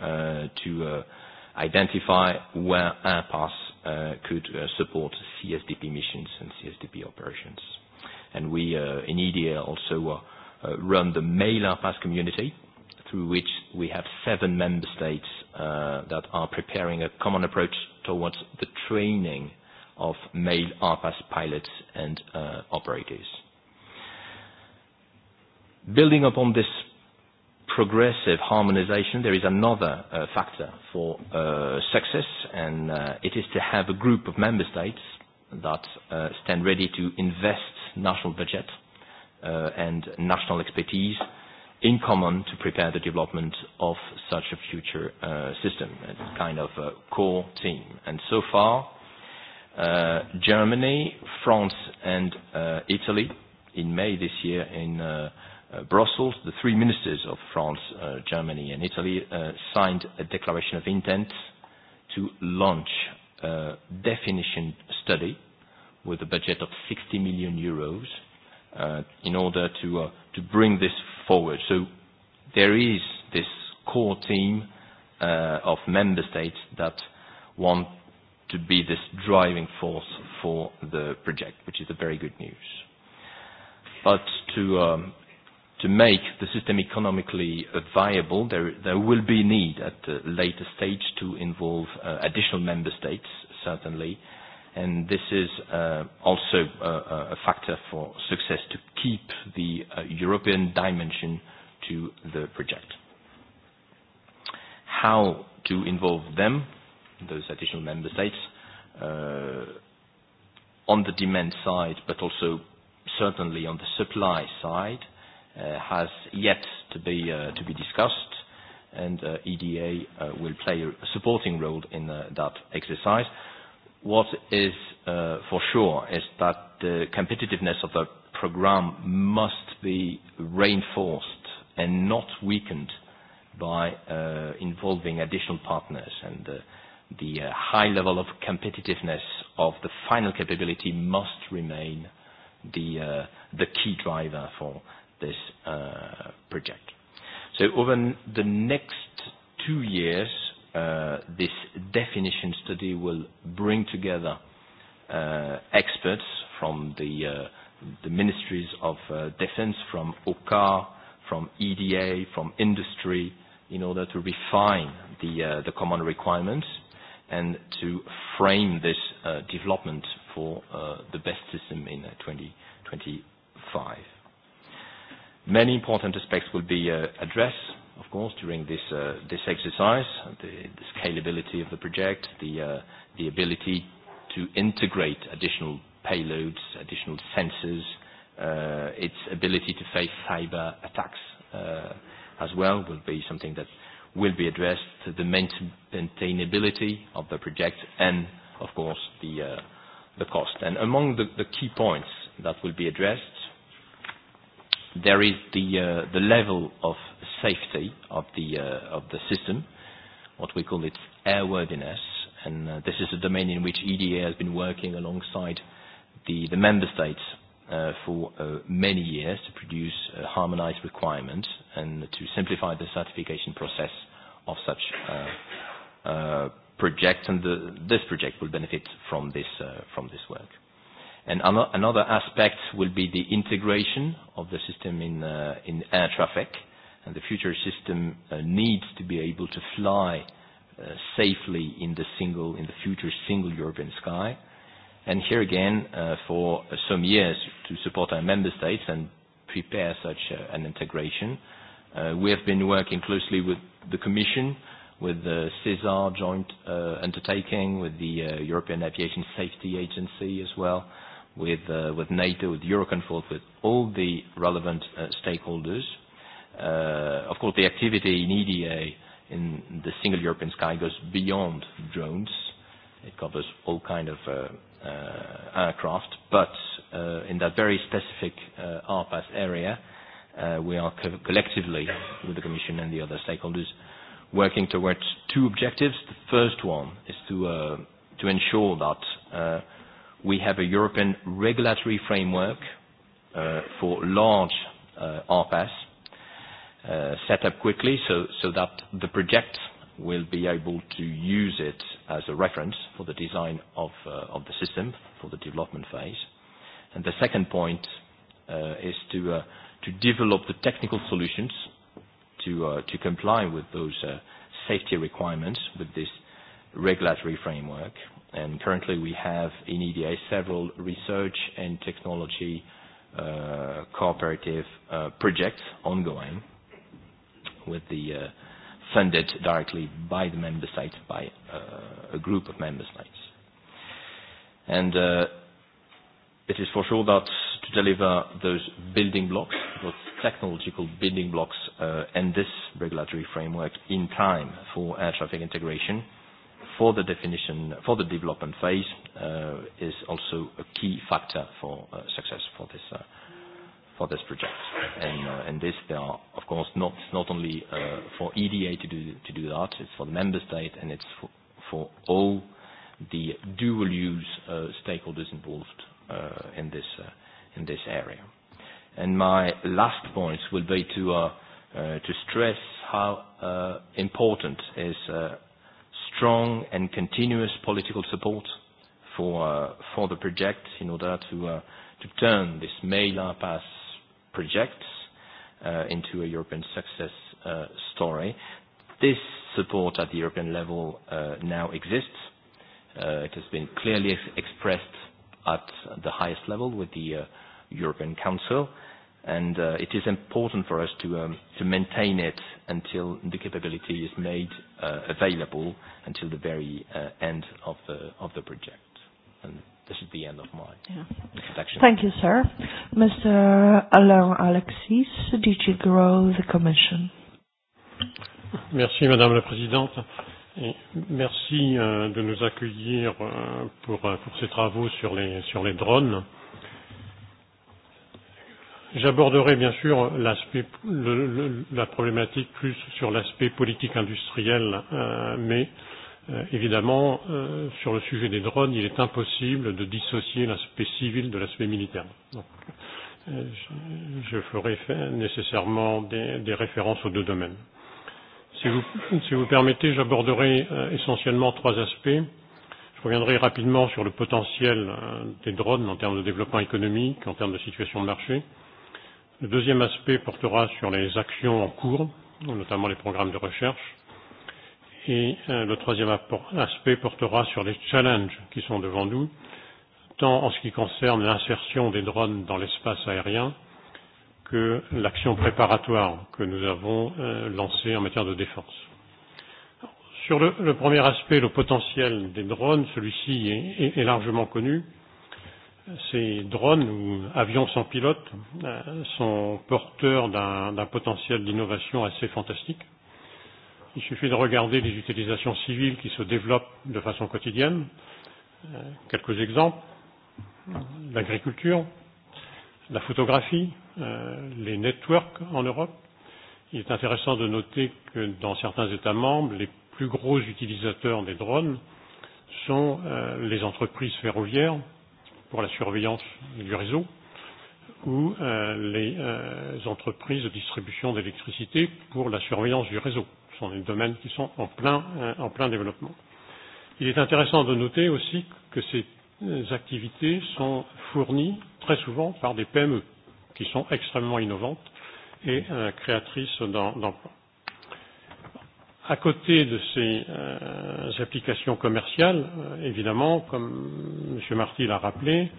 uh, to uh, identify where AirPass uh, could uh, support CSDP missions and CSDP operations and we uh, in EDA also uh, uh, run the mail RPAS community through which we have seven member states uh, that are preparing a common approach towards the training of mail RPAS pilots and uh, operators. Building upon this progressive harmonization, there is another uh, factor for uh, success, and uh, it is to have a group of member states that uh, stand ready to invest national budget uh, and national expertise in common to prepare the development of such a future uh, system, a kind of a core team. And so far, uh, Germany, France, and uh, Italy, in May this year in uh, uh, Brussels, the three ministers of France, uh, Germany, and Italy uh, signed a declaration of intent to launch a uh, definition study with a budget of 60 million euros uh, in order to, uh, to bring this forward. So there is this core team uh, of member states that want to be this driving force for the project, which is a very good news. But to, um, to make the system economically viable, there, there will be need at a later stage to involve uh, additional member states, certainly, and this is uh, also uh, uh, a factor for success to keep the uh, European dimension to the project. How to involve them, those additional member states, uh, on the demand side, but also certainly on the supply side, uh, has yet to be uh, to be discussed, and uh, EDA uh, will play a supporting role in uh, that exercise What is uh, for sure is that the competitiveness of the program must be reinforced and not weakened by uh, involving additional partners. and uh, The uh, high level of competitiveness of the final capability must remain the uh the key driver for this uh project. So Over the next two years, uh, this definition study will bring together uh, experts from the, uh, the ministries of uh, defense, from OCAR, from EDA, from industry, in order to refine the, uh, the common requirements and to frame this uh, development for uh, the best system in 2025. Uh, Many important aspects will be uh, addressed of course, during this, uh, this exercise, the, the scalability of the project, the, uh, the ability to integrate additional payloads, additional sensors, uh, its ability to face cyber attacks uh, as well will be something that will be addressed, the maintainability of the project, and, of course, the, uh, the cost. And among the, the key points that will be addressed, there is the, uh, the level of safety of the, uh, of the system, what we call its airworthiness. And uh, this is a domain in which EDA has been working alongside the, the member states uh, for uh, many years to produce a harmonized requirement and to simplify the certification process of such uh, uh, projects. And the, this project will benefit from this, uh, from this work. And Another aspect will be the integration of the system in uh in air traffic and the future system uh, needs to be able to fly uh, safely in the single, in the future single European sky. And here again, uh, for uh, some years to support our member states and prepare such uh, an integration, uh, we have been working closely with the Commission, with the CESAR joint uh, undertaking, with the uh, European Aviation Safety Agency as well, with, uh, with NATO, with Eurocontrol, with all the relevant uh, stakeholders – uh, of course, the activity in EDA in the single European sky goes beyond drones. It covers all kind of uh, uh, aircraft, but uh, in that very specific uh, RPAS area, uh, we are co- collectively, with the Commission and the other stakeholders, working towards two objectives. The first one is to, uh, to ensure that uh, we have a European regulatory framework uh, for large uh, RPAS, uh, set up quickly so, so that the project will be able to use it as a reference for the design of, uh, of the system for the development phase. And the second point uh, is to, uh, to develop the technical solutions to, uh, to comply with those uh, safety requirements with this regulatory framework. And currently we have in EDA several research and technology uh, cooperative uh, projects ongoing with the uh, funded directly by the member states, by uh, a group of member states. And uh, it is for sure that to deliver those building blocks, those technological building blocks, uh, and this regulatory framework in time for air traffic integration, for the definition, for the development phase, uh, is also a key factor for uh, success for this uh, for this project. And, uh, and this, there are, of course, not, not only uh, for EDA to do, to do that, it's for the member state and it's for, for all the dual use uh, stakeholders involved uh, in, this, uh, in this area. And my last point will be to, uh, uh, to stress how uh, important is uh, strong and continuous political support for, uh, for the project in order to, uh, to turn this Mela Pass projects uh, into a European success uh, story. This support at the European level uh, now exists. Uh, it has been clearly ex expressed at the highest level with the uh, European Council, and uh, it is important for us to, um, to maintain it until the capability is made uh, available until the very uh, end of the, of the project. And this is the end of my yeah. introduction. Thank you, sir. Mr. Alain Alexis, DG Grow, the Commission. Merci, Madame la Présidente. Et merci euh, de nous accueillir euh, pour, euh, pour ces travaux sur les, sur les drones. J'aborderai bien sûr l'aspect, le, le, la problématique plus sur l'aspect politique industriel euh, mais euh, Euh, évidemment, euh, sur le sujet des drones, il est impossible de dissocier l'aspect civil de l'aspect militaire. Donc, euh, je ferai nécessairement des, des références aux deux domaines. Si vous, si vous permettez, j'aborderai euh, essentiellement trois aspects. Je reviendrai rapidement sur le potentiel euh, des drones en termes de développement économique, en termes de situation de marché. Le deuxième aspect portera sur les actions en cours, notamment les programmes de recherche Et euh, le troisième aspect portera sur les challenges qui sont devant nous, tant en ce qui concerne l'insertion des drones dans l'espace aérien que l'action préparatoire que nous avons euh, lancée en matière de défense. Sur le, le premier aspect, le potentiel des drones, celui-ci est, est, est largement connu. Ces drones ou avions sans pilote euh, sont porteurs d'un potentiel d'innovation assez fantastique Il suffit de regarder les utilisations civiles qui se développent de façon quotidienne. Euh, quelques exemples l'agriculture, la photographie, euh, les networks en Europe. Il est intéressant de noter que dans certains États membres, les plus gros utilisateurs des drones sont euh, les entreprises ferroviaires pour la surveillance du réseau ou les entreprises de distribution d'électricité pour la surveillance du réseau. Ce sont des domaines qui sont en plein, euh, en plein développement. Il est intéressant de noter aussi que ces activités sont fournies très souvent par des PME qui sont extrêmement innovantes et euh, créatrices d'emplois. À côté de ces euh, applications commerciales, euh, évidemment, comme M. Marty l'a rappelé,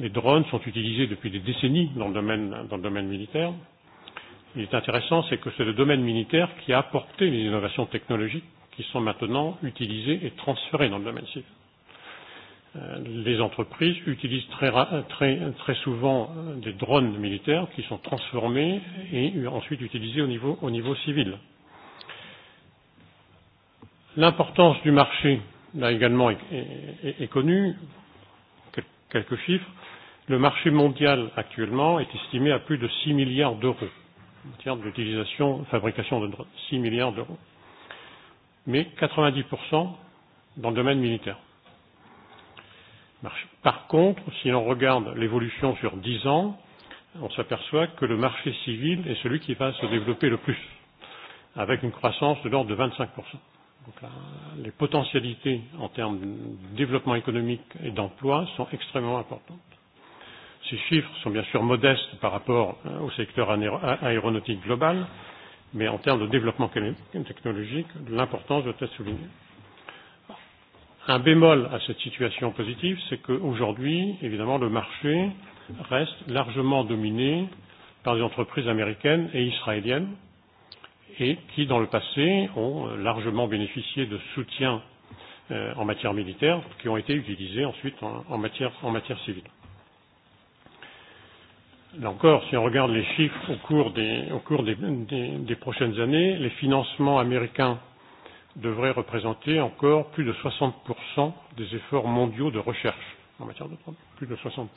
les drones sont utilisés depuis des décennies dans le domaine, dans le domaine militaire. Euh, il est intéressant, c'est que c'est le domaine militaire qui a apporté les innovations technologiques qui sont maintenant utilisées et transférées dans le domaine civil. Euh, les entreprises utilisent très, très, très souvent euh, des drones militaires qui sont transformés et ensuite utilisés au niveau, au niveau civil. L'importance du marché, là également, est, est, est connue. Quelques chiffres. Le marché mondial actuellement est estimé à plus de 6 milliards d'euros en termes d'utilisation, fabrication de 6 milliards d'euros, mais 90% dans le domaine militaire. Par contre, si l'on regarde l'évolution sur 10 ans, on s'aperçoit que le marché civil est celui qui va se développer le plus, avec une croissance de l'ordre de 25%. Donc là, les potentialités en termes de développement économique et d'emploi sont extrêmement importantes. Ces chiffres sont bien sûr modestes par rapport euh, au secteur aéronautique global, mais en termes de développement technologique, l'importance doit être soulignée. Un bémol à cette situation positive, c'est qu'aujourd'hui, évidemment, le marché reste largement dominé par des entreprises américaines et israéliennes, et qui, dans le passé, ont largement bénéficié de soutiens euh, en matière militaire, qui ont été utilisés ensuite en, matière, en matière civile. Là encore, si on regarde les chiffres au cours des, au cours des, des, des prochaines années, les financements américains devraient représenter encore plus de 60% des efforts mondiaux de recherche en matière de drogue, plus de 60%.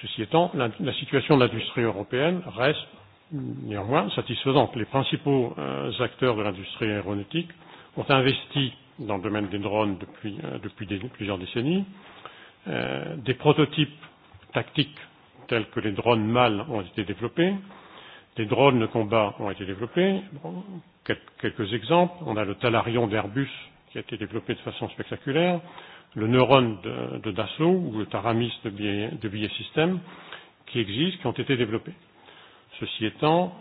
Ceci étant, la, la situation de l'industrie européenne reste néanmoins satisfaisante. Les principaux euh, acteurs de l'industrie aéronautique ont investi dans le domaine des drones depuis, euh, depuis des, plusieurs décennies. Euh, euh, des prototypes tactiques tels que les drones mâles ont été développés, des drones de combat ont été développés. Bon, quelques exemples, on a le Talarion d'Airbus qui a été développé de façon spectaculaire, le Neuron de, de Dassault ou le Taramis de Billet, de Billet System qui existent, qui ont été développés. Ceci étant,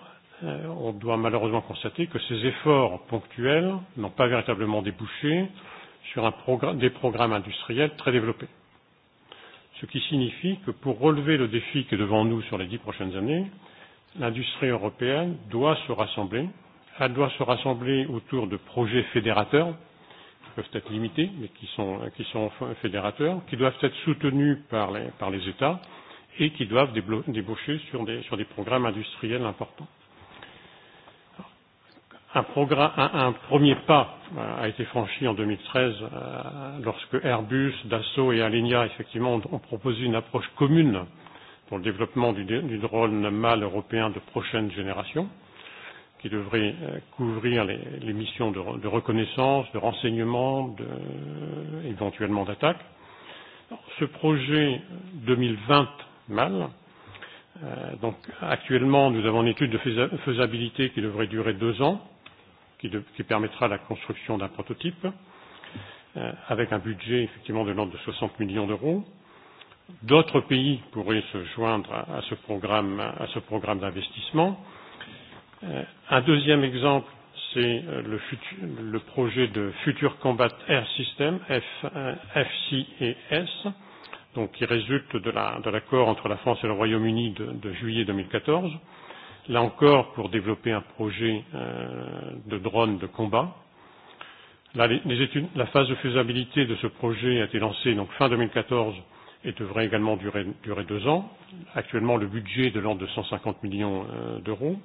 euh, on doit malheureusement constater que ces efforts ponctuels n'ont pas véritablement débouché sur un progr des programmes industriels très développés ce qui signifie que pour relever le défi qui est devant nous sur les dix prochaines années, l'industrie européenne doit se rassembler. Elle doit se rassembler autour de projets fédérateurs, qui peuvent être limités, mais qui sont, qui sont fédérateurs, qui doivent être soutenus par les, par les États et qui doivent débaucher sur des, sur des programmes industriels importants un, un, un premier pas euh, a été franchi en 2013 euh, lorsque Airbus, Dassault et Alenia effectivement ont, ont proposé une approche commune pour le développement du, du drone mâle européen de prochaine génération qui devrait euh, couvrir les, les missions de, de reconnaissance, de renseignement, de, éventuellement d'attaque. Ce projet 2020 mâle donc actuellement, nous avons une étude de faisabilité qui devrait durer deux ans qui, de, qui permettra la construction d'un prototype euh, avec un budget effectivement de l'ordre de 60 millions d'euros. D'autres pays pourraient se joindre à, à ce programme, à ce programme d'investissement. Euh, un deuxième exemple, c'est euh, le, le projet de Future Combat Air System, F, euh, et S, donc qui résulte de l'accord la, de entre la France et le Royaume-Uni de, de juillet 2014 là encore pour développer un projet euh, de drone de combat. La, les études, la phase de faisabilité de ce projet a été lancée donc fin 2014 et devrait également durer, durer deux ans. Actuellement, le budget est de l'ordre de 150 millions euh, d'euros.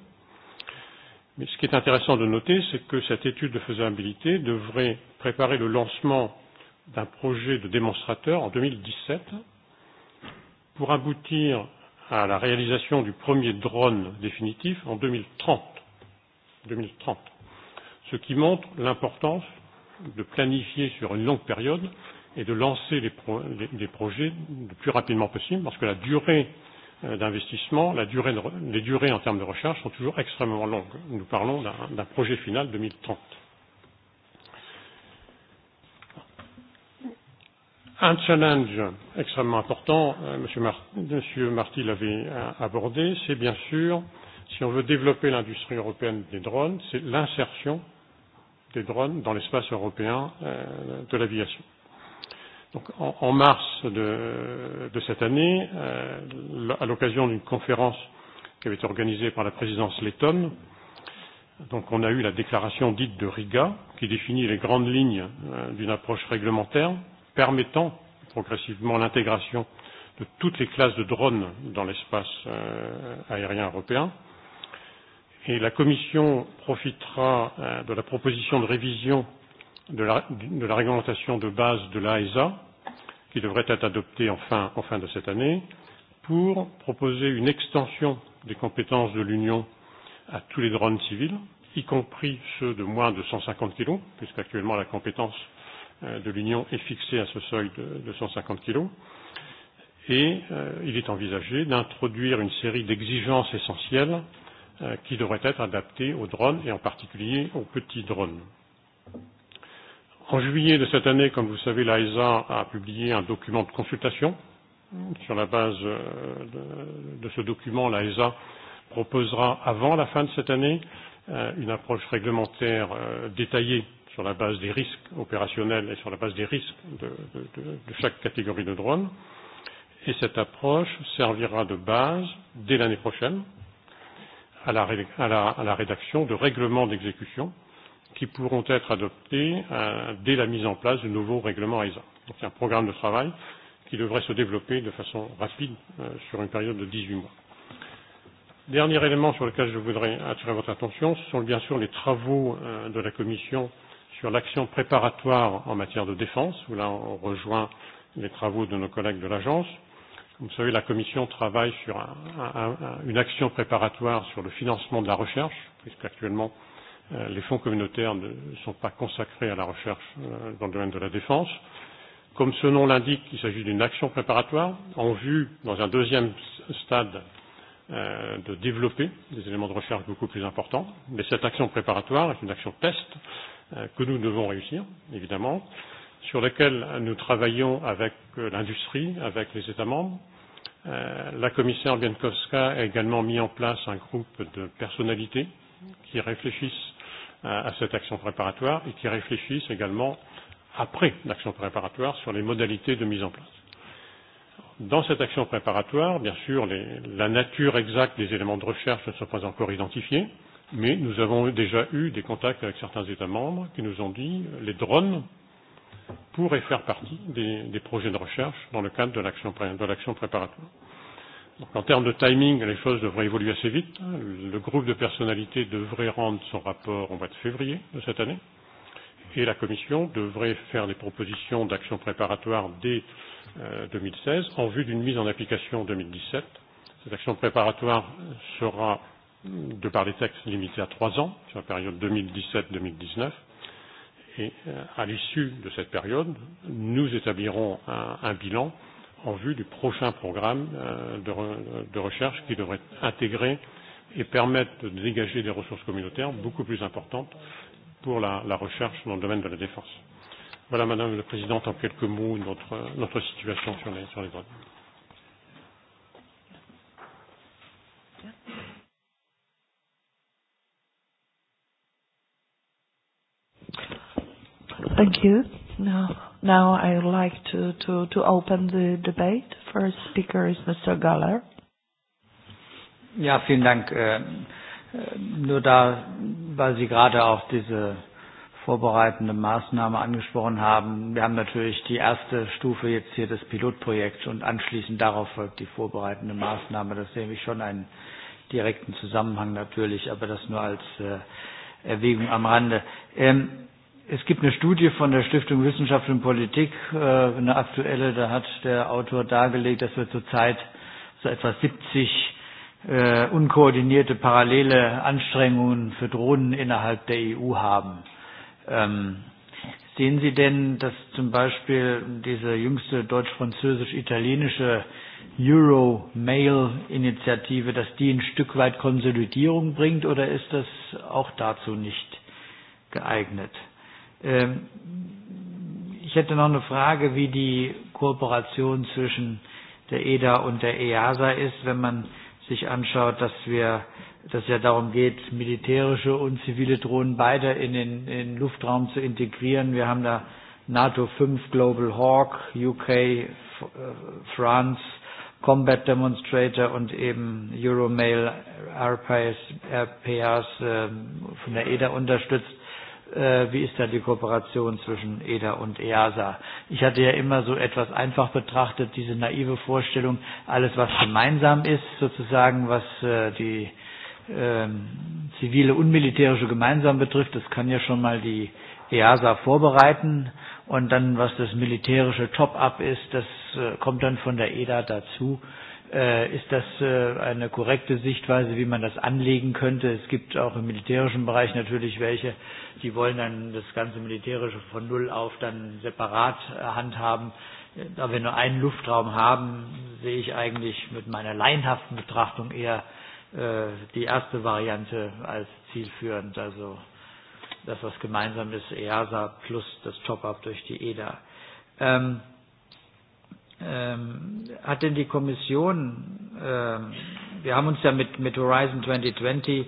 Mais ce qui est intéressant de noter, c'est que cette étude de faisabilité devrait préparer le lancement d'un projet de démonstrateur en 2017 pour aboutir à la réalisation du premier drone définitif en 2030. 2030 ce qui montre l'importance de planifier sur une longue période et de lancer les, pro les, les projets le plus rapidement possible, parce que la durée euh, d'investissement, durée les durées en termes de recherche sont toujours extrêmement longues. Nous parlons d'un projet final 2030. un challenge extrêmement important, euh, M. Monsieur, Marty l'avait euh, abordé, c'est bien sûr, si on veut développer l'industrie européenne des drones, c'est l'insertion des drones dans l'espace européen euh, de l'aviation. Donc, en, en mars de, de cette année, euh, à l'occasion d'une conférence qui avait été organisée par la présidence lettonne, donc on a eu la déclaration dite de Riga, qui définit les grandes lignes euh, d'une approche réglementaire permettant progressivement l'intégration de toutes les classes de drones dans l'espace euh, aérien européen. Et la Commission profitera euh, de la proposition de révision de la, de la réglementation de base de l'AESA, qui devrait être adoptée en fin, en fin de cette année, pour proposer une extension des compétences de l'Union à tous les drones civils, y compris ceux de moins de 150 kg, puisqu'actuellement la compétence Euh, de l'Union est fixé à ce seuil de, de 150 kg. Et euh, il est envisagé d'introduire une série d'exigences essentielles euh, qui devraient être adaptées aux drones et en particulier aux petits drones. En juillet de cette année, comme vous le savez, l'AESA a publié un document de consultation. Sur la base euh, de, de ce document, l'AESA proposera avant la fin de cette année euh, une approche réglementaire euh, détaillée sur la base des risques opérationnels et sur la base des risques de, de, de, de chaque catégorie de drones. Et cette approche servira de base dès l'année prochaine à la, à, la, à la rédaction de règlements d'exécution qui pourront être adoptés à, euh, dès la mise en place du nouveau règlement Donc C'est un programme de travail qui devrait se développer de façon rapide euh, sur une période de 18 mois. Dernier élément sur lequel je voudrais attirer votre attention, ce sont bien sûr les travaux euh, de la Commission euh, sur l'action préparatoire en matière de défense, où là on rejoint les travaux de nos collègues de l'agence. Vous savez, la Commission travaille sur un, un, un, une action préparatoire sur le financement de la recherche, puisqu'actuellement euh, les fonds communautaires ne sont pas consacrés à la recherche euh, dans le domaine de la défense. Comme ce nom l'indique, il s'agit d'une action préparatoire en vue, dans un deuxième stade, euh, de développer des éléments de recherche beaucoup plus importants. Mais cette action préparatoire est une action test Euh, que nous devons réussir, évidemment, sur lesquels nous travaillons avec euh, l'industrie, avec les États membres. Euh, la commissaire Biankowska a également mis en place un groupe de personnalités qui réfléchissent à cette action préparatoire et qui réfléchissent également après l'action préparatoire sur les modalités de mise en place. Dans cette action préparatoire, bien sûr, les, la nature exacte des éléments de recherche ne sont pas encore identifiés mais nous avons déjà eu des contacts avec certains États membres qui nous ont dit que les drones pourraient faire partie des, des projets de recherche dans le cadre de l'action préparatoire. Donc, en termes de timing, les choses devraient évoluer assez vite. Le groupe de personnalités devrait rendre son rapport au mois de février de cette année et la Commission devrait faire des propositions d'action préparatoire dès euh, 2016 en vue d'une mise en application en 2017. Cette action préparatoire sera de par les textes limités à trois ans, sur la période 2017-2019. Et euh, à l'issue de cette période, nous établirons un, un bilan en vue du prochain programme euh, de, re, de recherche qui devrait intégrer et permettre de dégager des ressources communautaires beaucoup plus importantes pour la, la recherche dans le domaine de la défense. Voilà, Madame la Présidente, en quelques mots, notre, notre situation sur les, sur les droits de l'homme. Thank you. Now, now I would like to, to, to open the debate. First speaker is Mr. Galler. Ja, vielen Dank. Äh, äh, nur da, weil Sie gerade auch diese vorbereitende Maßnahme angesprochen haben. Wir haben natürlich die erste Stufe jetzt hier das Pilotprojekt und anschließend darauf folgt die vorbereitende Maßnahme. Das sehe ich schon einen direkten Zusammenhang natürlich, aber das nur als äh, Erwägung am Rande. Ähm, Es gibt eine Studie von der Stiftung Wissenschaft und Politik, äh, eine aktuelle, da hat der Autor dargelegt, dass wir zurzeit so etwa 70 äh, unkoordinierte parallele Anstrengungen für Drohnen innerhalb der EU haben. Ähm, sehen Sie denn, dass zum Beispiel diese jüngste deutsch-französisch-italienische Euro-Mail-Initiative, dass die ein Stück weit Konsolidierung bringt oder ist das auch dazu nicht geeignet? Ähm, ich hätte noch eine Frage, wie die Kooperation zwischen der EDA und der EASA ist, wenn man sich anschaut, dass wir dass ja darum geht, militärische und zivile Drohnen beide in den, in den Luftraum zu integrieren. Wir haben da NATO 5 Global Hawk, UK, äh, France, Combat Demonstrator und eben Euromail RPAs, RPAs äh, von der EDA unterstützt. Äh, wie ist da die Kooperation zwischen EDA und EASA. Ich hatte ja immer so etwas einfach betrachtet, diese naive Vorstellung, alles was gemeinsam ist, sozusagen, was äh, die ähm, zivile und militärische gemeinsam betrifft, das kann ja schon mal die EASA vorbereiten und dann, was das militärische Top-up ist, das äh, kommt dann von der EDA dazu. Äh, ist das äh, eine korrekte Sichtweise, wie man das anlegen könnte? Es gibt auch im militärischen Bereich natürlich welche, die wollen dann das ganze Militärische von Null auf dann separat äh, handhaben. Da wir nur einen Luftraum haben, sehe ich eigentlich mit meiner leinhaften Betrachtung eher äh, die erste Variante als zielführend. Also das, was gemeinsam ist, EASA plus das Top-up durch die EDA. Ähm, ähm, hat denn die Kommission, ähm, wir haben uns ja mit, mit Horizon 2020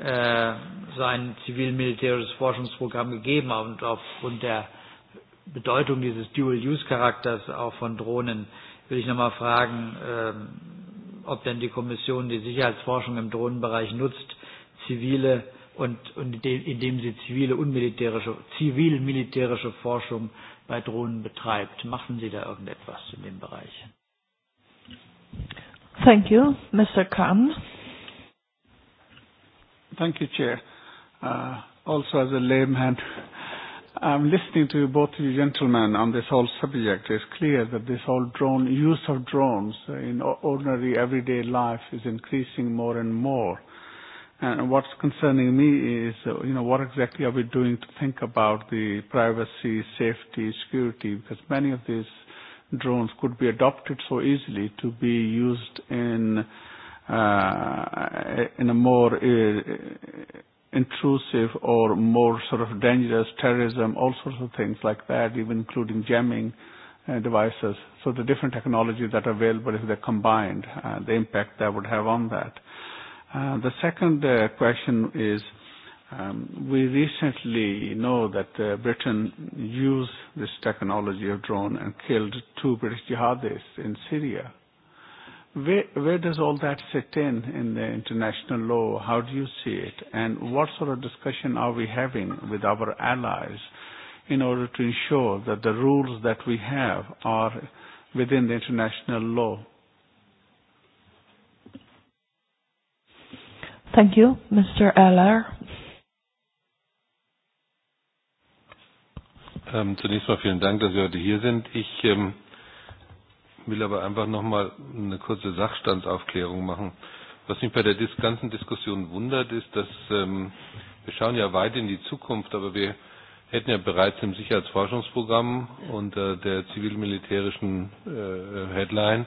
Äh, sein zivil-militärisches Forschungsprogramm gegeben und aufgrund der Bedeutung dieses Dual-Use-Charakters auch von Drohnen will ich nochmal fragen, ähm, ob denn die Kommission die Sicherheitsforschung im Drohnenbereich nutzt, zivile und, und indem sie zivile und militärische, zivil-militärische Forschung bei Drohnen betreibt. Machen Sie da irgendetwas in dem Bereich? Thank you, Mr. Kahn. Thank you, Chair. Uh, also, as a layman, [LAUGHS] I'm listening to both you gentlemen on this whole subject. It's clear that this whole drone use of drones in ordinary everyday life is increasing more and more. And what's concerning me is, uh, you know, what exactly are we doing to think about the privacy, safety, security? Because many of these drones could be adopted so easily to be used in uh, in a more uh, intrusive or more sort of dangerous terrorism, all sorts of things like that, even including jamming uh, devices. So the different technologies that are available, if they're combined, uh, the impact that would have on that. Uh, the second uh, question is, um, we recently know that uh, Britain used this technology of drone and killed two British jihadists in Syria. Where, where does all that sit in in the international law? How do you see it? And what sort of discussion are we having with our allies in order to ensure that the rules that we have are within the international law? Thank you. Mr. Eller. Ähm, zunächst mal vielen Dank, dass Sie heute hier sind. Ich ähm, will aber einfach noch mal eine kurze Sachstandsaufklärung machen. Was mich bei der ganzen Diskussion wundert, ist, dass ähm, wir schauen ja weit in die Zukunft, aber wir hätten ja bereits im Sicherheitsforschungsprogramm unter der zivil-militärischen äh, Headline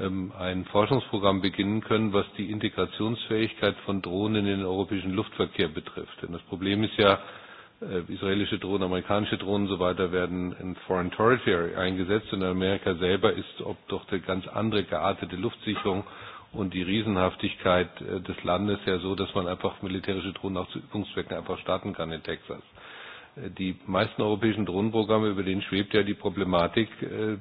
ähm, ein Forschungsprogramm beginnen können, was die Integrationsfähigkeit von Drohnen in den europäischen Luftverkehr betrifft. Denn das Problem ist ja, Äh, israelische Drohnen, amerikanische Drohnen und so weiter werden in Foreign Territory eingesetzt und Amerika selber ist ob doch eine ganz andere geartete Luftsicherung und die Riesenhaftigkeit äh, des Landes ja so, dass man einfach militärische Drohnen auch zu Übungszwecken einfach starten kann in Texas. Äh, die meisten europäischen Drohnenprogramme, über denen schwebt ja die Problematik,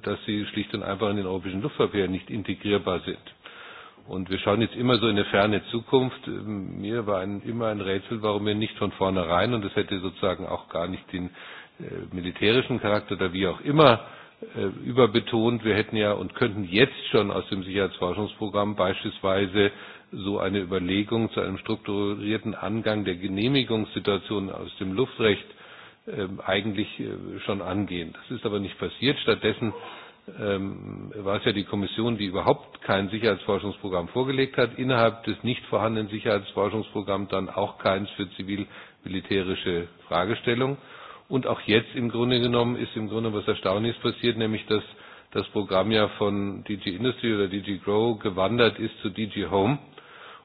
dass sie schlicht und einfach in den europäischen Luftverkehr nicht integrierbar sind Und wir schauen jetzt immer so in eine ferne Zukunft. Mir war ein, immer ein Rätsel, warum wir nicht von vornherein, und das hätte sozusagen auch gar nicht den äh, militärischen Charakter oder wie auch immer äh, überbetont, wir hätten ja und könnten jetzt schon aus dem Sicherheitsforschungsprogramm beispielsweise so eine Überlegung zu einem strukturierten Angang der Genehmigungssituation aus dem Luftrecht ähm, äh, eigentlich schon angehen. Das ist aber nicht passiert. Stattdessen Ähm, war es ja die Kommission, die überhaupt kein Sicherheitsforschungsprogramm vorgelegt hat, innerhalb des nicht vorhandenen Sicherheitsforschungsprogramms dann auch keins für zivil-militärische Fragestellungen. Und auch jetzt im Grunde genommen ist im Grunde was Erstaunliches passiert, nämlich dass das Programm ja von DG Industry oder DG Grow gewandert ist zu DG Home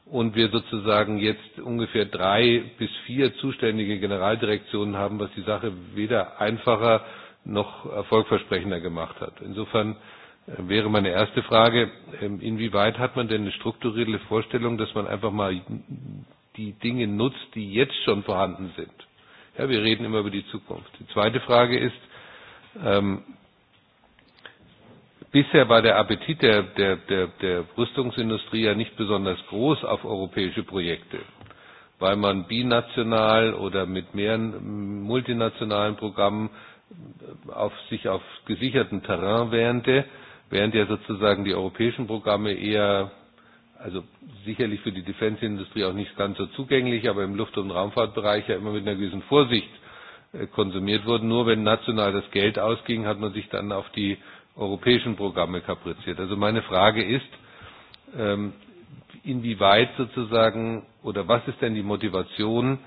und wir sozusagen jetzt ungefähr drei bis vier zuständige Generaldirektionen haben, was die Sache weder einfacher noch erfolgversprechender gemacht hat. Insofern äh, wäre meine erste Frage, ähm, inwieweit hat man denn eine strukturelle Vorstellung, dass man einfach mal die Dinge nutzt, die jetzt schon vorhanden sind? Ja, wir reden immer über die Zukunft. Die zweite Frage ist, ähm, bisher war der Appetit der, der, der, der Rüstungsindustrie ja nicht besonders groß auf europäische Projekte, weil man binational oder mit mehreren multinationalen Programmen auf sich auf gesicherten Terrain wähnte, während ja sozusagen die europäischen Programme eher, also sicherlich für die Defense-Industrie auch nicht ganz so zugänglich, aber im Luft- und Raumfahrtbereich ja immer mit einer gewissen Vorsicht äh, konsumiert wurden. Nur wenn national das Geld ausging, hat man sich dann auf die europäischen Programme kapriziert. Also meine Frage ist, ähm, inwieweit sozusagen oder was ist denn die Motivation,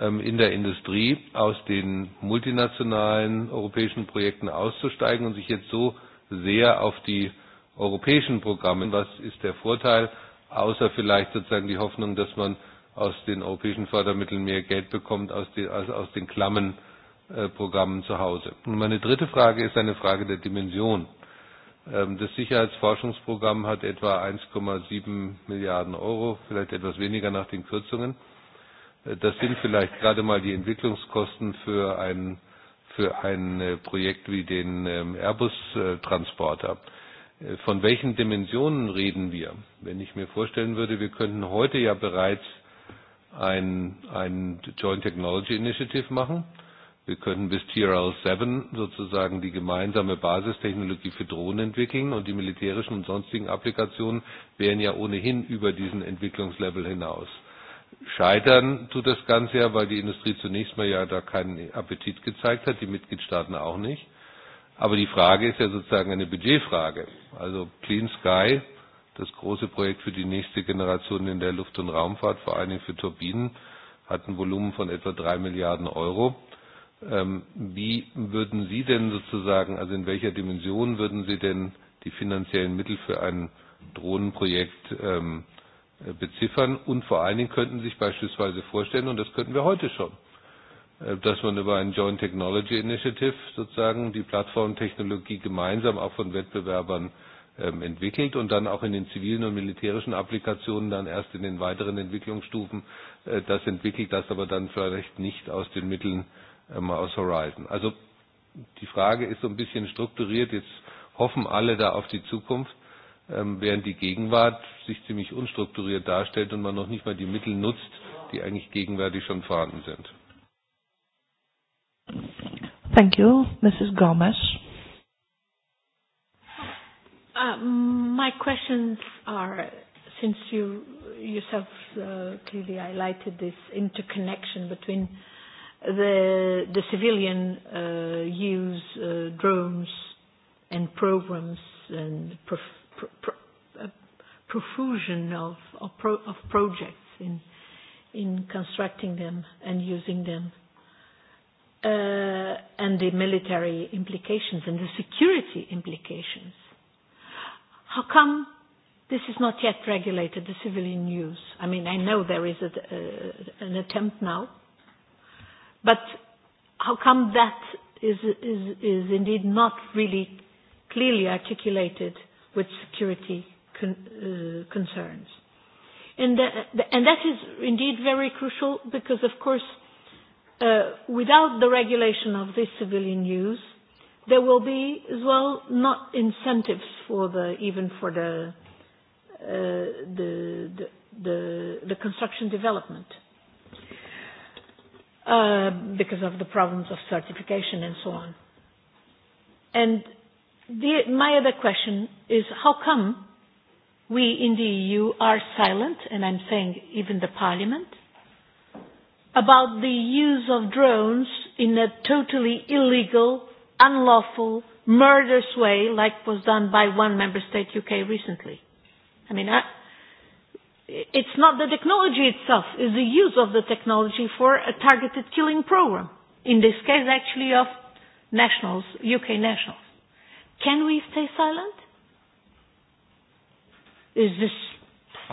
Ähm, in der Industrie aus den multinationalen europäischen Projekten auszusteigen und sich jetzt so sehr auf die europäischen Programme. Was ist der Vorteil, außer vielleicht sozusagen die Hoffnung, dass man aus den europäischen Fördermitteln mehr Geld bekommt als aus den klammen äh, Programmen zu Hause? Und meine dritte Frage ist eine Frage der Dimension. Ähm, das Sicherheitsforschungsprogramm hat etwa 1,7 Milliarden Euro, vielleicht etwas weniger nach den Kürzungen. Das sind vielleicht gerade mal die Entwicklungskosten für ein, für ein äh, Projekt wie den ähm, Airbus-Transporter. Äh, äh, von welchen Dimensionen reden wir? Wenn ich mir vorstellen würde, wir könnten heute ja bereits ein, ein Joint Technology Initiative machen. Wir könnten bis TRL-7 sozusagen die gemeinsame Basistechnologie für Drohnen entwickeln und die militärischen und sonstigen Applikationen wären ja ohnehin über diesen Entwicklungslevel hinaus. Scheitern tut das Ganze ja, weil die Industrie zunächst mal ja da keinen Appetit gezeigt hat, die Mitgliedstaaten auch nicht. Aber die Frage ist ja sozusagen eine Budgetfrage. Also Clean Sky, das große Projekt für die nächste Generation in der Luft- und Raumfahrt, vor allen Dingen für Turbinen, hat ein Volumen von etwa drei Milliarden Euro. Ähm, wie würden Sie denn sozusagen, also in welcher Dimension würden Sie denn die finanziellen Mittel für ein Drohnenprojekt ähm, Äh, beziffern und vor allen Dingen könnten sich beispielsweise vorstellen, und das könnten wir heute schon, äh, dass man über ein Joint Technology Initiative sozusagen die Plattformtechnologie gemeinsam auch von Wettbewerbern ähm, entwickelt und dann auch in den zivilen und militärischen Applikationen dann erst in den weiteren Entwicklungsstufen äh, das entwickelt, das aber dann vielleicht nicht aus den Mitteln aus Horizon. Also die Frage ist so ein bisschen strukturiert, jetzt hoffen alle da auf die Zukunft. Ähm, während die Gegenwart sich ziemlich unstrukturiert darstellt und man noch nicht mal die Mittel nutzt, die eigentlich gegenwärtig schon vorhanden sind. Thank you, Mrs. Gomez. Uh, my questions are, since you yourself uh, clearly highlighted this interconnection between the, the civilian uh, use uh, drones and programs and prof pro, profusion of, of, pro, of projects in, in constructing them and using them. Uh, and the military implications and the security implications. How come this is not yet regulated, the civilian use? I mean, I know there is a, uh, an attempt now, but how come that is, is, is indeed not really clearly articulated with security con, uh, concerns. And, the, the, and that is indeed very crucial because, of course, uh, without the regulation of this civilian use, there will be as well not incentives for the even for the uh, the, the the the construction development uh, because of the problems of certification and so on. And The, my other question is how come we in the EU are silent, and I'm saying even the Parliament, about the use of drones in a totally illegal, unlawful, murderous way, like was done by one member state, UK, recently? I mean, I, it's not the technology itself, it's the use of the technology for a targeted killing program. In this case, actually, of nationals, UK nationals. Can we stay silent? Is this,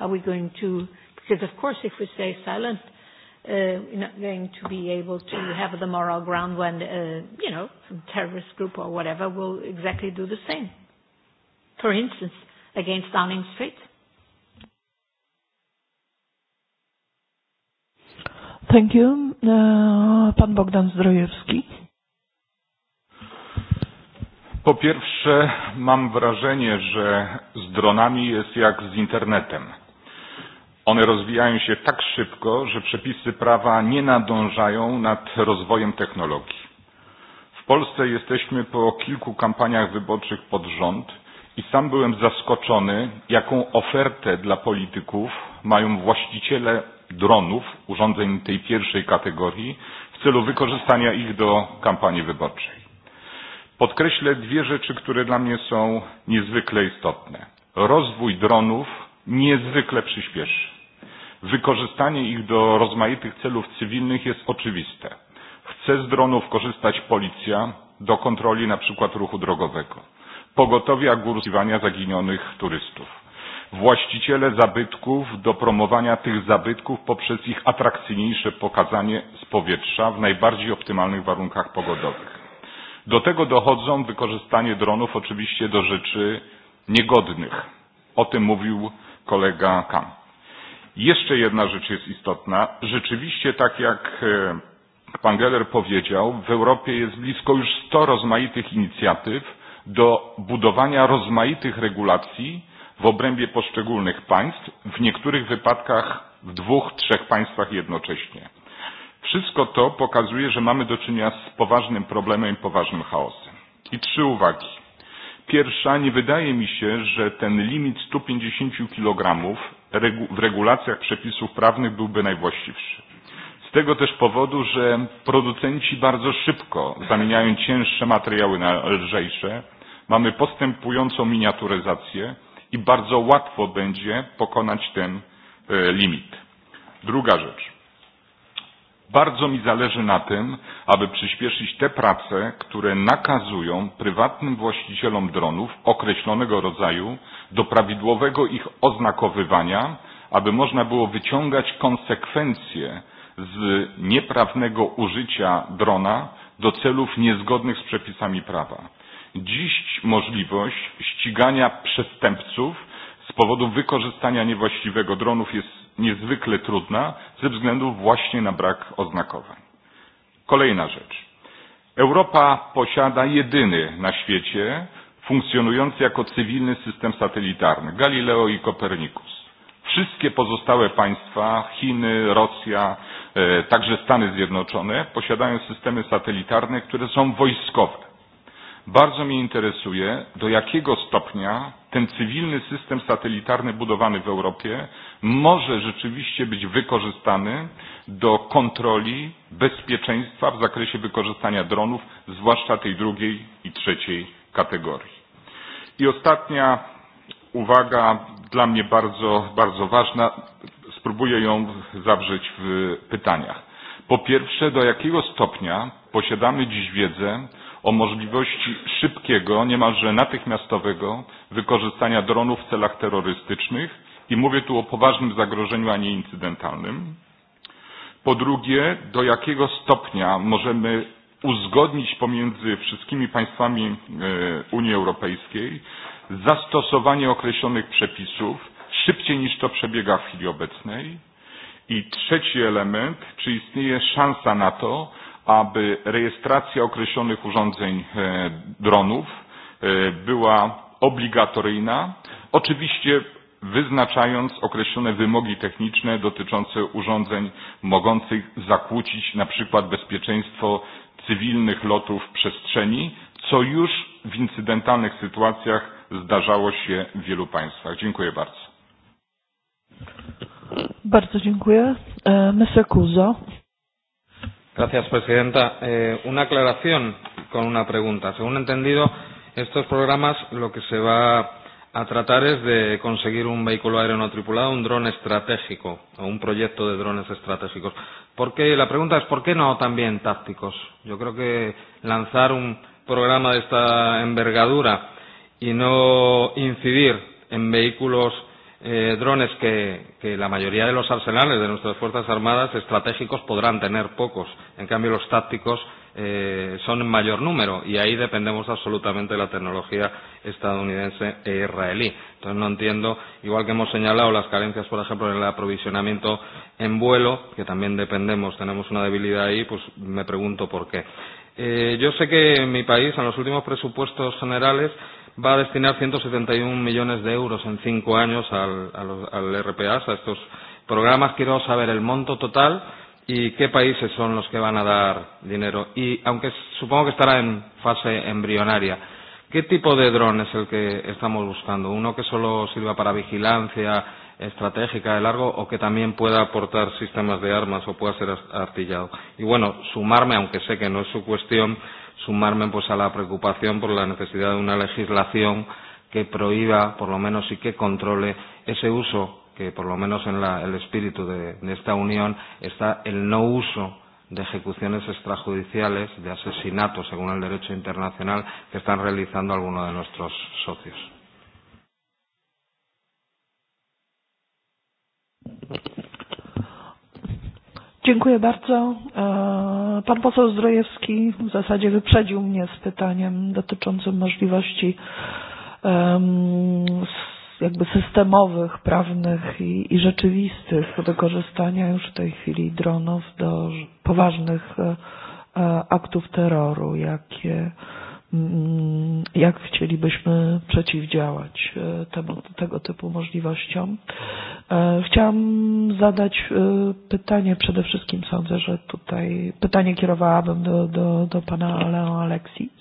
are we going to, because of course if we stay silent, uh, we're not going to be able to have the moral ground when, uh, you know, some terrorist group or whatever will exactly do the same. For instance, against Downing Street. Thank you. Uh, pan Bogdan Zdrojewski. Po pierwsze, mam wrażenie, że z dronami jest jak z internetem. One rozwijają się tak szybko, że przepisy prawa nie nadążają nad rozwojem technologii. W Polsce jesteśmy po kilku kampaniach wyborczych pod rząd i sam byłem zaskoczony, jaką ofertę dla polityków mają właściciele dronów, urządzeń tej pierwszej kategorii, w celu wykorzystania ich do kampanii wyborczej podkreślę dwie rzeczy, które dla mnie są niezwykle istotne. Rozwój dronów niezwykle przyspieszy. Wykorzystanie ich do rozmaitych celów cywilnych jest oczywiste. Chce z dronów korzystać policja do kontroli na przykład ruchu drogowego, pogotowia górskiwania zaginionych turystów, właściciele zabytków do promowania tych zabytków poprzez ich atrakcyjniejsze pokazanie z powietrza w najbardziej optymalnych warunkach pogodowych do tego dochodzą wykorzystanie dronów oczywiście do rzeczy niegodnych. O tym mówił kolega Kam. Jeszcze jedna rzecz jest istotna. Rzeczywiście, tak jak e, pan Geller powiedział, w Europie jest blisko już 100 rozmaitych inicjatyw do budowania rozmaitych regulacji w obrębie poszczególnych państw, w niektórych wypadkach w dwóch, trzech państwach jednocześnie. Wszystko to pokazuje, że mamy do czynienia z poważnym problemem i poważnym chaosem. I trzy uwagi. Pierwsza, nie wydaje mi się, że ten limit 150 kg w regulacjach przepisów prawnych byłby najwłaściwszy. Z tego też powodu, że producenci bardzo szybko zamieniają cięższe materiały na lżejsze, mamy postępującą miniaturyzację i bardzo łatwo będzie pokonać ten e, limit. Druga rzecz. Bardzo mi zależy na tym, aby przyspieszyć te prace, które nakazują prywatnym właścicielom dronów określonego rodzaju do prawidłowego ich oznakowywania, aby można było wyciągać konsekwencje z nieprawnego użycia drona do celów niezgodnych z przepisami prawa. Dziś możliwość ścigania przestępców z powodu wykorzystania niewłaściwego dronów jest niezwykle trudna ze względu właśnie na brak oznakowań. Kolejna rzecz. Europa posiada jedyny na świecie funkcjonujący jako cywilny system satelitarny Galileo i Kopernikus. Wszystkie pozostałe państwa, Chiny, Rosja, e, także Stany Zjednoczone posiadają systemy satelitarne, które są wojskowe. Bardzo mnie interesuje, do jakiego stopnia ten cywilny system satelitarny budowany w Europie może rzeczywiście być wykorzystany do kontroli bezpieczeństwa w zakresie wykorzystania dronów, zwłaszcza tej drugiej i trzeciej kategorii. I ostatnia uwaga dla mnie bardzo, bardzo ważna, spróbuję ją zawrzeć w pytaniach. Po pierwsze, do jakiego stopnia posiadamy dziś wiedzę o możliwości szybkiego, niemalże natychmiastowego wykorzystania dronów w celach terrorystycznych i mówię tu o poważnym zagrożeniu, a nie incydentalnym. Po drugie, do jakiego stopnia możemy uzgodnić pomiędzy wszystkimi państwami e, Unii Europejskiej zastosowanie określonych przepisów szybciej niż to przebiega w chwili obecnej. I trzeci element, czy istnieje szansa na to, aby rejestracja określonych urządzeń e, dronów e, była obligatoryjna, oczywiście wyznaczając określone wymogi techniczne dotyczące urządzeń mogących zakłócić na przykład bezpieczeństwo cywilnych lotów w przestrzeni, co już w incydentalnych sytuacjach zdarzało się w wielu państwach. Dziękuję bardzo. Bardzo dziękuję. E, Mr. Kuzo. Gracias, presidenta. Eh, una aclaración con una pregunta. Según he entendido, estos programas lo que se va a tratar es de conseguir un vehículo aéreo no tripulado, un dron estratégico o un proyecto de drones estratégicos. ¿Por qué? La pregunta es ¿por qué no también tácticos? Yo creo que lanzar un programa de esta envergadura y no incidir en vehículos eh, drones que, que la mayoría de los arsenales de nuestras Fuerzas Armadas estratégicos podrán tener pocos. En cambio, los tácticos eh, son en mayor número y ahí dependemos absolutamente de la tecnología estadounidense e israelí. Entonces no entiendo, igual que hemos señalado las carencias, por ejemplo, en el aprovisionamiento en vuelo, que también dependemos, tenemos una debilidad ahí, pues me pregunto por qué. Eh, yo sé que en mi país, en los últimos presupuestos generales, va a destinar 171 millones de euros en cinco años al, al, al RPA, a estos programas. Quiero saber el monto total y qué países son los que van a dar dinero. Y aunque supongo que estará en fase embrionaria, ¿qué tipo de dron es el que estamos buscando? ¿Uno que solo sirva para vigilancia estratégica de largo o que también pueda aportar sistemas de armas o pueda ser artillado? Y bueno, sumarme, aunque sé que no es su cuestión, sumarme pues a la preocupación por la necesidad de una legislación que prohíba, por lo menos, y que controle ese uso que, por lo menos en la, el espíritu de, de esta unión, está el no uso de ejecuciones extrajudiciales, de asesinatos, según el derecho internacional, que están realizando algunos de nuestros socios. Dziękuję bardzo. E, pan poseł Zdrojewski w zasadzie wyprzedził mnie z pytaniem dotyczącym możliwości jakby systemowych, prawnych i, i rzeczywistych wykorzystania już w tej chwili dronów do poważnych e, e, aktów terroru, jakie Mm, jak chcielibyśmy przeciwdziałać e, temu, tego typu możliwościom. E, chciałam zadać e, pytanie, przede wszystkim sądzę, że tutaj pytanie kierowałabym do, do, do pana Leo Aleksis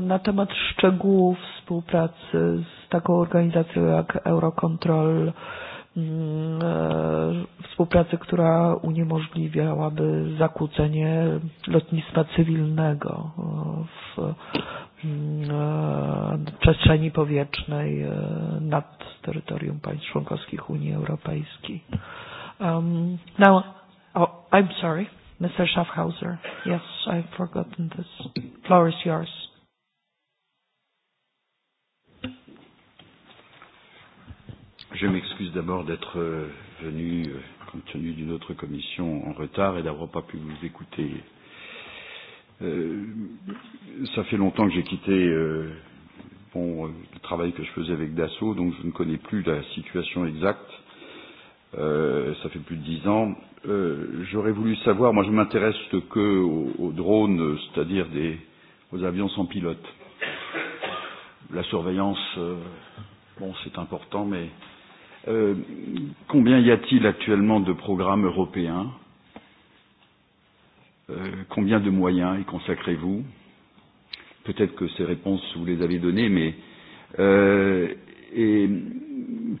na temat szczegółów współpracy z taką organizacją jak Eurocontrol Mm, e, współpracy, która uniemożliwiałaby zakłócenie lotnictwa cywilnego e, w mm, e, przestrzeni powietrznej nad terytorium państw członkowskich Unii Europejskiej. Um, now, oh, I'm sorry, Mr. Schaffhauser. Yes, I've forgotten this. Floor is yours. Je m'excuse d'abord d'être euh, venu, euh, compte tenu d'une autre commission, en retard et d'avoir pas pu vous écouter. Euh, ça fait longtemps que j'ai quitté euh, bon, euh, le travail que je faisais avec Dassault, donc je ne connais plus la situation exacte. Euh, ça fait plus de dix ans. Euh, J'aurais voulu savoir, moi je m'intéresse que aux, aux drones, c'est-à-dire des aux avions sans pilote. La surveillance, euh, bon, c'est important, mais euh, Euh, combien y a-t-il actuellement de programmes européens euh, Combien de moyens y consacrez-vous Peut-être que ces réponses, vous les avez données, mais euh, et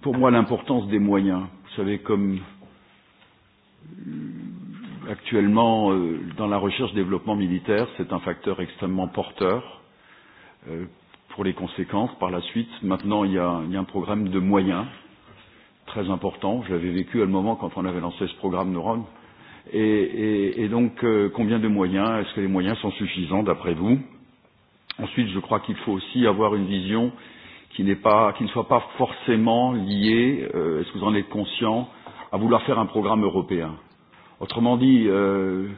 pour moi, l'importance des moyens. Vous savez, comme euh, actuellement, euh, dans la recherche-développement militaire, c'est un facteur extrêmement porteur pour les conséquences par la suite. Maintenant, il y a, il y a un programme de moyens très important. Je l'avais vécu à le moment quand on avait lancé ce programme Neurone. Et, et, et donc, euh, combien de moyens Est-ce que les moyens sont suffisants d'après vous Ensuite, je crois qu'il faut aussi avoir une vision qui, pas, qui ne soit pas forcément liée, euh, est-ce que vous en êtes conscient, à vouloir faire un programme européen. Autrement dit, euh,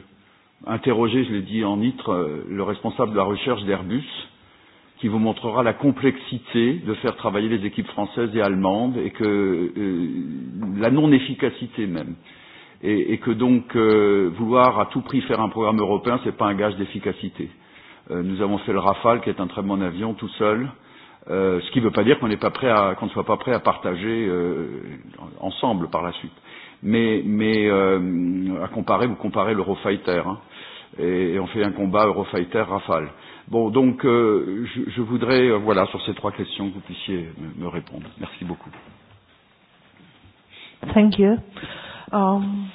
interroger, je l'ai dit en ITRE, euh, le responsable de la recherche d'Airbus, euh, qui vous montrera la complexité de faire travailler les équipes françaises et allemandes et que euh, la non-efficacité même. Et, et que donc euh, vouloir à tout prix faire un programme européen, ce n'est pas un gage d'efficacité. Euh, nous avons fait le Rafale, qui est un très bon avion, tout seul. Euh, ce qui ne veut pas dire qu'on n'est pas prêt à, qu'on ne soit pas prêt à partager euh, ensemble par la suite. Mais, mais euh, à comparer, vous comparez l'Eurofighter. Hein, et, et on fait un combat Eurofighter-Rafale. Euh, Bon, donc euh, je, je voudrais, euh, voilà, sur ces trois questions, que vous puissiez me, me répondre. Merci beaucoup. Thank you. Um,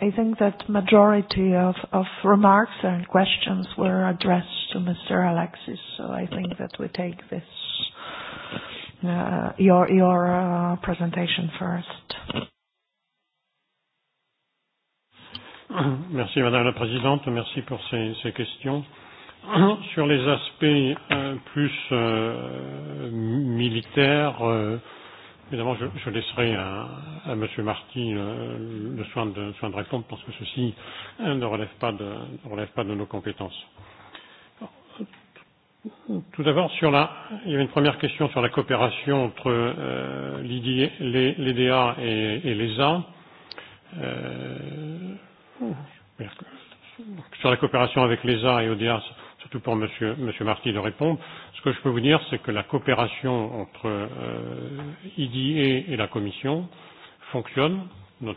I think that majority of, of remarks and questions were addressed to Mr. Alexis, so I think that we take this uh, your your uh, presentation first. Merci Madame la Présidente, merci pour ces, ces questions. Euh, [COUGHS] sur les aspects euh, plus euh, militaires, euh, évidemment, je, je laisserai à, à M. Marty euh, le soin de, soin de répondre parce que ceci euh, ne, relève pas de, ne relève pas de nos compétences. Tout d'abord, sur la, il y avait une première question sur la coopération entre euh, l'IDA et, et l'ESA. Euh, sur la coopération avec l'ESA et ODA, surtout pour M. Monsieur, monsieur Marty de répondre. Ce que je peux vous dire, c'est que la coopération entre euh, IDE et la Commission fonctionne,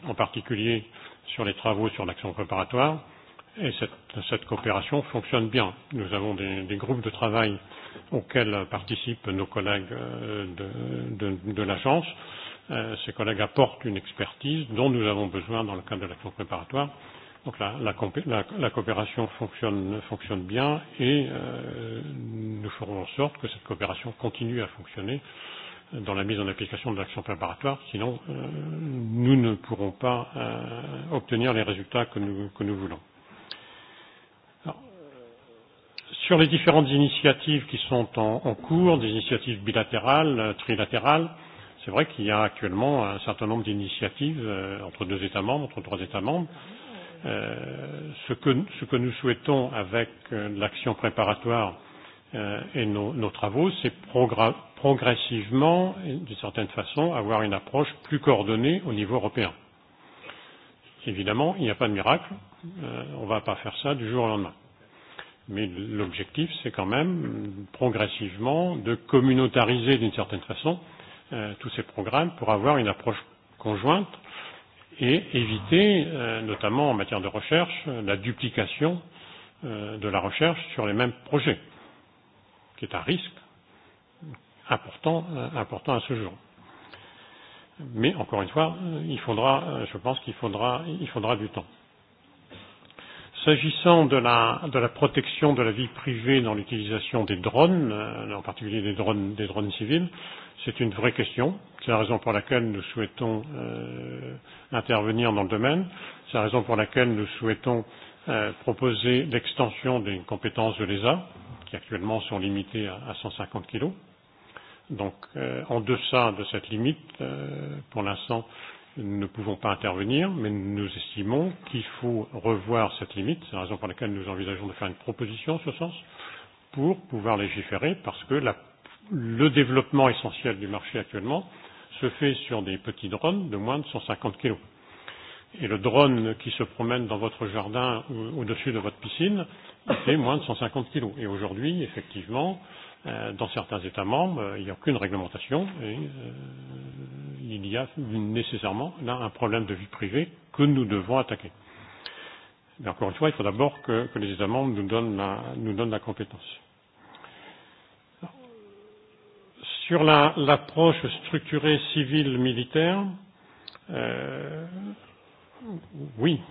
en particulier sur les travaux sur l'action préparatoire, et cette, cette coopération fonctionne bien. Nous avons des, des groupes de travail auxquels participent nos collègues euh, de, de, de l'agence. Euh, ces collègues apportent une expertise dont nous avons besoin dans le cadre de l'action préparatoire. Euh, Donc la, la, la, la coopération fonctionne, fonctionne bien et euh, nous ferons en sorte que cette coopération continue à fonctionner dans la mise en application de l'action préparatoire, sinon euh, nous ne pourrons pas euh, obtenir les résultats que nous, que nous voulons. Alors, sur les différentes initiatives qui sont en, en cours, des initiatives bilatérales, euh, trilatérales, c'est vrai qu'il y a actuellement un certain nombre d'initiatives euh, entre deux États membres, entre trois États membres. Euh, Euh, ce que, ce que nous souhaitons avec euh, l'action préparatoire euh, et nos, nos travaux, c'est progressivement, d'une certaine façon, avoir une approche plus coordonnée au niveau européen. Évidemment, il n'y a pas de miracle, euh, on ne va pas faire ça du jour au lendemain. Mais l'objectif, c'est quand même progressivement de communautariser d'une certaine façon euh, tous ces programmes pour avoir une approche conjointe et éviter, euh, notamment en matière de recherche, euh, la duplication euh, de la recherche sur les mêmes projets, qui est un risque important, important à ce jour. Mais encore une fois, il faudra, je pense qu'il faudra, il faudra du temps. S'agissant de la, de la protection de la vie privée dans l'utilisation des drones, en particulier des drones, des drones civils, c'est une vraie question C'est la raison pour laquelle nous souhaitons euh, intervenir dans le domaine. C'est la raison pour laquelle nous souhaitons euh, proposer l'extension des compétences de l'ESA, qui actuellement sont limitées à, à 150 kilos. Donc, euh, en deçà de cette limite, euh, pour l'instant, nous ne pouvons pas intervenir, mais nous estimons qu'il faut revoir cette limite. C'est la raison pour laquelle nous envisageons de faire une proposition en ce sens pour pouvoir légiférer, parce que la, le développement essentiel du marché actuellement se fait sur des petits drones de moins de 150 kg. Et le drone qui se promène dans votre jardin ou au-dessus de votre piscine il fait moins de 150 kg. Et aujourd'hui, effectivement, euh, dans certains États membres, euh, il n'y a aucune réglementation et euh, il y a nécessairement là un problème de vie privée que nous devons attaquer. Mais encore une fois, il faut d'abord que, que les États membres nous donnent la, nous donnent la compétence. Sur l'approche la, structurée civile-militaire, euh, oui,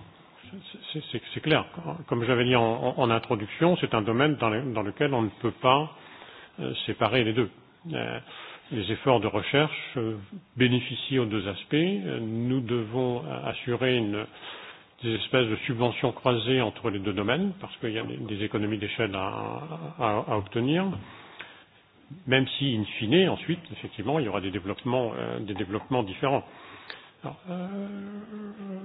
c'est clair. Comme j'avais dit en, en introduction, c'est un domaine dans, le, dans lequel on ne peut pas euh, séparer les deux. Euh, les efforts de recherche euh, bénéficient aux deux aspects. Euh, nous devons assurer une, des espèces de subventions croisées entre les deux domaines, parce qu'il y a des, des économies d'échelle à, à, à obtenir. Euh, même si, in fine, ensuite, effectivement, il y aura des développements, euh, des développements différents. Alors, euh,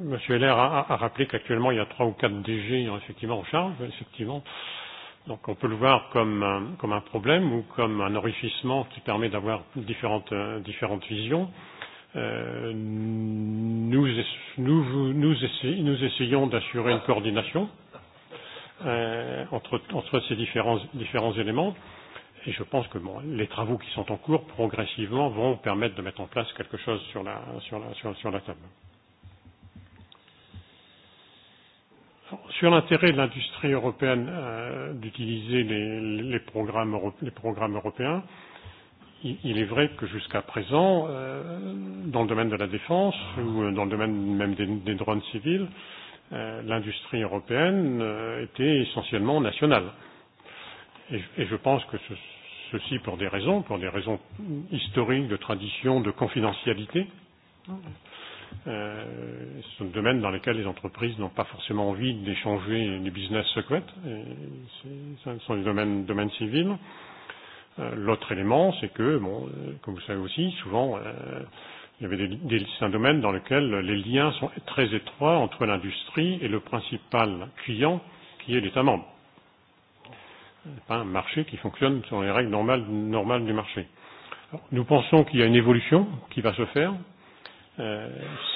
Monsieur Heller a, a rappelé qu'actuellement, il y a trois ou quatre DG effectivement en charge, effectivement. Donc, on peut le voir comme un, comme un problème ou comme un enrichissement qui permet d'avoir différentes, euh, différentes visions. Euh, nous, nous, nous, essayons, nous essayons d'assurer une coordination euh, entre, entre ces différents, différents éléments. Euh, Et je pense que bon, les travaux qui sont en cours progressivement vont permettre de mettre en place quelque chose sur la, sur la, sur, sur la table. Sur l'intérêt de l'industrie européenne euh, d'utiliser les, les, programmes, les programmes européens, il, il est vrai que jusqu'à présent, euh, dans le domaine de la défense ou euh, dans le domaine même des, des drones civils, euh, l'industrie européenne euh, était essentiellement nationale. Et, et je pense que ce, Ceci pour des raisons, pour des raisons historiques, de tradition, de confidentialité. Euh, ce sont des domaines dans lesquels les entreprises n'ont pas forcément envie d'échanger du business secret. Et ce sont des domaines, domaines civils. Euh, L'autre élément, c'est que, bon, euh, comme vous savez aussi, souvent, euh, il y avait des, des, c'est un domaine dans lequel les liens sont très étroits entre l'industrie et le principal client, qui est l'État membre pas un marché qui fonctionne selon les règles normales, normales du marché. Alors, nous pensons qu'il y a une évolution qui va se faire, euh,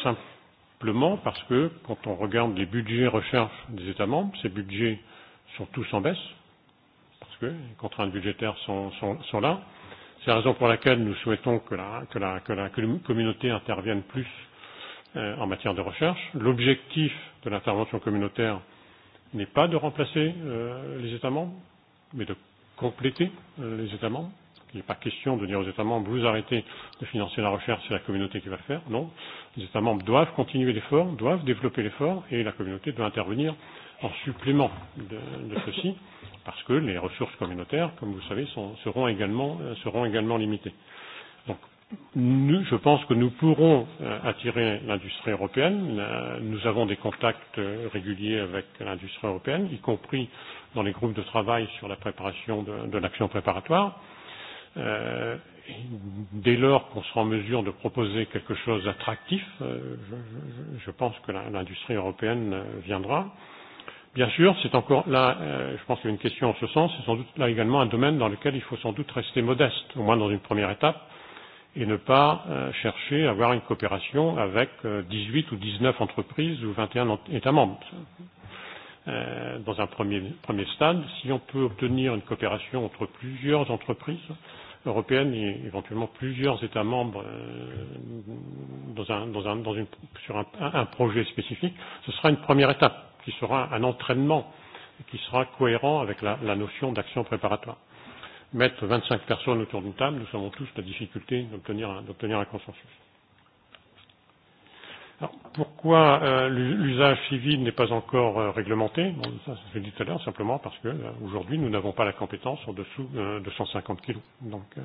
simplement parce que quand on regarde les budgets recherche des États membres, ces budgets sont tous en baisse, parce que les contraintes budgétaires sont, sont, sont là. C'est la raison pour laquelle nous souhaitons que la, que la, que la communauté intervienne plus euh, en matière de recherche. L'objectif de l'intervention communautaire n'est pas de remplacer euh, les États membres, mais de compléter euh, les États membres. Il n'est pas question de dire aux États membres vous arrêtez de financer la recherche, c'est la communauté qui va le faire. Non, les États membres doivent continuer l'effort, doivent développer l'effort, et la communauté doit intervenir en supplément de, de ceci, parce que les ressources communautaires, comme vous le savez, sont, seront, également, euh, seront également limitées nous, je pense que nous pourrons euh, attirer l'industrie européenne. Euh, nous avons des contacts euh, réguliers avec l'industrie européenne, y compris dans les groupes de travail sur la préparation de, de l'action préparatoire. Euh, dès lors qu'on sera en mesure de proposer quelque chose d'attractif, euh, je, je pense que l'industrie européenne euh, viendra. Bien sûr, c'est encore là, euh, je pense qu'il y a une question en ce sens, c'est sans doute là également un domaine dans lequel il faut sans doute rester modeste, au moins dans une première étape et ne pas euh, chercher à avoir une coopération avec euh, 18 ou 19 entreprises ou 21 États membres. Euh, dans un premier, premier stade, si on peut obtenir une coopération entre plusieurs entreprises européennes et éventuellement plusieurs États membres euh, dans un, dans un, dans une, sur un, un projet spécifique, ce sera une première étape qui sera un entraînement qui sera cohérent avec la, la notion d'action préparatoire mettre 25 personnes autour d'une table, nous savons tous la difficulté d'obtenir un, consensus. Alors, pourquoi euh, l'usage civil n'est pas encore euh, réglementé bon, Ça, je l'ai dit tout à l'heure, simplement parce que euh, aujourd'hui, nous n'avons pas la compétence en dessous euh, de 150 kg. Donc, euh,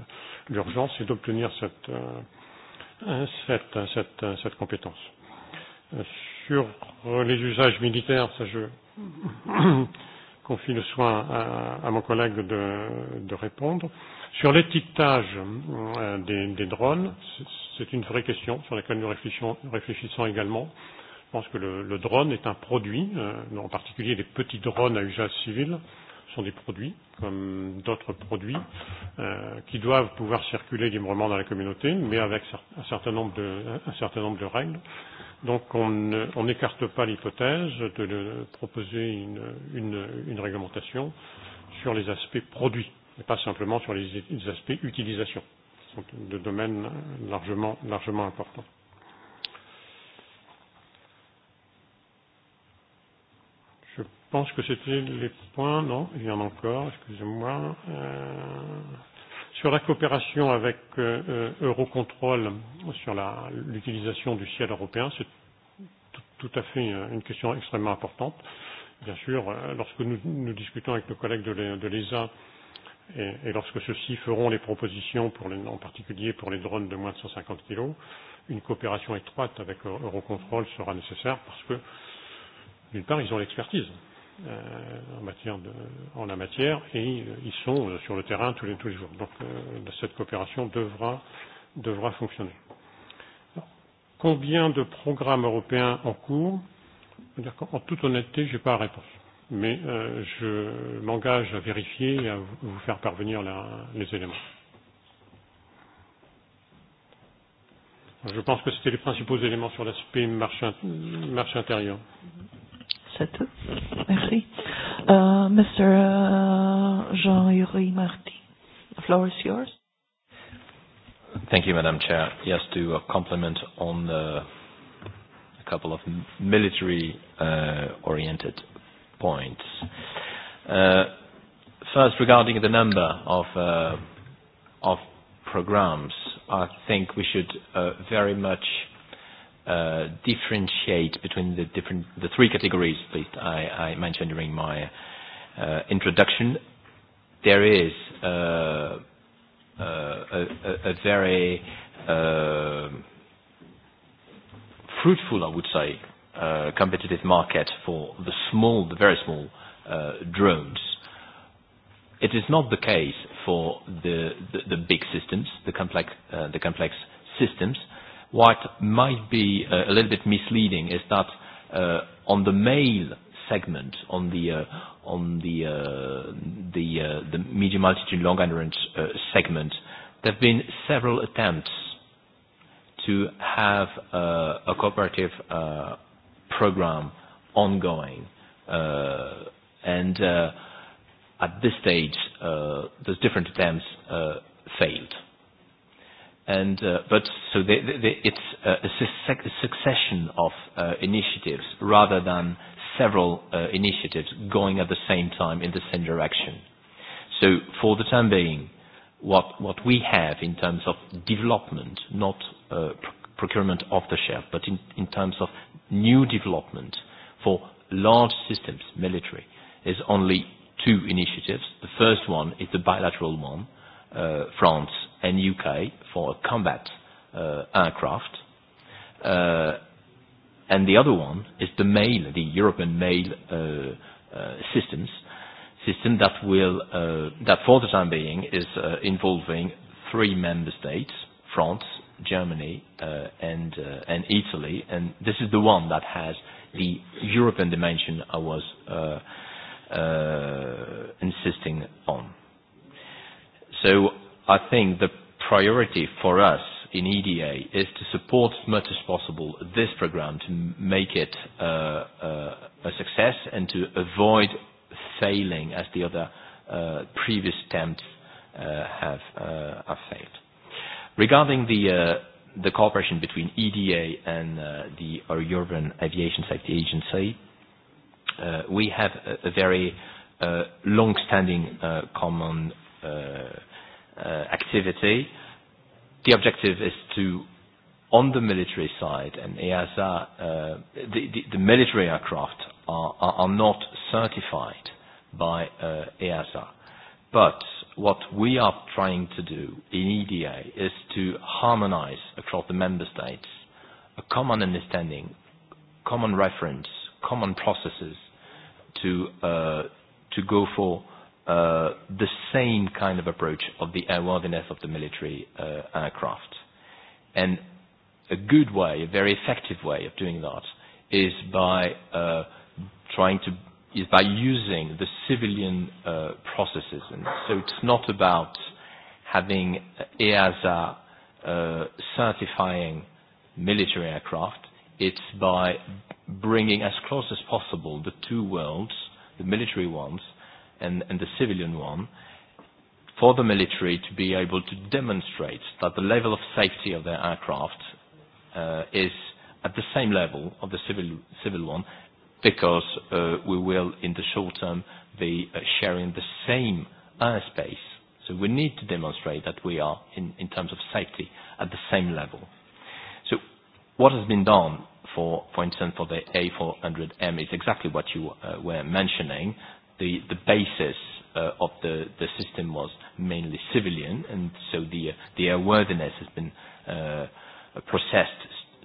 l'urgence, c'est d'obtenir cette, euh, cette, cette, cette compétence. Euh, sur euh, les usages militaires, ça, je confie le soin à, à mon collègue de, de répondre. Sur l'étiquetage euh, des, des drones, c'est une vraie question sur laquelle nous réfléchissons, réfléchissons également. Je pense que le, le drone est un produit, euh, en particulier des petits drones à usage civil, euh, sont des produits, comme d'autres produits, euh, qui doivent pouvoir circuler librement dans la communauté, mais avec un certain nombre de, un certain nombre de règles. Donc on n'écarte pas l'hypothèse de, de proposer une, une, une réglementation sur les aspects produits, et pas simplement sur les, les aspects utilisation. qui sont deux domaines largement, largement importants. pense que c'était les points. Non, il y en a encore, excusez-moi. Euh, sur la coopération avec euh, euh Eurocontrol, sur l'utilisation du ciel européen, c'est tout, tout à fait une question extrêmement importante. Bien sûr, euh, lorsque nous, nous discutons avec nos collègues de l'ESA et, et lorsque ceux-ci feront les propositions, pour les, en particulier pour les drones de moins de 150 kg, une coopération étroite avec Eurocontrol sera nécessaire parce que, d'une part, ils ont l'expertise euh, en, matière de, en la matière et euh, ils sont euh, sur le terrain tous les, tous les jours. Donc euh, cette coopération devra, devra fonctionner. Alors, combien de programmes européens en cours En toute honnêteté, je n'ai pas la réponse. Mais euh, je m'engage à vérifier et à vous faire parvenir la, les éléments. Je pense que c'était les principaux éléments sur l'aspect marché, marché intérieur. Mm -hmm c'est Merci. Uh, Mr. Uh, Jean-Yuri Marty, the floor is yours. Thank you, Madam Chair. Yes, to a uh, compliment on the, a couple of military-oriented uh, oriented points. Uh, first, regarding the number of uh, of programs, I think we should uh, very much uh, differentiate between the different the three categories that I, I mentioned during my uh, introduction, there is uh, uh, a, a very uh, fruitful, I would say, uh, competitive market for the small, the very small uh, drones. It is not the case for the, the, the big systems, the complex, uh, the complex systems. Uh, What might be uh, a little bit misleading is that uh, on the mail segment, on the uh, on the uh, the uh, the medium altitude long endurance uh, segment, there have been several attempts to have uh, a cooperative uh, program ongoing, uh, and uh, at this stage, uh, those different attempts uh, failed and uh, but so they, they, they, it's uh, a, a succession of uh, initiatives rather than several uh, initiatives going at the same time in the same direction. So for the time being, what what we have in terms of development, not uh, pr- procurement off the shelf, but in, in terms of new development for large systems, military, is only two initiatives. The first one is the bilateral one uh, France and UK for a combat uh, aircraft. Uh, and the other one is the mail, the European mail uh, uh, systems, system that will, uh, that for the time being is uh, involving three member states, France, Germany, uh, and, uh, and Italy. And this is the one that has the European dimension I was uh, uh, insisting on. So I think the priority for us in EDA is to support as much as possible this program to make it uh, uh, a success and to avoid failing as the other uh, previous attempts uh, have, uh, have failed. Regarding the, uh, the cooperation between EDA and uh, the European Aviation Safety Agency, uh, we have a, a very uh, long-standing uh, common uh, uh, activity. The objective is to, on the military side, and EASA, uh, the, the, the military aircraft are, are, are not certified by uh, EASA. But what we are trying to do in EDA is to harmonize across the member states a common understanding, common reference, common processes to, uh, to go for uh, the same kind of approach of the airworthiness of the military uh, aircraft. And a good way, a very effective way of doing that is by uh, trying to is by using the civilian uh, processes. And so it's not about having EASA uh, certifying military aircraft. It's by bringing as close as possible the two worlds, the military ones and, and the civilian one, for the military to be able to demonstrate that the level of safety of their aircraft uh, is at the same level of the civil, civil one because uh, we will, in the short term, be uh, sharing the same airspace. So we need to demonstrate that we are, in, in terms of safety, at the same level. So what has been done, for, for instance, for the A400M is exactly what you uh, were mentioning, the, the basis uh, of the, the system was mainly civilian, and so the, the airworthiness has been uh, processed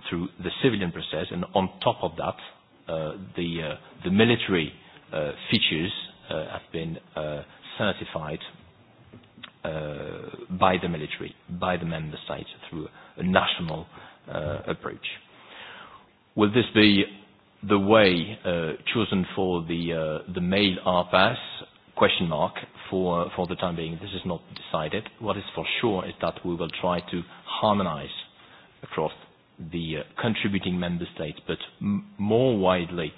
through the civilian process, and on top of that, uh, the, uh, the military uh, features uh, have been uh, certified uh, by the military, by the member states, through a national uh, approach. Will this be the way uh, chosen for the uh, the mail RPAS question mark for for the time being. This is not decided. What is for sure is that we will try to harmonise across the uh, contributing member states, but m- more widely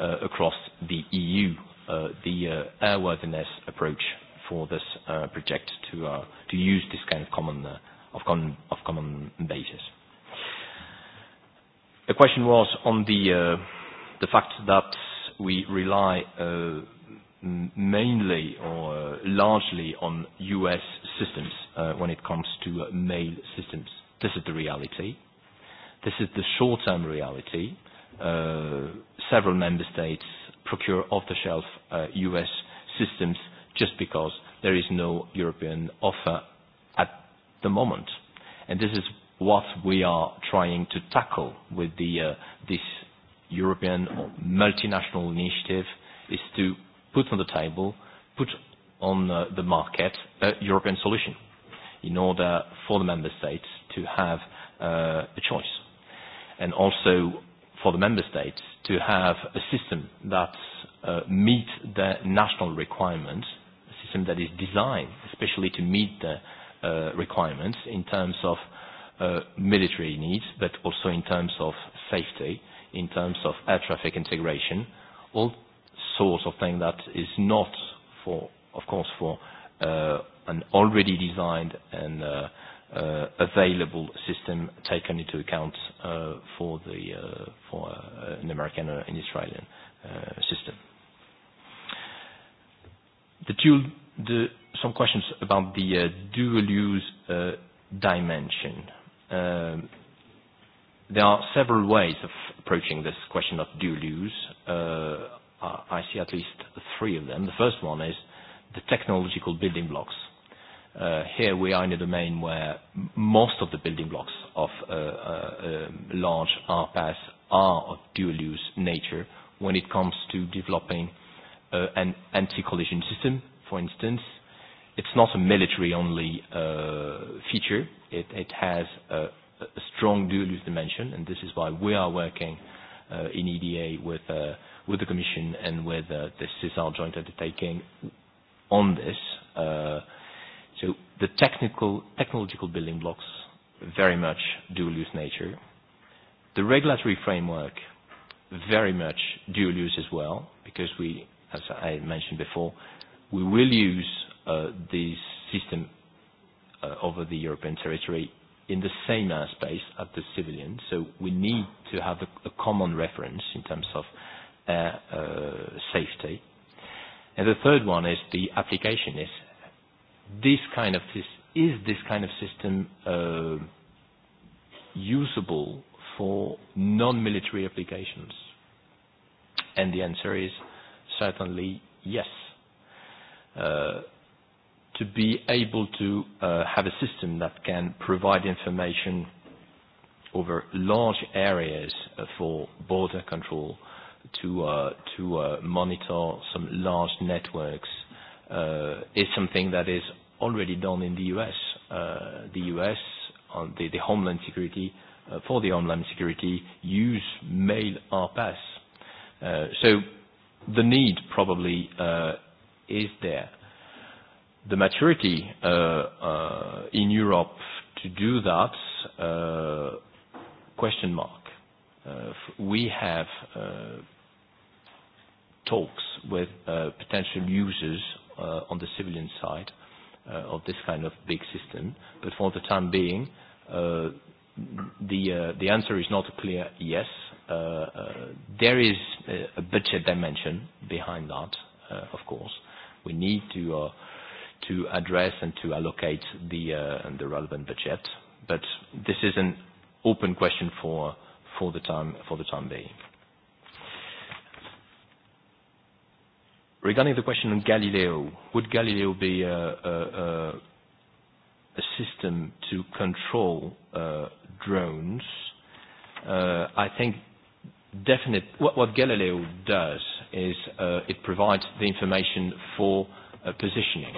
uh, across the EU, uh, the uh, airworthiness approach for this uh, project to uh, to use this kind of common uh, of common of common basis. The question was on the uh, the fact that we rely uh, mainly or uh, largely on U.S. systems uh, when it comes to uh, mail systems. This is the reality. This is the short-term reality. Uh, several member states procure off-the-shelf uh, U.S. systems just because there is no European offer at the moment. And this is what we are trying to tackle with the, uh, this European multinational initiative is to put on the table, put on uh, the market a European solution in order for the member states to have uh, a choice. And also for the member states to have a system that uh, meets the national requirements, a system that is designed especially to meet the uh, requirements in terms of uh, military needs, but also in terms of safety, in terms of air traffic integration, all sorts of things that is not for, of course, for uh, an already designed and uh, uh, available system taken into account uh, for the uh, for uh, an American or an Israeli uh, system. The dual, the, some questions about the uh, dual use uh, dimension. Um, there are several ways of approaching this question of do-lose. Uh, I see at least three of them. The first one is the technological building blocks. Uh, here we are in a domain where most of the building blocks of uh, uh, um, large RPAS are of dual-use nature when it comes to developing uh, an anti-collision system, for instance, it's not a military-only uh, feature. It, it has a, a strong dual use dimension, and this is why we are working uh, in EDA with, uh, with the Commission and with uh, the CISAR joint undertaking on this. Uh, so the technical, technological building blocks very much dual use nature. The regulatory framework very much dual use as well, because we, as I mentioned before, we will use uh, system uh, over the European territory in the same airspace as the civilian. So we need to have a, a common reference in terms of air uh, safety. And the third one is the application. Is this kind of is this kind of system uh, usable for non-military applications? And the answer is certainly yes. Uh, to be able to uh, have a system that can provide information over large areas uh, for border control to uh, to uh, monitor some large networks uh, is something that is already done in the U.S. Uh, the U.S. on the, the Homeland Security uh, for the Homeland Security use mail RPAS. Uh, so the need probably uh, is there the maturity uh, uh, in Europe to do that, uh, question mark. Uh, we have uh, talks with uh, potential users uh, on the civilian side uh, of this kind of big system, but for the time being, uh, the, uh, the answer is not a clear yes. Uh, uh, there is a budget dimension behind that, uh, of course. We need to uh, to address and to allocate the, uh, the relevant budget. But this is an open question for, for, the, time, for the time being. Regarding the question on Galileo, would Galileo be uh, uh, uh, a, system to control drones? I think definite. What, what Galileo does is uh, it provides the information for positioning.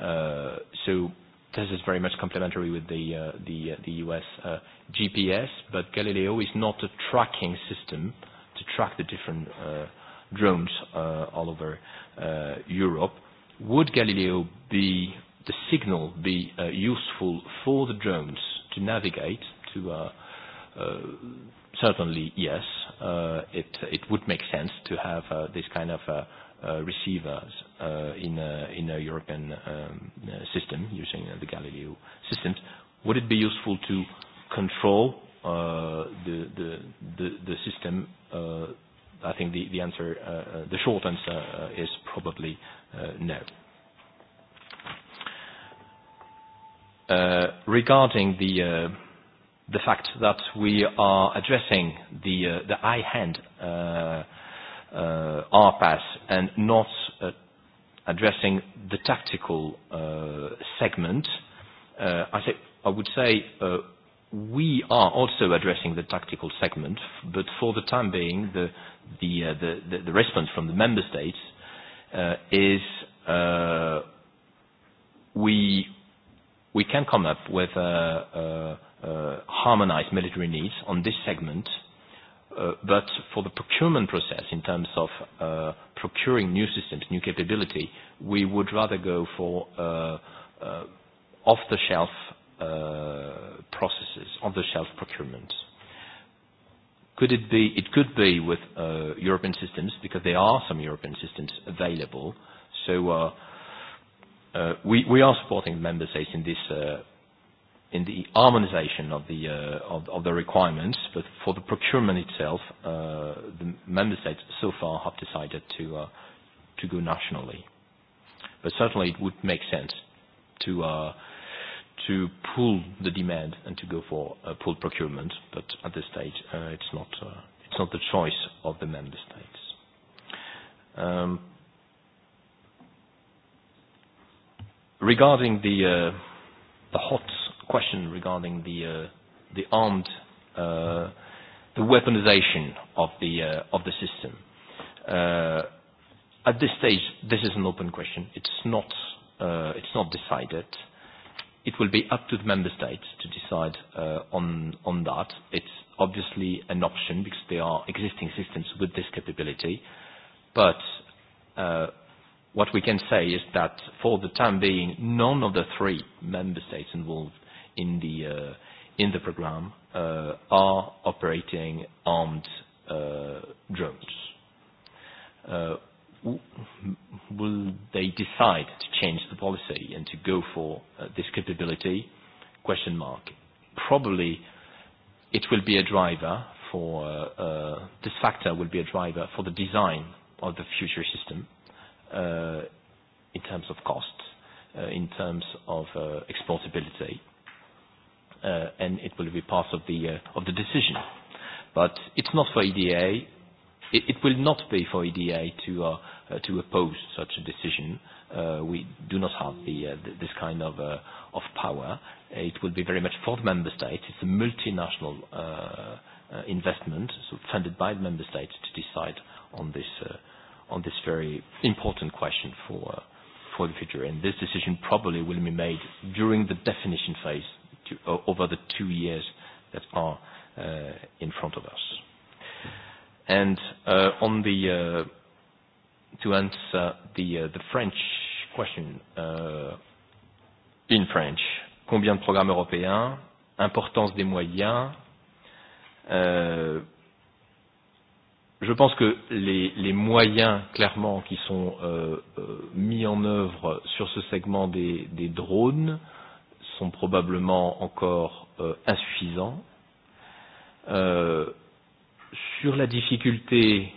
Uh, so this is very much complementary with the, uh, the, uh, the US uh, GPS, but Galileo is not a tracking system to track the different uh, drones uh, all over uh, Europe. Would Galileo be, the signal be uh, useful for the drones to navigate, to uh, uh, certainly yes, uh, it, it would make sense to have uh, this kind of uh, Uh, receivers uh, in, a, in a European um, uh, system using the Galileo systems, would it be useful to control uh, the, the, the, the system? Uh, I think the, the answer, uh, uh the short answer uh, is probably uh, no. Uh, regarding the uh, the fact that we are addressing the uh, the high hand uh, uh, RPAS and not uh, addressing the tactical uh, segment, uh, I, say, I would say uh, we are also addressing the tactical segment, but for the time being, the, the, uh, the, the, the response from the member states uh, is uh, we, we can come up with a, a, a harmonized military needs on this segment Uh, but for the procurement process, in terms of uh, procuring new systems, new capability, we would rather go for uh, uh, off-the-shelf uh, processes, off-the-shelf procurement. Could it be? It could be with uh, European systems because there are some European systems available. So uh, uh, we we are supporting member states in this uh, in the harmonization of the, uh, of, of the requirements, but for the procurement itself, uh, the member states so far have decided to, uh, to go nationally. But certainly it would make sense to, uh, to pool the demand and to go for uh, pooled procurement, but at this stage uh, it's, not, uh, it's not the choice of the member states. Um, regarding the, uh, the HOTS question regarding the uh, the armed uh, the weaponization of the uh, of the system. Uh, at this stage, this is an open question. It's not uh, it's not decided. It will be up to the member states to decide uh, on on that. It's obviously an option because there are existing systems with this capability, but. Uh, what we can say is that for the time being, none of the three member states involved in the uh, in the program uh, are operating armed uh, drones. Uh, will they decide to change the policy and to go for uh, this capability? Question mark. Probably it will be a driver for, uh, uh, this factor will be a driver for the design of the future system uh, in terms of cost, uh, in terms of uh, exportability, uh, and it will be part of the, uh, of the decision. But it's not for EDA. It, it will not be for EDA to, uh, uh, to oppose such a decision. Uh, we do not have the, uh, th this kind of, uh, of power. It will be very much for the member states. It's a multinational uh, uh, investment, so funded by the member states to decide on this, uh, on this very important question for, uh, for the future. And this decision probably will be made during the definition phase Uh, over the two years that are uh, in front of us. And uh, on the uh, to answer the uh, the French question uh, in French, combien de programmes européens, importance des moyens. Euh, je pense que les, les moyens clairement qui sont euh, euh mis en œuvre sur ce segment des, des drones euh, sont probablement encore euh, insuffisants. Euh, sur la difficulté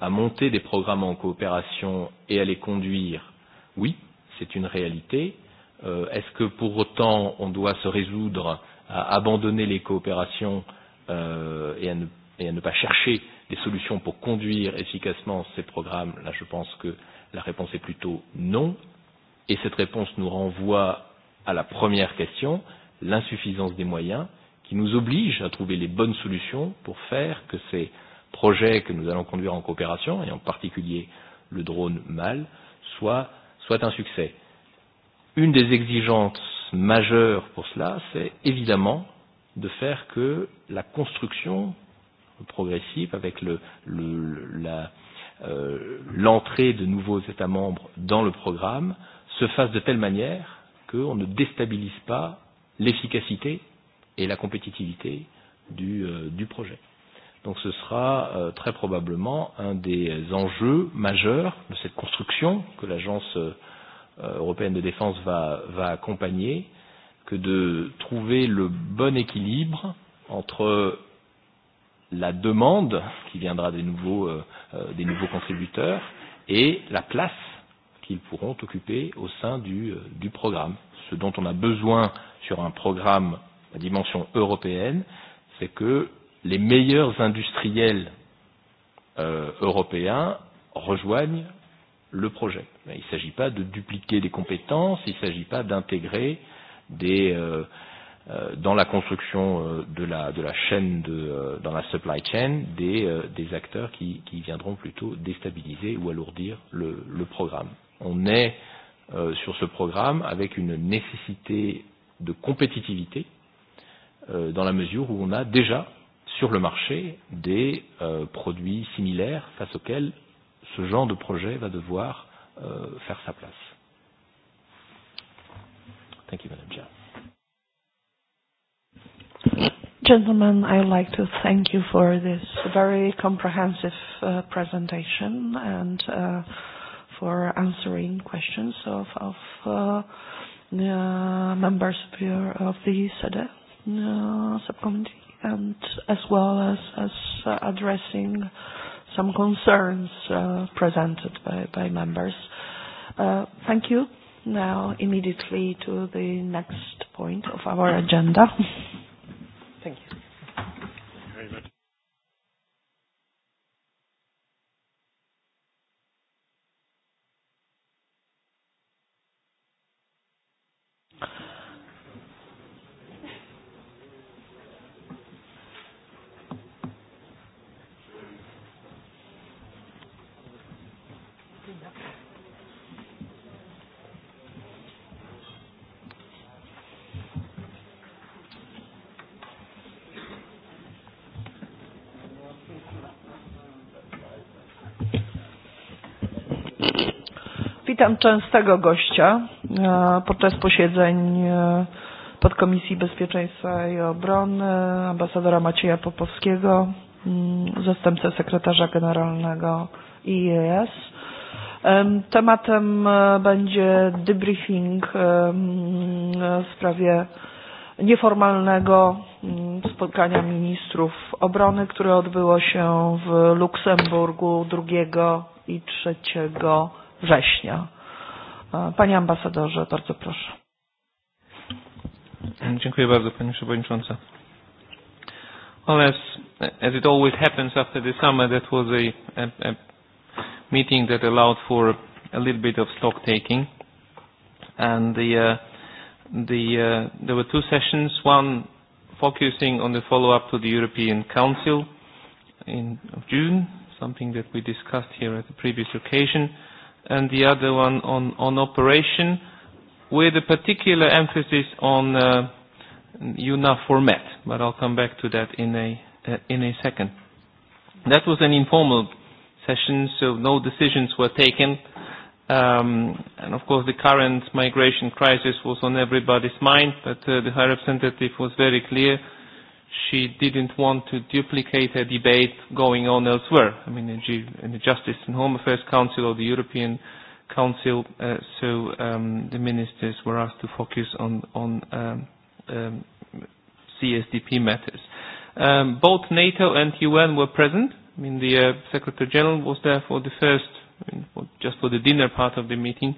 à monter des programmes en coopération et à les conduire, oui, c'est une réalité. Euh, Est-ce que pour autant on doit se résoudre à abandonner les coopérations euh, et, à ne, et à ne pas chercher des solutions pour conduire efficacement ces programmes Là, je pense que la réponse est plutôt non. Et cette réponse nous renvoie à la première question, l'insuffisance des moyens, qui nous oblige à trouver les bonnes solutions pour faire que ces projets que nous allons conduire en coopération, et en particulier le drone MAL, soient, soient un succès. Une des exigences majeures pour cela, c'est évidemment de faire que la construction progressive avec le, le, la, euh, l'entrée de nouveaux États membres dans le programme se fasse de telle manière qu'on ne déstabilise pas l'efficacité et la compétitivité du, euh, du projet. Donc ce sera euh, très probablement un des enjeux majeurs de cette construction que l'Agence euh, euh européenne de défense va, va accompagner, que de trouver le bon équilibre entre la demande qui viendra des nouveaux, euh, euh des nouveaux contributeurs et la place qu'ils pourront occuper au sein du, euh, du programme. Ce dont on a besoin sur un programme à dimension européenne, c'est que les meilleurs industriels euh, européens rejoignent le projet. Il ne s'agit pas de dupliquer des compétences, il ne s'agit pas d'intégrer des euh, euh dans la construction euh, de la de la chaîne de dans la supply chain des des acteurs qui qui viendront plutôt déstabiliser ou alourdir le le programme on est euh, sur ce programme avec une nécessité de compétitivité euh, dans la mesure où on a déjà sur le marché des euh, produits similaires face auxquels ce genre de projet va devoir euh, faire sa place. Thank you, Madam Chair. Gentlemen, I would like to thank you for this very comprehensive uh, presentation and uh, for answering questions of of uh uh members of your of the SEDE uh, subcommittee, and as well as as uh addressing some concerns uh presented by by members. Uh Thank you. Now, immediately to the next point of our agenda. Thank you. Very much. witam częstego gościa e, podczas posiedzeń e, Podkomisji Bezpieczeństwa i Obrony, ambasadora Macieja Popowskiego, mm, zastępcę sekretarza generalnego IES. Tematem e, będzie debriefing w sprawie nieformalnego mm, spotkania ministrów obrony, które odbyło się w Luksemburgu 2 i 3 września. Panie ambasadorze, bardzo proszę. Dziękuję bardzo Pani Przewodnicząca. Well, as, as it always happens after the summer, that was a, a, a meeting that allowed for a little bit of stock taking. And the, uh, the, uh, there were two sessions, one focusing on the follow-up to the European Council in of June, something that we discussed here at the previous occasion, and the other one on, on operation, with a particular emphasis on uh, UNA format, but I'll come back to that in a, uh, in a second. That was an informal session, so no decisions were taken. Um, and of course, the current migration crisis was on everybody's mind, but uh, the High Representative was very clear she didn't want to duplicate a debate going on elsewhere. I mean, in, G in the Justice and Home Affairs Council or the European Council, uh, so um, the ministers were asked to focus on, on um, um, CSDP matters. Um, both NATO and UN were present. I mean, the uh, Secretary General was there for the first, I mean, for, just for the dinner part of the meeting,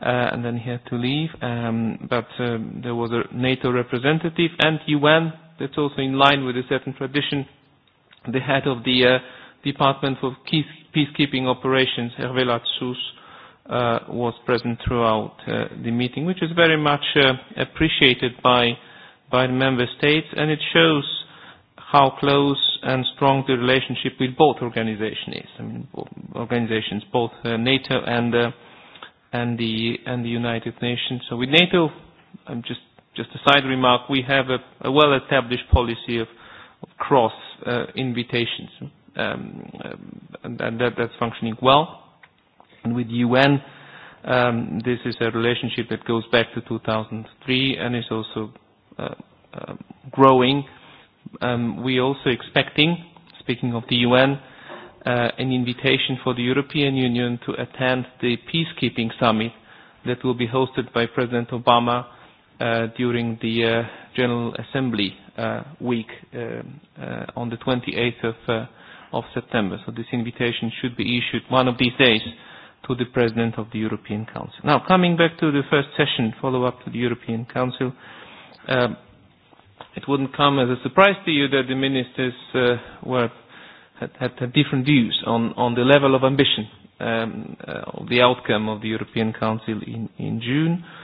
uh, and then he had to leave. Um, but um, there was a NATO representative and UN That's also in line with a certain tradition. The head of the uh, Department for Peacekeeping Operations, Hervé Latsous, uh, was present throughout uh, the meeting, which is very much uh, appreciated by, by the member states, and it shows how close and strong the relationship with both organizations is. I mean, organizations, both uh, NATO and uh, and the and the United Nations. So with NATO, I'm just just a side remark, we have a, a well-established policy of, of cross uh, invitations, um, um and, and that, that's functioning well. And with UN, um, this is a relationship that goes back to 2003 and is also uh, uh, growing. Um, we also expecting, speaking of the UN, uh, an invitation for the European Union to attend the peacekeeping summit that will be hosted by President Obama uh, during the uh, General Assembly uh, week uh uh, on the 28th of, uh, of September. So this invitation should be issued one of these days to the President of the European Council. Now, coming back to the first session, follow-up to the European Council, um, it wouldn't come as a surprise to you that the ministers uh, were had, had different views on, on the level of ambition um, uh, of the outcome of the European Council in, in June. Uh,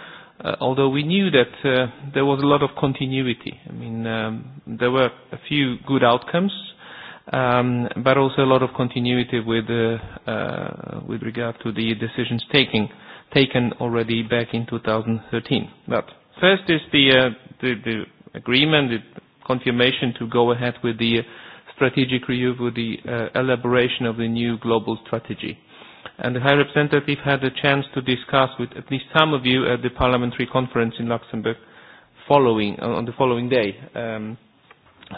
uh, although we knew that uh, there was a lot of continuity. I mean, um, there were a few good outcomes, um, but also a lot of continuity with, uh, uh, with regard to the decisions taking, taken already back in 2013. But first is the, uh, the, the agreement, the confirmation to go ahead with the strategic review, with the uh, elaboration of the new global strategy. Uh, and the High Representative had a chance to discuss with at least some of you at the parliamentary conference in Luxembourg following uh, on the following day. Um,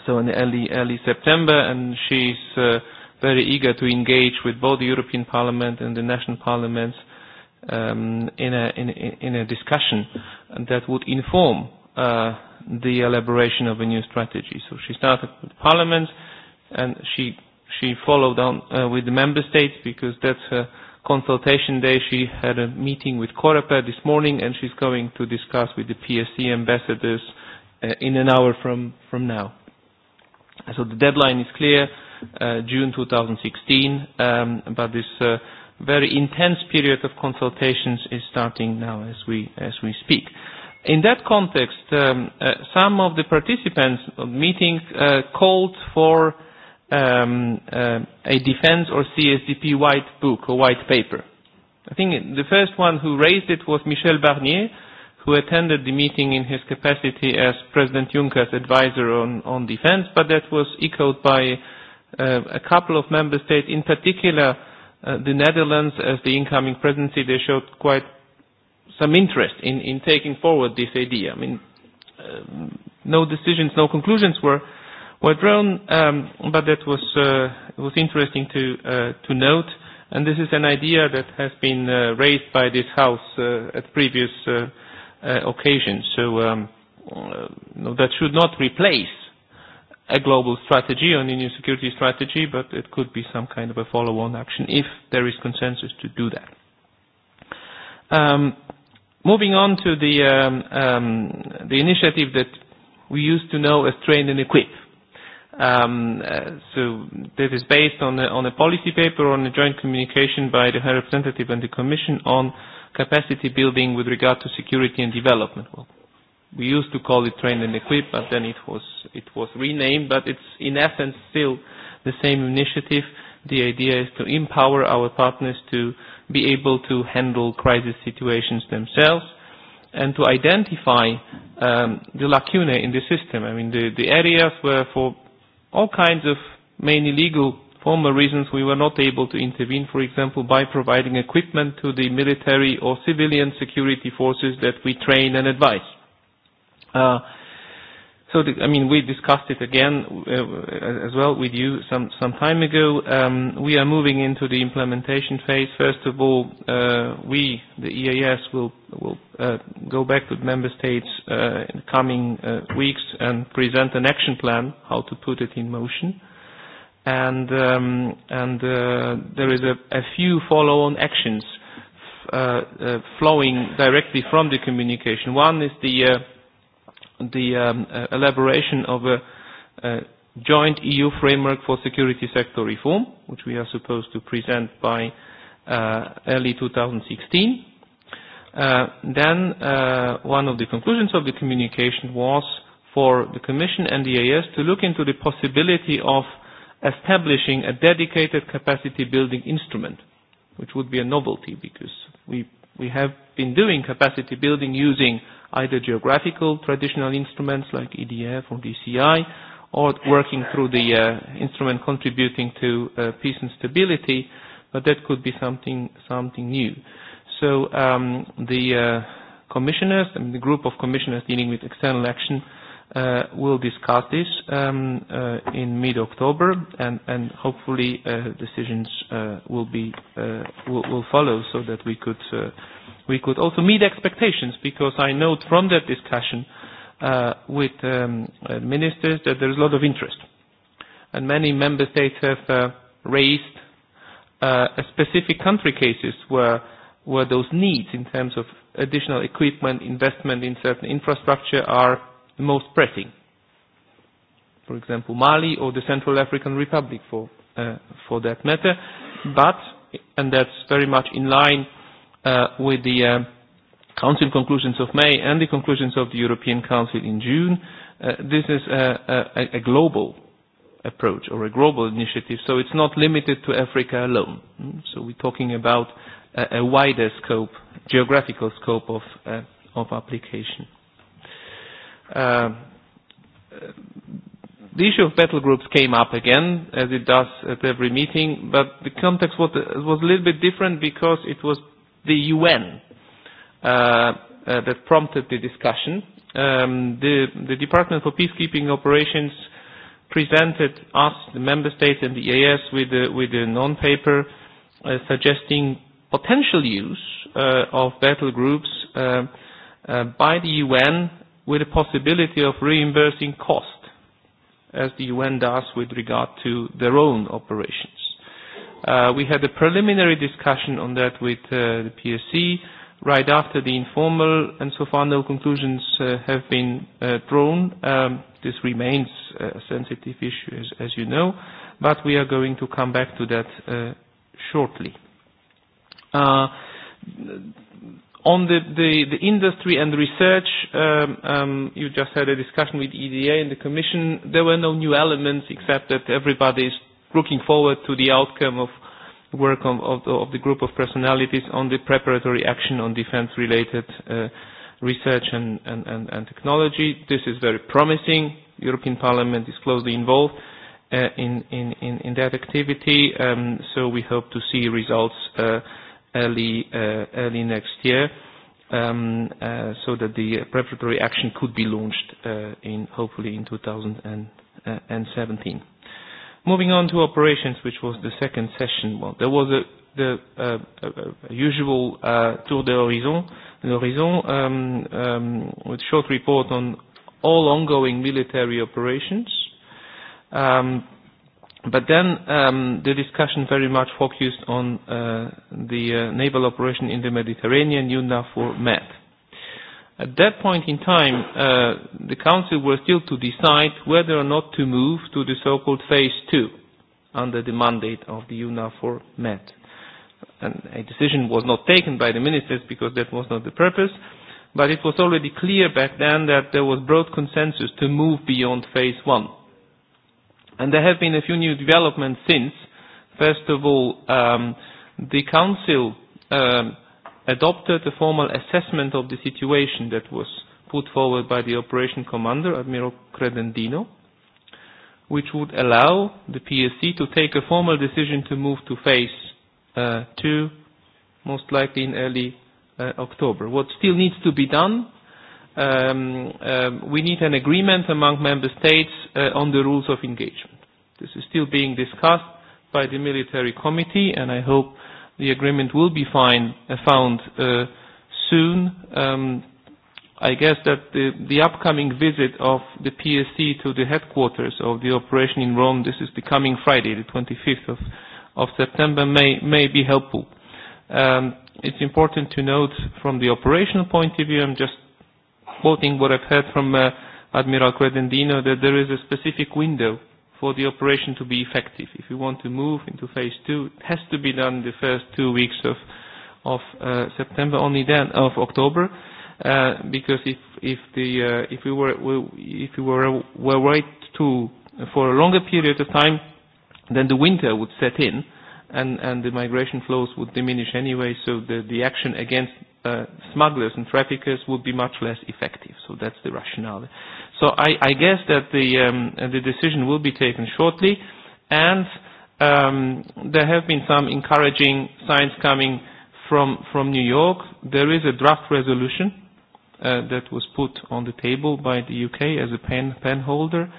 so in early, early September, and she's uh, very eager to engage with both the European Parliament and the national parliaments um, in, a, in, a, in a discussion that would inform uh, the elaboration of a new strategy. So she started with Parliament, and she she followed on uh, with the member states because that's her consultation day. She had a meeting with Coreper this morning and she's going to discuss with the PSC ambassadors uh, in an hour from, from now. So the deadline is clear, uh, June 2016, um, but this uh, very intense period of consultations is starting now as we, as we speak. In that context, um, uh, some of the participants of the meeting uh, called for um, uh, a defense or CSDP white book or white paper. I think the first one who raised it was Michel Barnier, who attended the meeting in his capacity as President Juncker's advisor on, on defense, but that was echoed by uh, a couple of member states, in particular uh, the Netherlands, as the incoming presidency, they showed quite some interest in, in taking forward this idea. I mean, um, no decisions, no conclusions were Well drone um, but that was, uh, was interesting to, uh, to note. And this is an idea that has been uh, raised by this House uh, at previous uh, uh, occasions. So um, uh, no that should not replace a global strategy on the new security strategy, but it could be some kind of a follow-on action if there is consensus to do that. Um, moving on to the, um, um, the initiative that we used to know as Train and Equip. Um, uh, so that is based on a, on a policy paper on a joint communication by the High Representative and the Commission on capacity building with regard to security and development. Well, we used to call it train and equip, but then it was, it was renamed, but it's in essence still the same initiative. The idea is to empower our partners to be able to handle crisis situations themselves and to identify um, the lacunae in the system. I mean, the, the areas where for all kinds of mainly legal formal reasons we were not able to intervene, for example, by providing equipment to the military or civilian security forces that we train and advise. Uh, so, the, I mean, we discussed it again uh, as well with you some, some time ago. Um, we are moving into the implementation phase. First of all, uh, we, the EAS, will, will uh, go back to the member states uh, in the coming uh, weeks and present an action plan, how to put it in motion. And, um, and uh, there is a, a few follow-on actions uh, uh, flowing directly from the communication. One is the uh, the um, uh, elaboration of a, a joint EU framework for security sector reform, which we are supposed to present by uh, early 2016. Uh, then uh, one of the conclusions of the communication was for the Commission and the AS to look into the possibility of establishing a dedicated capacity building instrument, which would be a novelty because we We have been doing capacity building using either geographical traditional instruments like EDF or DCI, or working through the uh, instrument contributing to uh, peace and stability, but that could be something something new. So um, the uh, commissioners, and the group of commissioners dealing with external action, uh, uh, we'll discuss this um, uh, in mid-October, and, and hopefully uh, decisions uh, will be uh, will, will follow, so that we could uh, we could also meet expectations. Because I note from that discussion uh, with um, uh, ministers that there is a lot of interest, and many member states have uh, raised uh, specific country cases where where those needs in terms of additional equipment, investment in certain infrastructure are the most pressing. For example, Mali or the Central African Republic for, uh, for that matter. But, and that's very much in line uh, with the um, Council conclusions of May and the conclusions of the European Council in June, uh, this is a, a, a global approach or a global initiative, so it's not limited to Africa alone. So we're talking about a, a wider scope, geographical scope of, uh, of application. Uh, uh, the issue of battle groups came up again, as it does at every meeting, but the context was, was a little bit different because it was the UN uh, uh, that prompted the discussion. Um, the, the Department for Peacekeeping Operations presented us, the member states and the EAS, with a, with a non-paper uh, suggesting potential use uh, of battle groups uh, uh, by the UN with the possibility of reimbursing cost, as the UN does with regard to their own operations. Uh, we had a preliminary discussion on that with uh, the PSC right after the informal, and so far no conclusions uh, have been uh, drawn. Um, this remains a sensitive issue, as, as you know, but we are going to come back to that uh, shortly. Uh, on the, the, the industry and the research, um, um, you just had a discussion with EDA and the Commission. There were no new elements except that everybody is looking forward to the outcome of work of, of, of the group of personalities on the preparatory action on defense-related uh, research and, and, and, and technology. This is very promising. European Parliament is closely involved uh, in, in, in, in that activity, um, so we hope to see results uh, early uh, early next year, um, uh, so that the preparatory action could be launched uh, in hopefully in 2017. Uh, Moving on to operations, which was the second session. Well, there was a the uh, uh, usual uh, tour de horizon, horizon um, um, with short report on all ongoing military operations. Um, But then um, the discussion very much focused on uh, the uh, naval operation in the Mediterranean, UNAFOR MED. At that point in time, uh, the Council was still to decide whether or not to move to the so-called Phase 2 under the mandate of the UNAFOR MED. And a decision was not taken by the ministers because that was not the purpose, but it was already clear back then that there was broad consensus to move beyond Phase 1 And there have been a few new developments since. First of all, um, the Council um, adopted a formal assessment of the situation that was put forward by the Operation Commander, Admiral Credendino, which would allow the PSC to take a formal decision to move to phase uh, two, most likely in early uh, October. What still needs to be done um, um, we need an agreement among member states uh, on the rules of engagement. This is still being discussed by the military committee, and I hope the agreement will be fine, uh, found uh, soon. Um, I guess that the, the upcoming visit of the PSC to the headquarters of the operation in Rome, this is the coming Friday, the 25th of, of September, may, may be helpful. Um, it's important to note from the operational point of view, I'm just quoting what I've heard from uh, Admiral Credendino, that there is a specific window for the operation to be effective. If you want to move into phase two, it has to be done the first two weeks of, of uh, September, only then of October, uh, because if if the uh, if we were if we were were right to for a longer period of time, then the winter would set in, and and the migration flows would diminish anyway. So the the action against uh, smugglers and traffickers would be much less effective. So that's the rationale. So I, I guess that the, um, the decision will be taken shortly, and um, there have been some encouraging signs coming from, from New York. There is a draft resolution uh, that was put on the table by the UK as a pen, pen holder,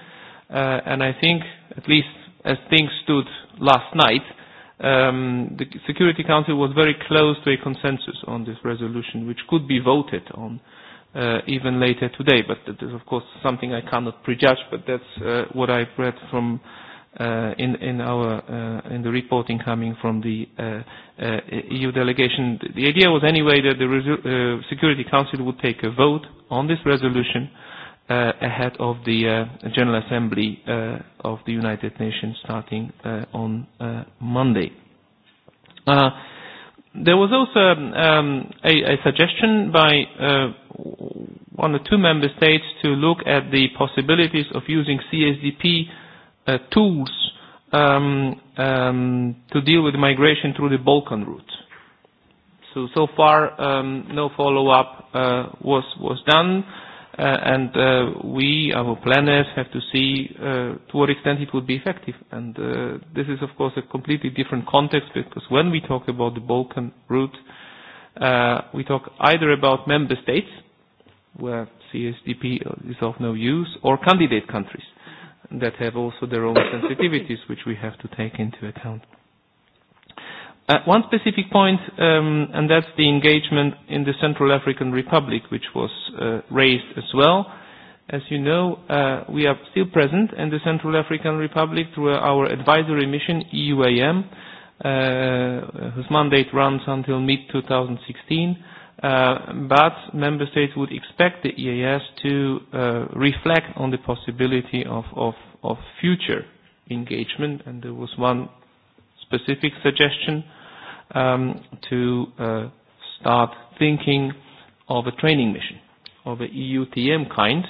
uh, and I think, at least as things stood last night, um, the Security Council was very close to a consensus on this resolution, which could be voted on uh, even later today. But that is, of course, something I cannot prejudge. But that's uh, what I've read from uh, in in our uh, in the reporting coming from the uh, uh, EU delegation. The idea was anyway that the Resu uh, Security Council would take a vote on this resolution. Uh, uh, ahead of the uh, General Assembly uh, of the United Nations starting uh, on uh, Monday. Uh, there was also um, um a, a suggestion by uh, one or two member states to look at the possibilities of using CSDP uh, tools um, um, to deal with migration through the Balkan route. So, so far, um, no follow-up uh, was, was done. Uh, uh, and uh, we, our planners, have to see uh, to what extent it would be effective. And uh, this is, of course, a completely different context because when we talk about the Balkan route, uh, we talk either about member states, where CSDP is of no use, or candidate countries that have also their own sensitivities, which we have to take into account. Uh, one specific point, um, and that's the engagement in the Central African Republic, which was uh, raised as well. As you know, uh, we are still present in the Central African Republic through our advisory mission, EUAM, uh, whose mandate runs until mid-2016. Uh, but member states would expect the EAS to uh, reflect on the possibility of, of, of future engagement, and there was one specific suggestion um, to uh, start thinking of a training mission of a EUTM kind,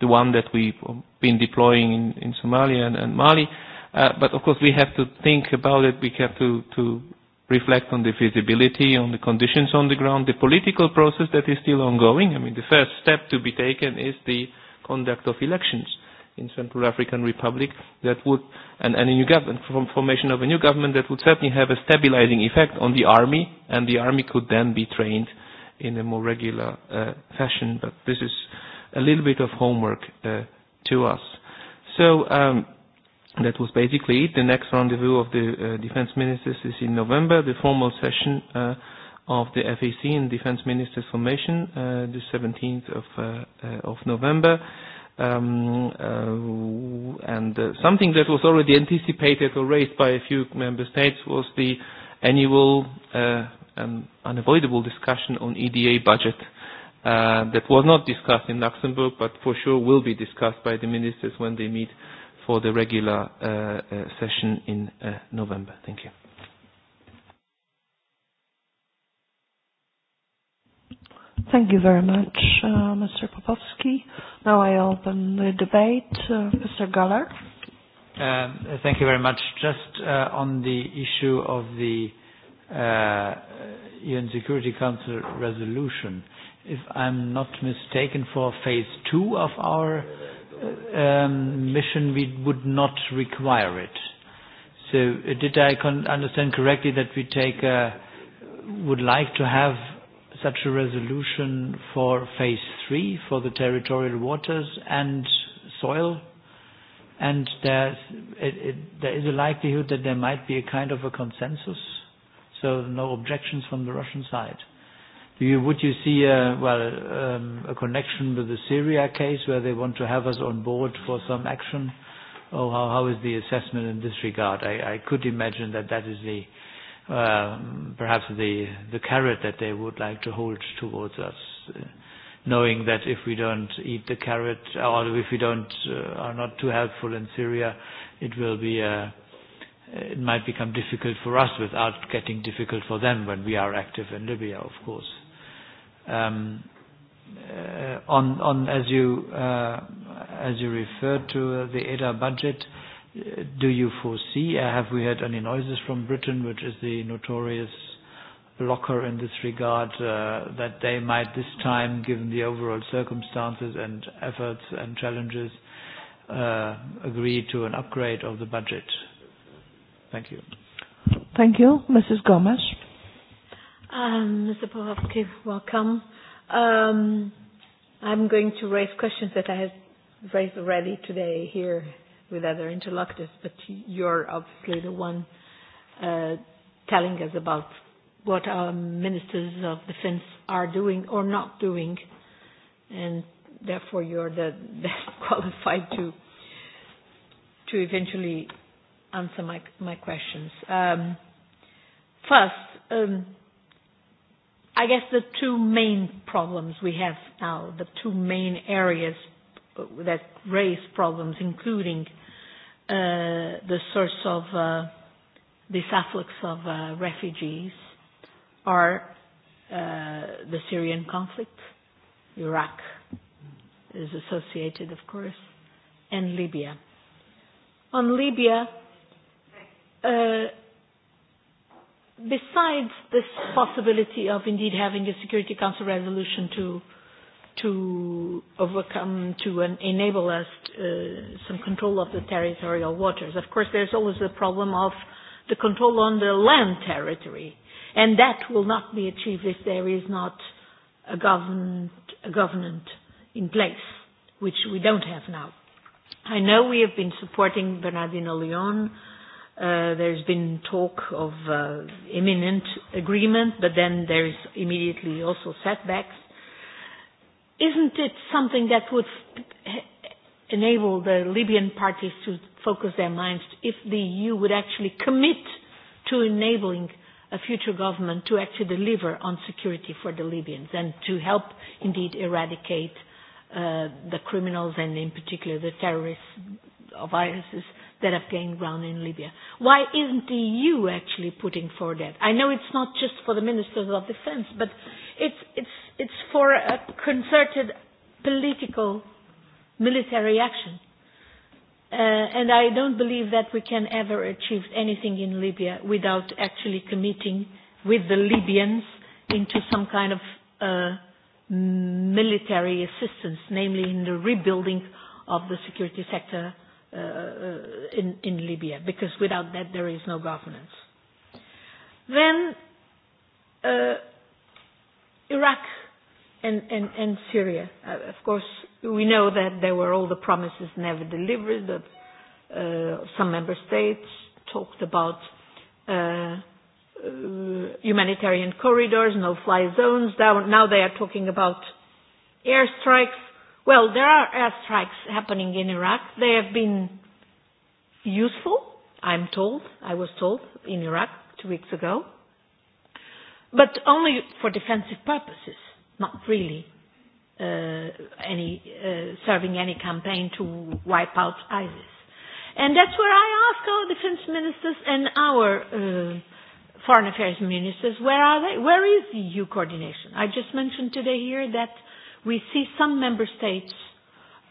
the one that we've been deploying in, in Somalia and, and Mali. Uh, but of course, we have to think about it. We have to, to reflect on the feasibility, on the conditions on the ground, the political process that is still ongoing. I mean, the first step to be taken is the conduct of elections in Central African Republic that would, and, and a new government, from formation of a new government that would certainly have a stabilizing effect on the army, and the army could then be trained in a more regular uh, fashion. But this is a little bit of homework uh, to us. So um, that was basically it. The next rendezvous of the uh, defense ministers is in November, the formal session uh, of the FAC and defense ministers formation, uh, the 17th of, uh, uh, of November um, uh, and uh, something that was already anticipated or raised by a few member states was the annual uh, um, unavoidable discussion on EDA budget uh, that was not discussed in Luxembourg, but for sure will be discussed by the ministers when they meet for the regular uh, uh, session in uh, November. Thank you. Thank you very much, uh, Mr. Popovsky. Now I open the debate. Uh, Mr. Galler. Uh, thank you very much. Just uh, on the issue of the uh, UN Security Council resolution, if I'm not mistaken, for phase two of our uh, um, mission, we would not require it. So uh, did I con understand correctly that we take uh, would like to have such a resolution for phase three for the territorial waters and soil. And there's, it, it, there is a likelihood that there might be a kind of a consensus, so no objections from the Russian side. Do you, would you see a, well, um, a connection with the Syria case where they want to have us on board for some action? Oh how, how is the assessment in this regard? I, I could imagine that that is the um, perhaps the, the carrot that they would like to hold towards us, uh, knowing that if we don't eat the carrot or if we don't uh, are not too helpful in Syria, it will be uh, it might become difficult for us without getting difficult for them when we are active in Libya, of course. Um, uh, on, on as you uh, as you referred to uh, the EDA budget. Uh, do you foresee? Uh, have we heard any noises from Britain, which is the notorious blocker in this regard, uh, that they might this time, given the overall circumstances and efforts and challenges, uh, agree to an upgrade of the budget? Thank you. Thank you. Mrs. Gomez. Um, Mr. Bohovsky, welcome. Um, I'm going to raise questions that I have raised already today here with other interlocutors, but you're obviously the one uh, telling us about what our ministers of defense are doing or not doing, and therefore you're the best [LAUGHS] qualified to to eventually answer my my questions. Um, first, um, I guess the two main problems we have now, the two main areas that raise problems, including uh, the source of uh, this afflux of uh, refugees, are uh, the Syrian conflict, Iraq is associated, of course, and Libya. On Libya, uh, besides this possibility of indeed having a Security Council resolution to to overcome, to enable us uh, some control of the territorial waters. Of course, there's always the problem of the control on the land territory, and that will not be achieved if there is not a government, a government in place, which we don't have now. I know we have been supporting Bernardino Leon. Uh, there's been talk of uh, imminent agreement, but then there's immediately also setbacks isn't it something that would enable the Libyan parties to focus their minds if the EU would actually commit to enabling a future government to actually deliver on security for the Libyans and to help indeed eradicate uh, the criminals and in particular the terrorists of ISIS that have gained ground in Libya. Why isn't the EU actually putting for that? I know it's not just for the ministers of defense, but it's, it's, it's for a concerted political military action. Uh, and I don't believe that we can ever achieve anything in Libya without actually committing with the Libyans into some kind of uh, military assistance, namely in the rebuilding of the security sector Uh, uh, in, in Libya, because without that there is no governance. Then uh, Iraq and, and, and Syria. Uh, of course, we know that there were all the promises never delivered. That uh, some member states talked about uh, uh, humanitarian corridors, no-fly zones. Now, now they are talking about airstrikes Well, there are airstrikes happening in Iraq. They have been useful, I'm told. I was told in Iraq two weeks ago. But only for defensive purposes, not really uh, any, uh, serving any campaign to wipe out ISIS. And that's where I ask our defense ministers and our uh, foreign affairs ministers, where are they? Where is the EU coordination? I just mentioned today here that we see some member states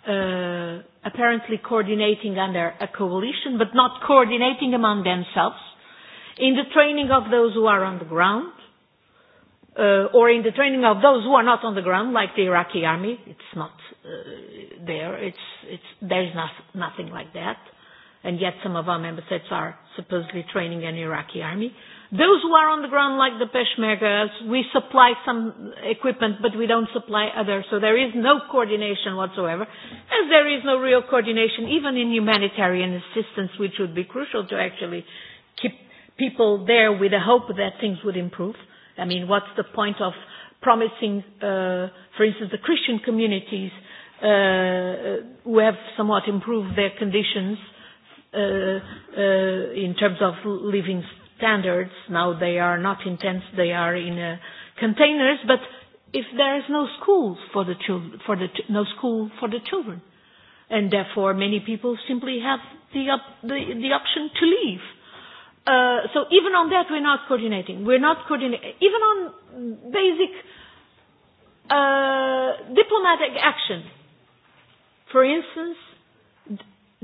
uh, apparently coordinating under a coalition, but not coordinating among themselves, in the training of those who are on the ground, uh, or in the training of those who are not on the ground, like the Iraqi army. It's not uh, there. It's, it's, there's not, nothing like that. And yet some of our member states are supposedly training an Iraqi army. Uh, Those who are on the ground, like the Peshmergas, we supply some equipment, but we don't supply others. So there is no coordination whatsoever, as there is no real coordination, even in humanitarian assistance, which would be crucial to actually keep people there with the hope that things would improve. I mean, what's the point of promising, uh, for instance, the Christian communities uh, who have somewhat improved their conditions uh, uh, in terms of living standards. Now they are not in tents, they are in uh, containers, but if there is no school for the children, for the ch- no school for the children, and therefore many people simply have the op- the, the option to leave. Uh, so even on that, we're not coordinating. We're not coordinating even on basic uh, diplomatic action. For instance,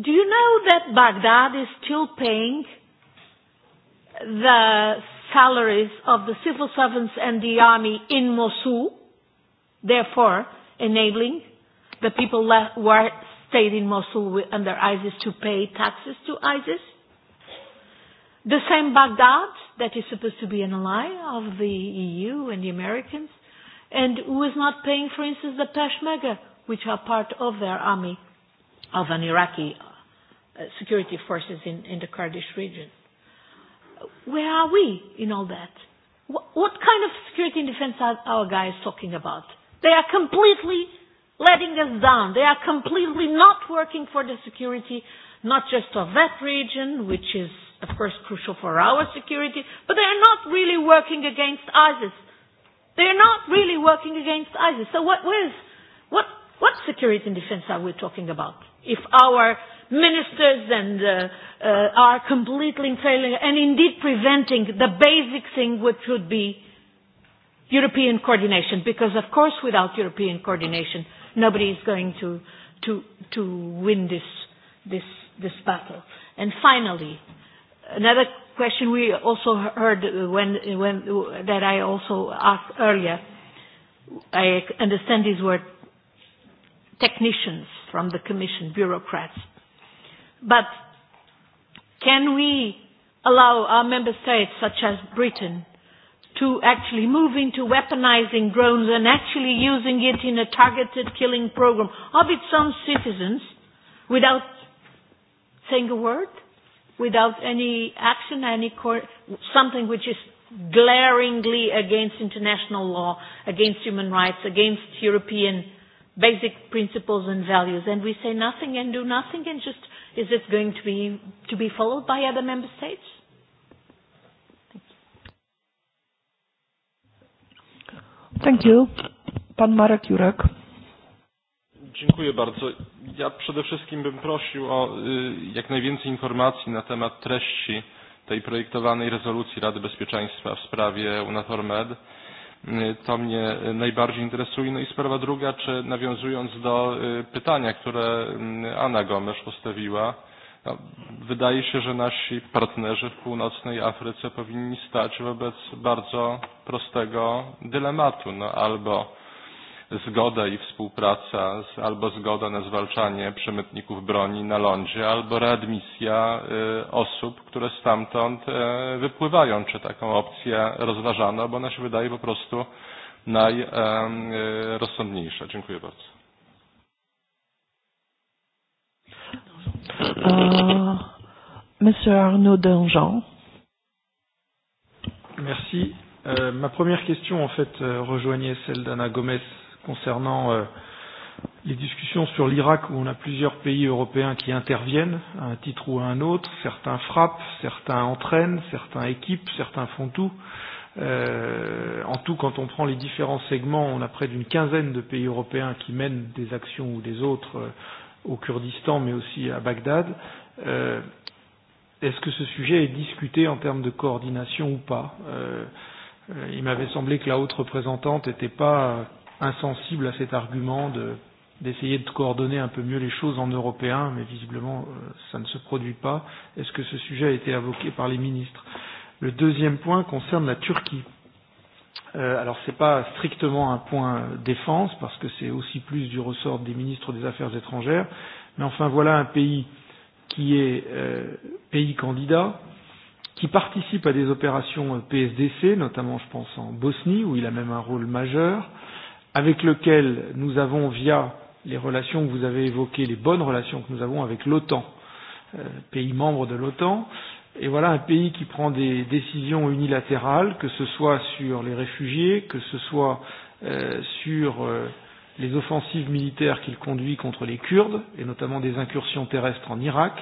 do you know that Baghdad is still paying the salaries of the civil servants and the army in Mosul, therefore enabling the people left, who are stayed in Mosul under ISIS to pay taxes to ISIS. The same Baghdad, that is supposed to be an ally of the EU and the Americans, and who is not paying, for instance, the Peshmerga, which are part of their army of an Iraqi uh, security forces in, in the Kurdish region where are we in all that? What, what kind of security and defense are our guys talking about? They are completely letting us down. They are completely not working for the security, not just of that region, which is, of course, crucial for our security, but they are not really working against ISIS. They are not really working against ISIS. So what, is what, what security and defense are we talking about? If our ministers and uh, uh, are completely failing and indeed preventing the basic thing which would be European coordination because of course without European coordination nobody is going to to to win this this this battle and finally another question we also heard when when that I also asked earlier I understand these were technicians from the commission bureaucrats But can we allow our member states, such as Britain, to actually move into weaponizing drones and actually using it in a targeted killing program of its own citizens without saying a word, without any action, any court, something which is glaringly against international law, against human rights, against European basic principles and values. And we say nothing and do nothing and just Is this going to be, to be followed by other member states? Thank you. Pan Marek Jurek. Dziękuję bardzo. Ja przede wszystkim bym prosił o jak najwięcej informacji na temat treści tej projektowanej rezolucji Rady Bezpieczeństwa w sprawie UNATOR-MED to mnie najbardziej interesuje. No i sprawa druga, czy nawiązując do pytania, które Anna Gomesz postawiła, no, wydaje się, że nasi partnerzy w północnej Afryce powinni stać wobec bardzo prostego dylematu. No, albo zgoda i współpraca z, albo zgoda na zwalczanie przemytników broni na lądzie, albo readmisja y, osób, które stamtąd y, wypływają. Czy taką opcję rozważano, bo ona się wydaje po prostu najrozsądniejsza. Dziękuję bardzo. Uh, Monsieur Arnaud Dangean. Merci. Euh, ma première question, en fait, euh, rejoignait celle d'Anna Gomez concernant euh, les discussions sur l'Irak où on a plusieurs pays européens qui interviennent à un titre ou à un autre, certains frappent, certains entraînent, certains équipent, certains font tout. Euh, en tout, quand on prend les différents segments, on a près d'une quinzaine de pays européens qui mènent des actions ou des autres euh, au Kurdistan, mais aussi à Bagdad. Euh, Est-ce que ce sujet est discuté en termes de coordination ou pas euh, euh, Il m'avait semblé que la haute représentante n'était pas insensible à cet argument de d'essayer de coordonner un peu mieux les choses en européen, mais visiblement euh, ça ne se produit pas. Est-ce que ce sujet a été évoqué par les ministres Le deuxième point concerne la Turquie. Euh, alors ce n'est pas strictement un point défense, parce que c'est aussi plus du ressort des ministres des Affaires étrangères, mais enfin voilà un pays qui est euh, pays candidat, qui participe à des opérations PSDC, notamment je pense en Bosnie, où il a même un rôle majeur, euh, avec lequel nous avons, via les relations que vous avez évoquées, les bonnes relations que nous avons avec l'OTAN, euh, pays membre de l'OTAN, et voilà un pays qui prend des décisions unilatérales, que ce soit sur les réfugiés, que ce soit euh, sur euh, les offensives militaires qu'il conduit contre les Kurdes, et notamment des incursions terrestres en Irak,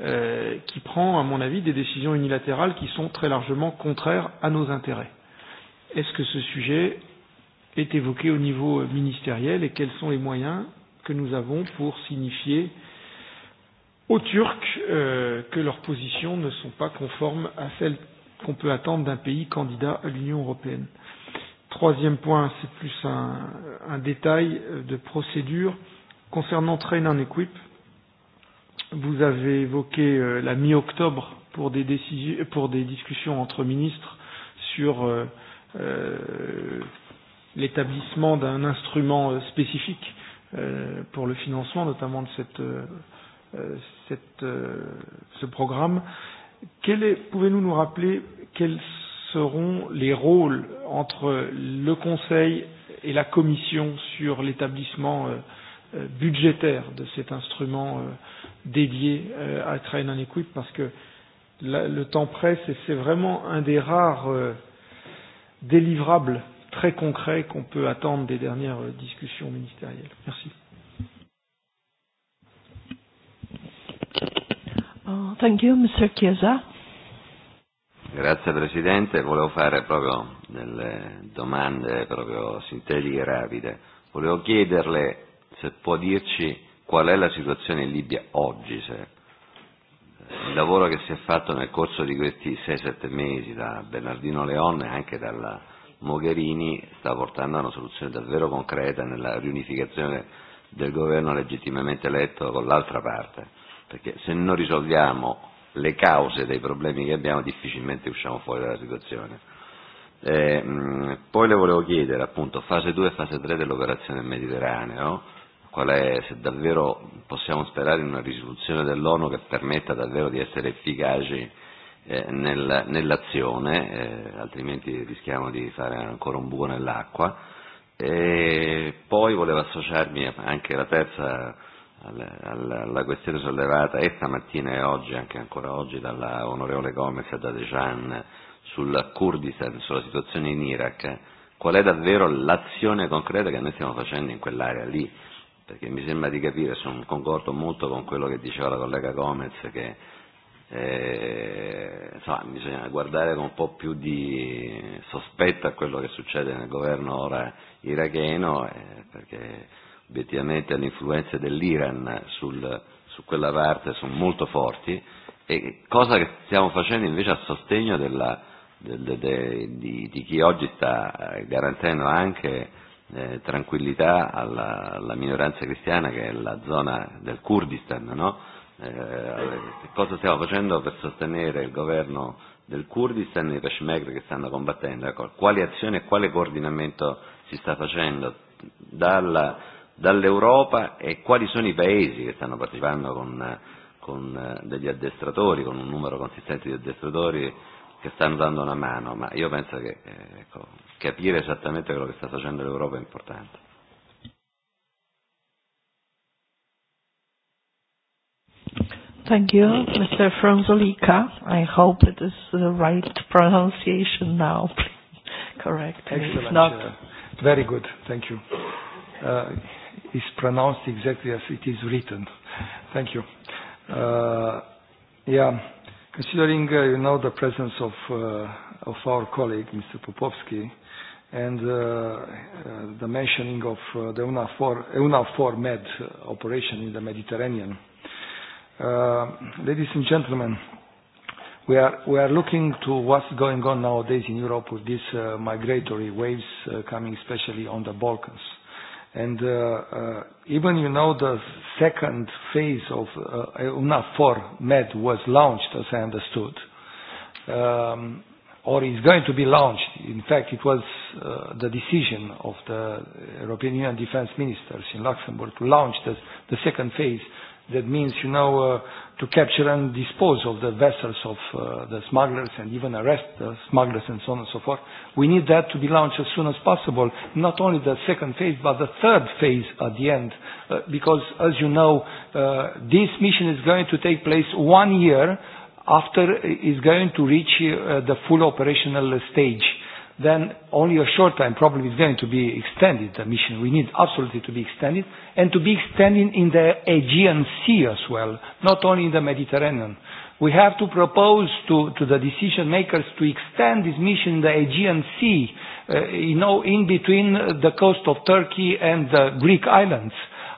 euh, qui prend, à mon avis, des décisions unilatérales qui sont très largement contraires à nos intérêts. Est-ce que ce sujet est évoqué au niveau euh, ministériel et quels sont les moyens que nous avons pour signifier aux Turcs euh, que leurs positions ne sont pas conformes à celles qu'on peut attendre d'un pays candidat à l'Union européenne. Troisième point, c'est plus un, un détail euh, de procédure. Concernant Train and Equip, vous avez évoqué euh, la mi-octobre pour des décisions, pour des discussions entre ministres sur euh, euh, l'établissement d'un instrument euh, spécifique euh, pour le financement, notamment de cette, euh, cette, ce programme. Pouvez-nous nous rappeler quels seront les rôles entre le Conseil et la Commission sur l'établissement budgétaire de cet instrument dédié à Train and Equip Parce que le temps presse et c'est vraiment un des rares délivrables très concret qu'on peut attendre des dernières discussions ministérielles. Merci. Uh, thank you, Mr. Chiesa. Grazie Presidente, volevo fare proprio delle domande proprio sintetiche e rapide. Volevo chiederle se può dirci qual è la situazione in Libia oggi, se il lavoro che si è fatto nel corso di questi 6-7 mesi da Bernardino Leone e anche dalla Mogherini sta portando a una soluzione davvero concreta nella riunificazione del governo legittimamente eletto con l'altra parte, perché se non risolviamo le cause dei problemi che abbiamo difficilmente usciamo fuori dalla situazione. Eh, mh, poi le volevo chiedere appunto fase 2 e fase 3 dell'operazione Mediterraneo, qual è se davvero possiamo sperare in una risoluzione dell'ONU che permetta davvero di essere efficaci eh, nel, nell'azione, eh, altrimenti rischiamo di fare ancora un buco nell'acqua. E poi volevo associarmi anche alla terza alla, alla questione sollevata e stamattina e oggi, anche ancora oggi, dalla onorevole Gomez e da Dejan sul Kurdistan, sulla situazione in Iraq, qual è davvero l'azione concreta che noi stiamo facendo in quell'area lì? Perché mi sembra di capire, sono concordo molto con quello che diceva la collega Gomez, che eh, insomma, bisogna guardare con un po' più di sospetto a quello che succede nel governo ora iracheno, eh, perché obiettivamente le influenze dell'Iran sul, su quella parte sono molto forti, e cosa che stiamo facendo invece a sostegno della, de, de, de, di, di chi oggi sta eh, garantendo anche eh, tranquillità alla, alla minoranza cristiana che è la zona del Kurdistan, no? eh, cosa stiamo facendo per sostenere il governo del Kurdistan e i peshmerga che stanno combattendo, ecco, quali azioni e quale coordinamento si sta facendo dalla, dall'Europa e quali sono i paesi che stanno partecipando con, con eh, degli addestratori, con un numero consistente di addestratori che stanno dando una mano, ma io penso che eh, ecco, capire esattamente quello che sta facendo l'Europa è importante. Thank you, Mr. Fronzolika. I hope it is the right pronunciation now. [LAUGHS] Correct. Excellent. If not, uh, very good. Thank you. Uh, it's pronounced exactly as it is written. Thank you. Uh, yeah, considering uh, you know the presence of uh, of our colleague Mr. Popovsky and uh, uh, the mentioning of uh, the UNAFOR, UNAFOR Med operation in the Mediterranean Uh, ladies and gentlemen, we are, we are looking to what's going on nowadays in Europe with these uh, migratory waves uh, coming especially on the Balkans. And uh, uh, even, you know, the second phase of uh, EUNAFOR uh, MED was launched, as I understood, um, or is going to be launched. In fact, it was uh, the decision of the European Union defense ministers in Luxembourg to launch the, the second phase That means, you know, uh, to capture and dispose of the vessels of uh, the smugglers and even arrest the smugglers and so on and so forth. We need that to be launched as soon as possible, not only the second phase, but the third phase at the end, uh, because as you know, uh, this mission is going to take place one year after it's going to reach uh, the full operational stage then only a short time probably is going to be extended, the mission. We need absolutely to be extended, and to be extended in the Aegean Sea as well, not only in the Mediterranean. We have to propose to, to the decision makers to extend this mission in the Aegean Sea, uh, you know, in between the coast of Turkey and the Greek islands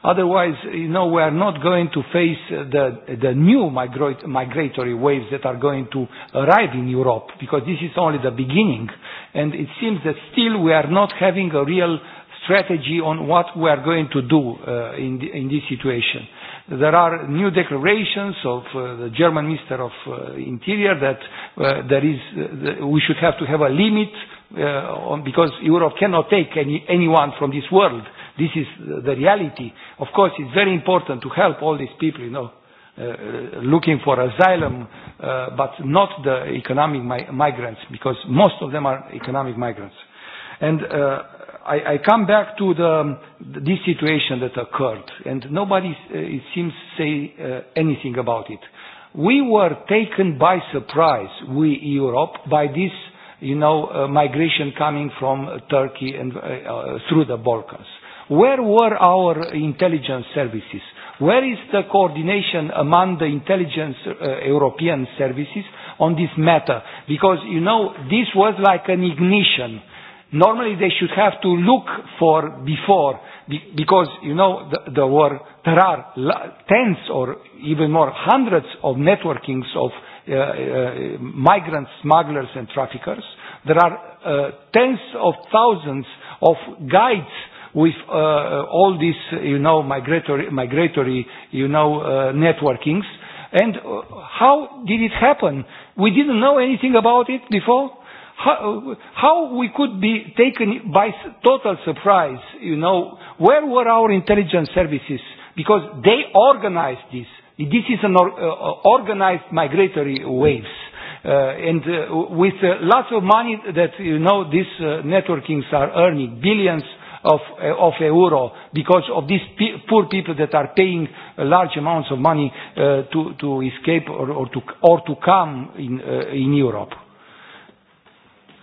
Otherwise, you know, we are not going to face the, the new migrat migratory waves that are going to arrive in Europe, because this is only the beginning. And it seems that still we are not having a real strategy on what we are going to do uh, in, the, in this situation. There are new declarations of uh, the German Minister of uh, Interior that uh, there is, uh, the, we should have to have a limit uh, on, because Europe cannot take any, anyone from this world. This is the reality. Of course, it's very important to help all these people, you know, uh, uh, looking for asylum, uh, but not the economic mi migrants, because most of them are economic migrants. And uh, I, I come back to the, this situation that occurred, and nobody, uh, it seems, say uh, anything about it. We were taken by surprise, we Europe, by this, you know, uh, migration coming from Turkey and uh, uh, through the Balkans. Where were our intelligence services? Where is the coordination among the intelligence uh, European services on this matter? Because, you know, this was like an ignition. Normally they should have to look for before, because, you know, there were, there are tens or even more hundreds of networkings of uh, uh, migrants, smugglers and traffickers. There are uh, tens of thousands of guides with uh, uh, all these, uh, you know, migratory, migratory you know, uh, networkings. And uh, how did it happen? We didn't know anything about it before. How, uh, how we could be taken by total surprise, you know, where were our intelligence services? Because they organized this. This is an or, uh, organized migratory waves. Uh, and uh, with uh, lots of money that, you know, these uh, networkings are earning, billions of, uh, of euro because of these pe poor people that are paying eh, large amounts of money uh, to, to escape or, or, to, or to come in, uh, in Europe.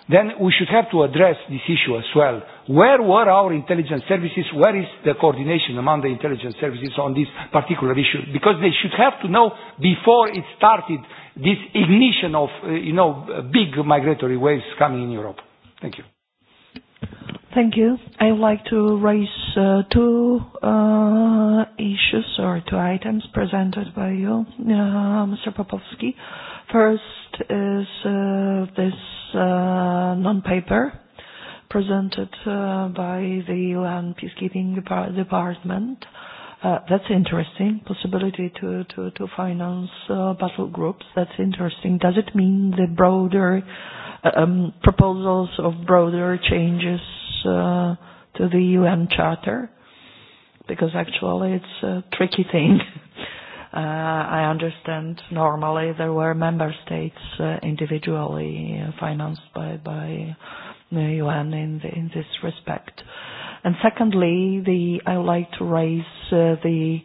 Then we should have to address this issue as well. Where were our intelligence services? Where is the coordination among the intelligence services on this particular issue? Because they should have to know before it started this ignition of, uh, you know, big migratory waves coming in Europe. Thank you. Thank you. I would like to raise uh, two uh, issues or two items presented by you, uh, Mr. Popovsky. First is uh, this uh, non-paper presented uh, by the UN Peacekeeping Department. Uh, that's interesting. Possibility to, to, to finance uh, battle groups. That's interesting. Does it mean the broader um, proposals of broader changes uh, to the UN Charter, because actually it's a tricky thing. [LAUGHS] Uh, I understand normally there were member states uh, individually uh, financed by by the UN in, the, in this respect. And secondly, the I would like to raise uh, the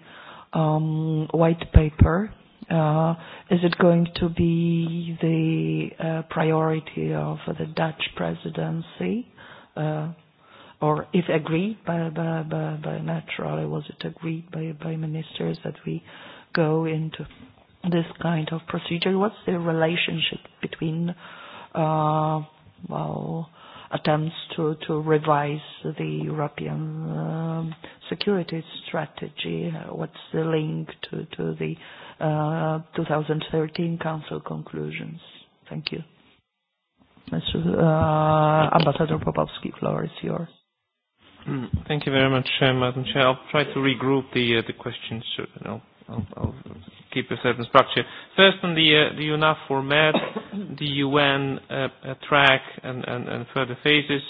um, white paper Uh, is it going to be the uh, priority of the Dutch presidency? Uh, or if agreed by, by, by, by naturally, was it agreed by, by ministers that we go into this kind of procedure? What's the relationship between, uh, well, attempts to, to revise the European um, security strategy? What's the link to, to the uh, 2013 Council conclusions? Thank you. Mr. Uh, Ambassador Popowski, floor is yours. Hmm, thank you very much, uh, Madam Chair. I'll try to regroup the uh, the questions. So, you know, I'll, I'll keep a certain structure. First, on the, uh, the UNAF format, [COUGHS] the UN uh, track, and, and, and further phases.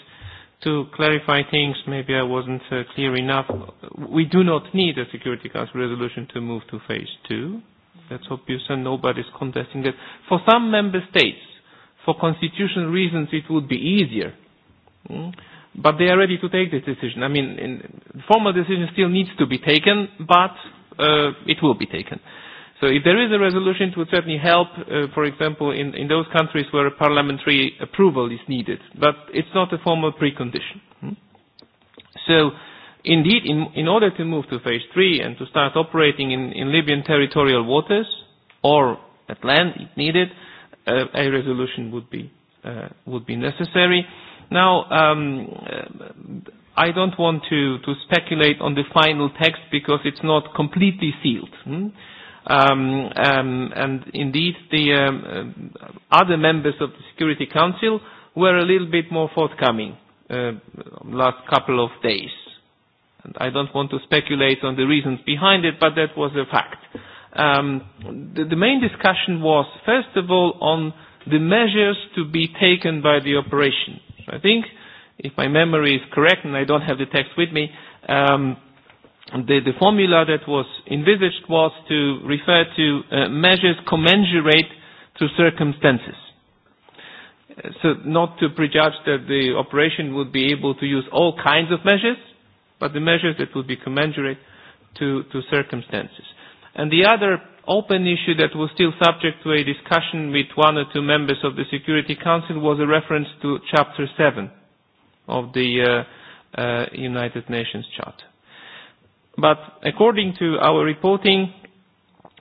To clarify things, maybe I wasn't uh, clear enough. We do not need a Security Council resolution to move to phase two. That's obvious, and nobody's contesting that. For some member states, for constitutional reasons, it would be easier. Mm? but they are ready to take this decision. I mean, in, formal decision still needs to be taken, but uh, it will be taken. So if there is a resolution, it would certainly help, uh, for example, in, in those countries where a parliamentary approval is needed. But it's not a formal precondition. Hmm? So indeed, in, in order to move to phase three and to start operating in, in Libyan territorial waters or at land if needed, uh, a resolution would be, uh, would be necessary. Now, um, uh, I don't want to, to speculate on the final text because it's not completely sealed. Hmm? Um, um, and indeed, the um, uh, other members of the Security Council were a little bit more forthcoming uh, last couple of days. And I don't want to speculate on the reasons behind it, but that was a fact. Um, the, the main discussion was, first of all, on the measures to be taken by the operation. So I think, if my memory is correct, and I don't have the text with me, um, the, the formula that was envisaged was to refer to uh, measures commensurate to circumstances. Uh, so not to prejudge that the operation would be able to use all kinds of measures, but the measures that would be commensurate to, to circumstances. And the other open issue that was still subject to a discussion with one or two members of the Security Council was a reference to Chapter 7 of the uh, uh, United Nations Charter. But according to our reporting,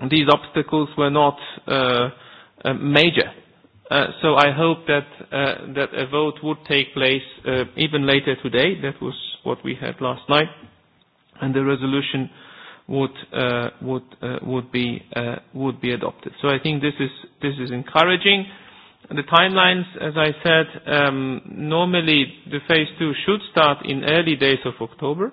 these obstacles were not uh, uh, major. Uh, so I hope that uh, that a vote would take place uh, even later today. That was what we had last night, and the resolution would uh, would uh, would be uh, would be adopted. So I think this is this is encouraging. The timelines, as I said, um, normally the phase two should start in early days of October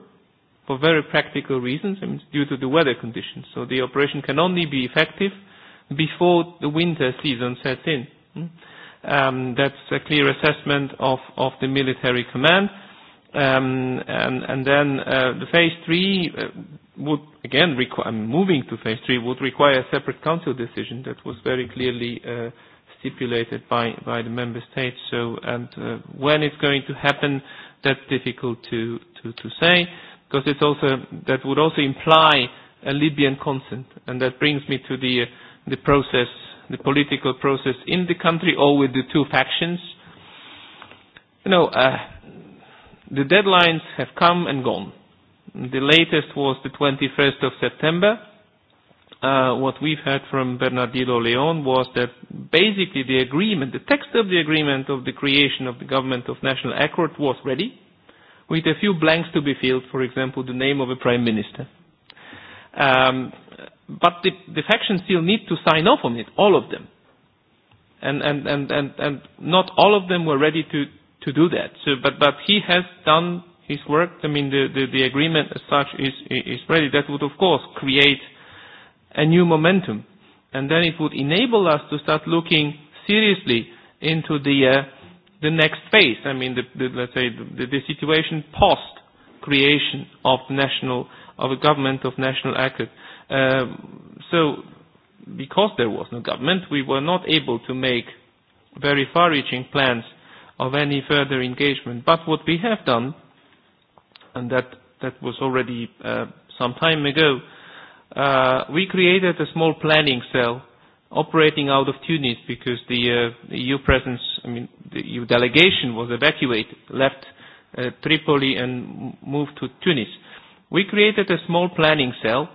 for very practical reasons, I mean, due to the weather conditions. So the operation can only be effective before the winter season sets in. Hmm? Um, that's a clear assessment of, of the military command. Um, and, and then uh, the phase three uh, would, again, requ- moving to phase three would require a separate council decision that was very clearly uh, stipulated by, by the member states. So, and uh, when it's going to happen, that's difficult to, to, to say because it's also that would also imply a Libyan consent, and that brings me to the the process, the political process in the country, or with the two factions. You know, uh, the deadlines have come and gone. The latest was the 21st of September. Uh, what we've heard from Bernardino Leon was that basically the agreement, the text of the agreement of the creation of the government of national accord was ready with a few blanks to be filled, for example, the name of a prime minister. Um, but the, the factions still need to sign off on it, all of them. And, and, and, and, and not all of them were ready to, to do that. So, but, but he has done his work. I mean, the, the, the agreement as such is, is ready. That would, of course, create a new momentum. And then it would enable us to start looking seriously into the uh, the next phase. I mean, the, the, let's say the, the situation post creation of national of a government of national accord. Um, so, because there was no government, we were not able to make very far-reaching plans of any further engagement. But what we have done, and that that was already uh, some time ago, uh, we created a small planning cell operating out of Tunis because the uh, EU e presence, I mean, the EU delegation was evacuated, left uh, Tripoli and moved to Tunis. We created a small planning cell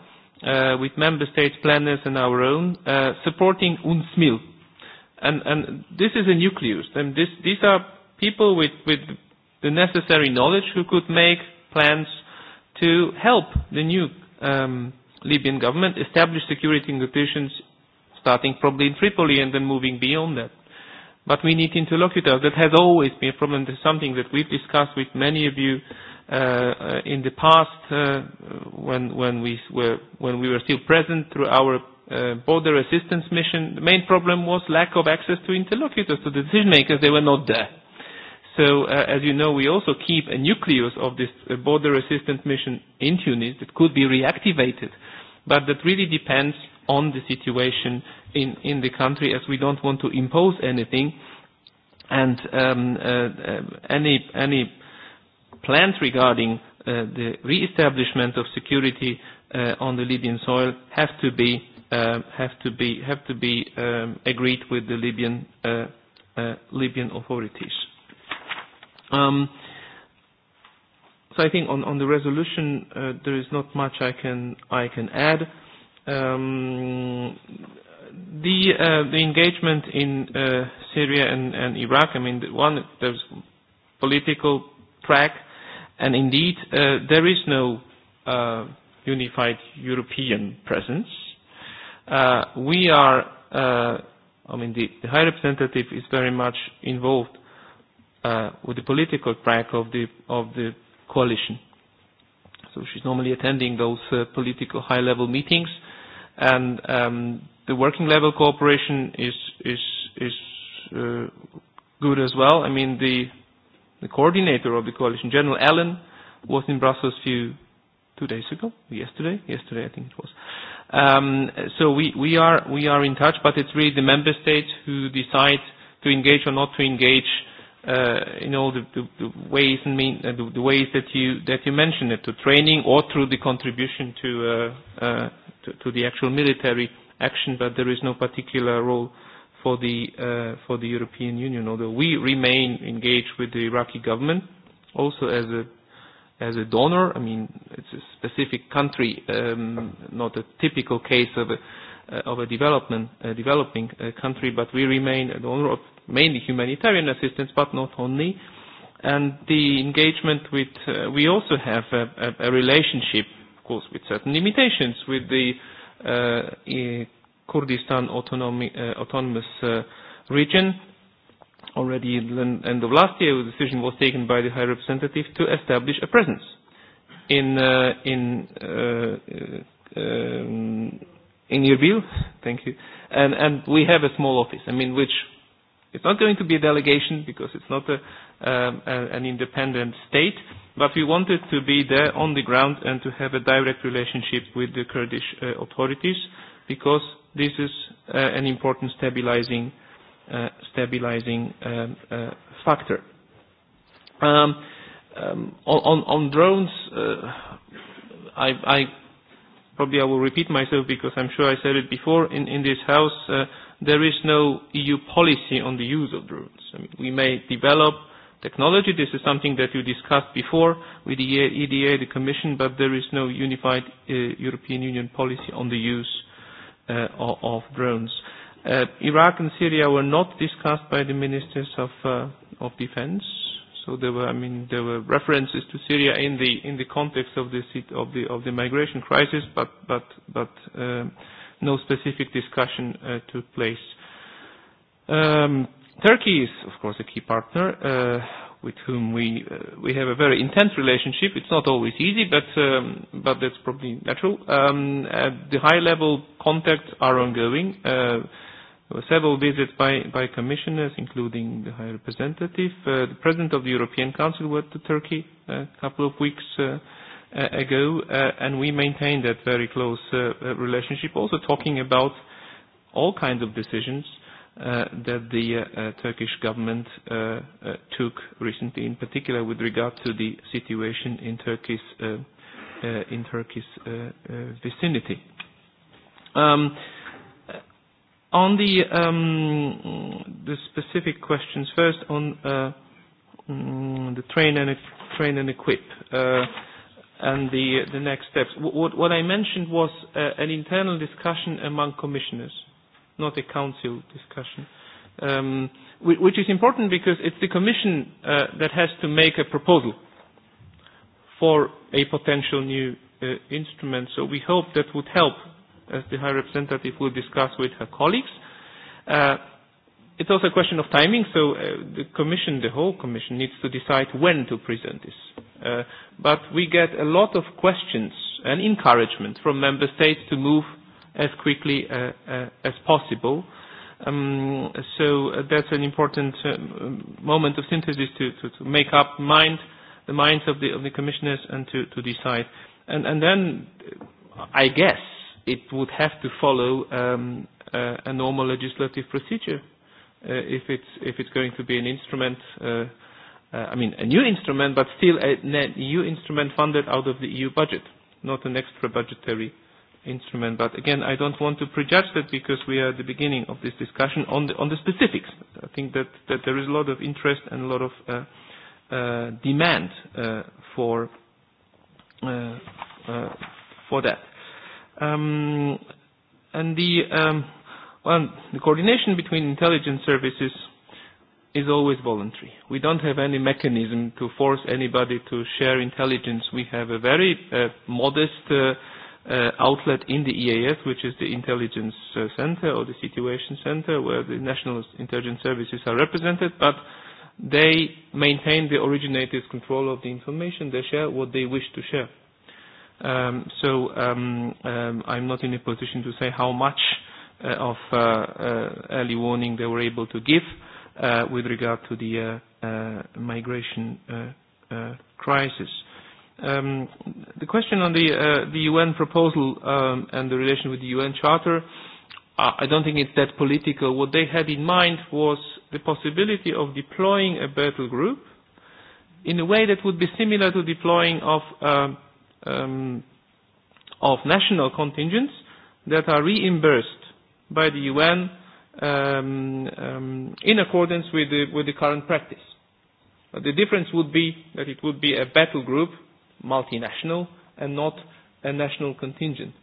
uh, with member states planners and our own, uh, supporting UNSMIL. And, and this is a nucleus. And this, these are people with, with the necessary knowledge who could make plans to help the new um, Libyan government establish security conditions starting probably in Tripoli and then moving beyond that. But we need interlocutors. That has always been a problem. That's something that we've discussed with many of you uh, uh in the past uh, when, when, we were, when we were still present through our uh, border assistance mission. The main problem was lack of access to interlocutors, to the decision makers. They were not there. So, uh, as you know, we also keep a nucleus of this uh, border assistance mission in Tunis that could be reactivated, but that really depends on the situation in, in the country as we don't want to impose anything and um, uh, any, any plans regarding uh, the re-establishment of security uh, on the Libyan soil have to be, uh, have to be, have to be um, agreed with the Libyan, uh, uh, Libyan authorities. Um, so I think on, on the resolution uh, there is not much I can, I can add um, the uh, the engagement in uh, Syria and, and Iraq. I mean, the one there's political track, and indeed uh, there is no uh, unified European presence. Uh, we are, uh, I mean, the, the High Representative is very much involved uh, with the political track of the of the coalition. So she's normally attending those uh, political high-level meetings and um, the working level cooperation is is is uh, good as well. I mean the the coordinator of the coalition, General Allen, was in Brussels few two days ago, yesterday, yesterday I think it was. Um, so we, we are we are in touch, but it's really the member states who decide to engage or not to engage uh, in all the, the, the ways and mean uh, the, the ways that you that you mentioned it, to training or through the contribution to uh, uh, to, to the actual military action, but there is no particular role for the, uh, for the European Union, although we remain engaged with the Iraqi government also as a, as a donor. I mean, it's a specific country, um, not a typical case of a, uh, of a development, uh, developing uh, country, but we remain a donor of mainly humanitarian assistance, but not only. And the engagement with, uh, we also have a, a, a relationship course, with certain limitations, with the uh, Kurdistan autonomy, uh, autonomous uh, region. Already in the end of last year, a decision was taken by the High Representative to establish a presence in uh, in uh, uh, um, in Erbil. Thank you. And and we have a small office. I mean, which it's not going to be a delegation because it's not a, um, a, an independent state but we wanted to be there on the ground and to have a direct relationship with the Kurdish uh, authorities because this is uh, an important stabilizing, uh, stabilizing um, uh, factor. Um, um, on, on drones, uh, I, I probably I will repeat myself because I'm sure I said it before in, in this house. Uh, there is no EU policy on the use of drones. I mean, we may develop technology. This is something that you discussed before with the EDA, the Commission, but there is no unified uh, European Union policy on the use uh, of, of drones. Uh, Iraq and Syria were not discussed by the ministers of, uh, of defense. So there were, I mean, there were references to Syria in the in the context of the of the of the migration crisis, but but but um, no specific discussion uh, took place. Um, Turkey is, of course, a key partner uh, with whom we uh, we have a very intense relationship. It's not always easy, but um, but that's probably natural. Um, at the high level contacts are ongoing. Uh, there were several visits by by commissioners, including the High Representative. Uh, the President of the European Council went to Turkey uh, a couple of weeks. Uh, ago, uh, and we maintain that very close uh, uh, relationship, also talking about all kinds of decisions uh, that the uh, uh, Turkish government uh, uh, took recently, in particular with regard to the situation in Turkey's, uh, uh, in Turkey's uh, uh, vicinity. Um, uh, on the, um, the specific questions, first on uh, mm, the train and, train and equip. Uh, and the, the next steps. What, what I mentioned was uh, an internal discussion among commissioners not a council discussion. Um, which is important because it's the Commission uh, that has to make a proposal for a potential new uh, instrument. So we hope that would help, as the High Representative will discuss with her colleagues. Uh, it's also a question of timing, so uh, the Commission, the whole Commission, needs to decide when to present this. Uh, but we get a lot of questions and encouragement from Member States to move as quickly uh, uh, as possible. Um, so uh, that's an important uh, moment of synthesis to, to, to make up mind, the minds of the, of the commissioners and to, to decide. And, and then I guess it would have to follow um, uh, a normal legislative procedure uh, if, it's, if it's going to be an instrument uh, uh, I mean, a new instrument, but still a new instrument funded out of the EU budget, not an extra budgetary uh, instrument. But again, I don't want to prejudge that because we are at the beginning of this discussion on the, on the specifics. I think that, that there is a lot of interest and a lot of uh, uh, demand uh, for, uh, uh, for that. Um, and the, um, well, the coordination between intelligence services is always voluntary. We don't have any mechanism to force anybody to share intelligence. We have a very uh, modest uh, uh, outlet in the EAS, which is the Intelligence uh, Center or the Situation Center, where the National Intelligence Services are represented, but they maintain the originator's control of the information. They share what they wish to share. Um, so um, um, I'm not in a position to say how much uh, of uh, uh, early warning they were able to give uh, with regard to the uh, uh, migration uh, uh, crisis. Um, the question on the, uh, the UN proposal um, and the relation with the UN Charter, uh, I don't think it's that political. What they had in mind was the possibility of deploying a battle group in a way that would be similar to deploying of, um, um, of national contingents that are reimbursed by the UN um, um, in accordance with the, with the current practice. But the difference would be that it would be a battle group multinational and not a national contingent.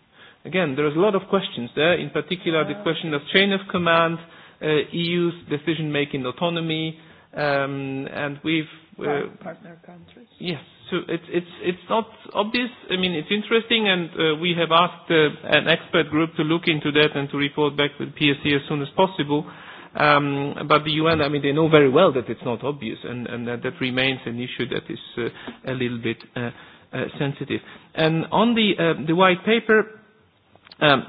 Again, there is a lot of questions there, in particular the question of chain of command, uh, EU's decision-making autonomy, um, and we've... Uh, partner countries. Yes, so it's, it's, it's not obvious. I mean, it's interesting, and uh, we have asked uh, an expert group to look into that and to report back to the PSC as soon as possible. Uh, Um, but the UN, I mean, they know very well that it's not obvious, and, and that, that remains an issue that is uh, a little bit uh, uh, sensitive. And on the, uh, the white paper, um,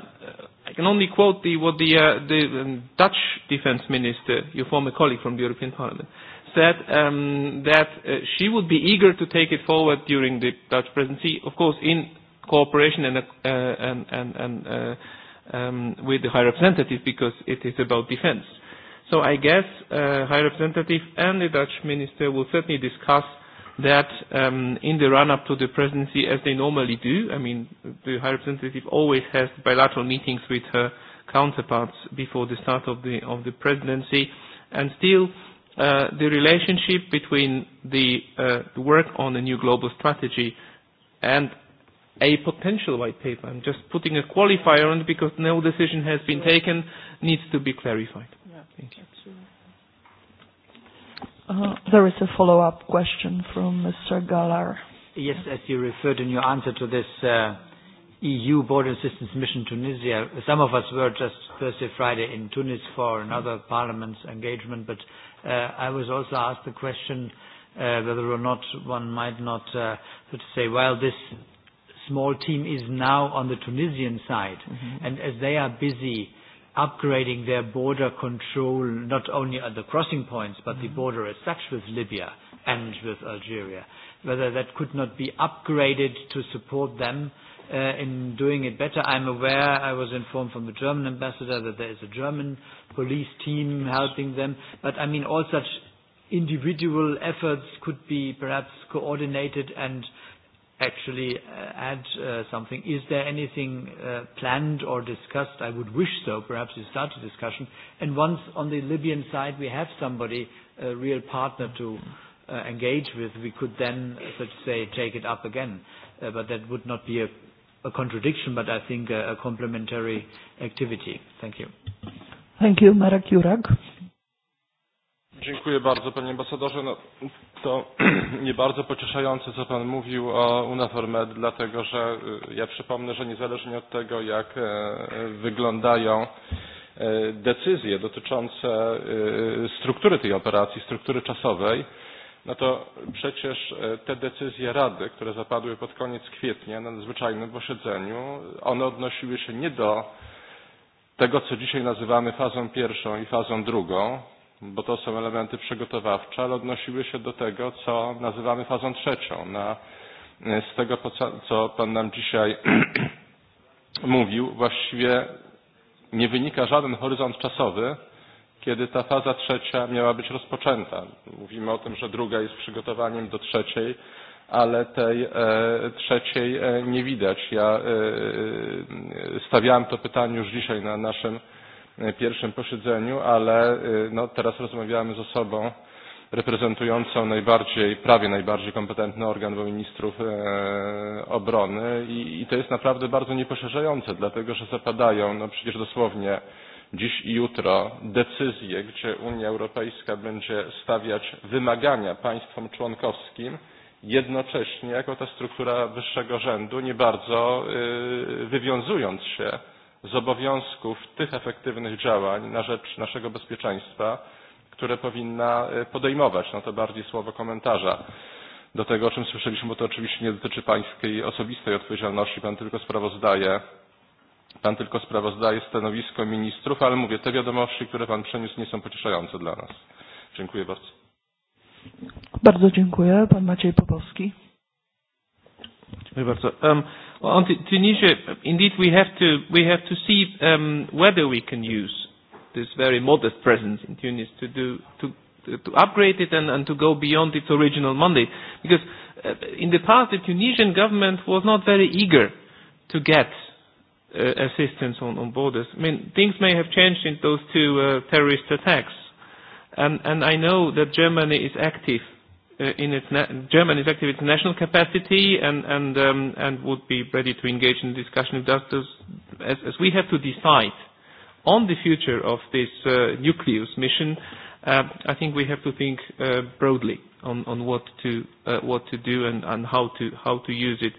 I can only quote the, what the, uh, the um, Dutch defense minister, your former colleague from the European Parliament, said um, that uh, she would be eager to take it forward during the Dutch presidency, of course, in cooperation and, uh, and, and, and uh, um, with the High Representative, because it is about defense. So I guess uh, High Representative and the Dutch Minister will certainly discuss that um, in the run-up to the presidency as they normally do. I mean, the High Representative always has bilateral meetings with her counterparts before the start of the, of the presidency. And still, uh, the relationship between the, uh, the work on a new global strategy and a potential white paper, I'm just putting a qualifier on it because no decision has been taken, needs to be clarified. Thank you. Uh, there is a follow-up question from Mr. Galar. Yes, as you referred in your answer to this uh, EU border assistance mission Tunisia, some of us were just Thursday, Friday in Tunis for another parliament's engagement, but uh, I was also asked the question uh, whether or not one might not, uh, so to say, while this small team is now on the Tunisian side, mm-hmm. and as they are busy upgrading their border control not only at the crossing points but mm-hmm. the border as such with Libya and with Algeria. Whether that could not be upgraded to support them uh, in doing it better. I'm aware, I was informed from the German ambassador that there is a German police team helping them. But I mean, all such individual efforts could be perhaps coordinated and actually uh, add uh, something. Is there anything uh, planned or discussed? I would wish so. Perhaps you start a discussion. And once on the Libyan side we have somebody, a real partner to uh, engage with, we could then, so to say, take it up again. Uh, but that would not be a, a contradiction, but I think a, a complementary activity. Thank you. Thank you, Marek Jurak. Dziękuję bardzo panie ambasadorze. No, to [CLEARS THROAT] nie bardzo pocieszające co pan mówił o Unaformed, dlatego że ja przypomnę, że niezależnie od tego jak e, wyglądają e, decyzje dotyczące struktury tej operacji, struktury czasowej, no to przecież e, te decyzje Rady, które zapadły pod koniec kwietnia na nadzwyczajnym posiedzeniu, one odnosiły się nie do tego, co dzisiaj nazywamy fazą pierwszą i fazą drugą, bo to są elementy przygotowawcze, ale odnosiły się do tego, co nazywamy fazą trzecią. Na, e, z tego, co Pan nam dzisiaj [CLEARS THROAT] mówił, właściwie nie wynika żaden horyzont czasowy, kiedy ta faza trzecia miała być rozpoczęta. Mówimy o tym, że druga jest przygotowaniem do trzeciej, ale tej e, trzeciej e, nie widać. Ja e, e stawiałem to pytanie już dzisiaj na naszym E, pierwszym posiedzeniu, ale e, no, teraz rozmawiamy z osobą reprezentującą najbardziej, prawie najbardziej kompetentny organ, bo ministrów e, obrony I, i to jest naprawdę bardzo nieposzerzające, dlatego że zapadają, no przecież dosłownie dziś i jutro decyzje, gdzie Unia Europejska będzie stawiać wymagania państwom członkowskim, jednocześnie jako ta struktura wyższego rzędu nie bardzo y, e, wywiązując się z obowiązków tych efektywnych działań na rzecz naszego bezpieczeństwa, które powinna e, podejmować. No to bardziej słowo komentarza do tego, o czym słyszeliśmy, bo to oczywiście nie dotyczy pańskiej osobistej odpowiedzialności. Pan tylko sprawozdaje Pan tylko sprawozdaje stanowisko ministrów, ale mówię, te wiadomości, które Pan przeniósł, nie są pocieszające dla nas. Dziękuję bardzo. Bardzo dziękuję. Pan Maciej Popowski. Dziękuję bardzo. Well, on t- Tunisia, indeed, we have to we have to see um, whether we can use this very modest presence in Tunis to do to to upgrade it and, and to go beyond its original mandate. Because uh, in the past, the Tunisian government was not very eager to get uh, assistance on, on borders. I mean, things may have changed in those two uh, terrorist attacks. And, and I know that Germany is active Uh, in its na German is active in its national capacity and and um, and would be ready to engage in discussion with us as, as we have to decide on the future of this uh, nucleus mission. Uh, I think we have to think uh, broadly on, on what to uh, what to do and, and how to how to use it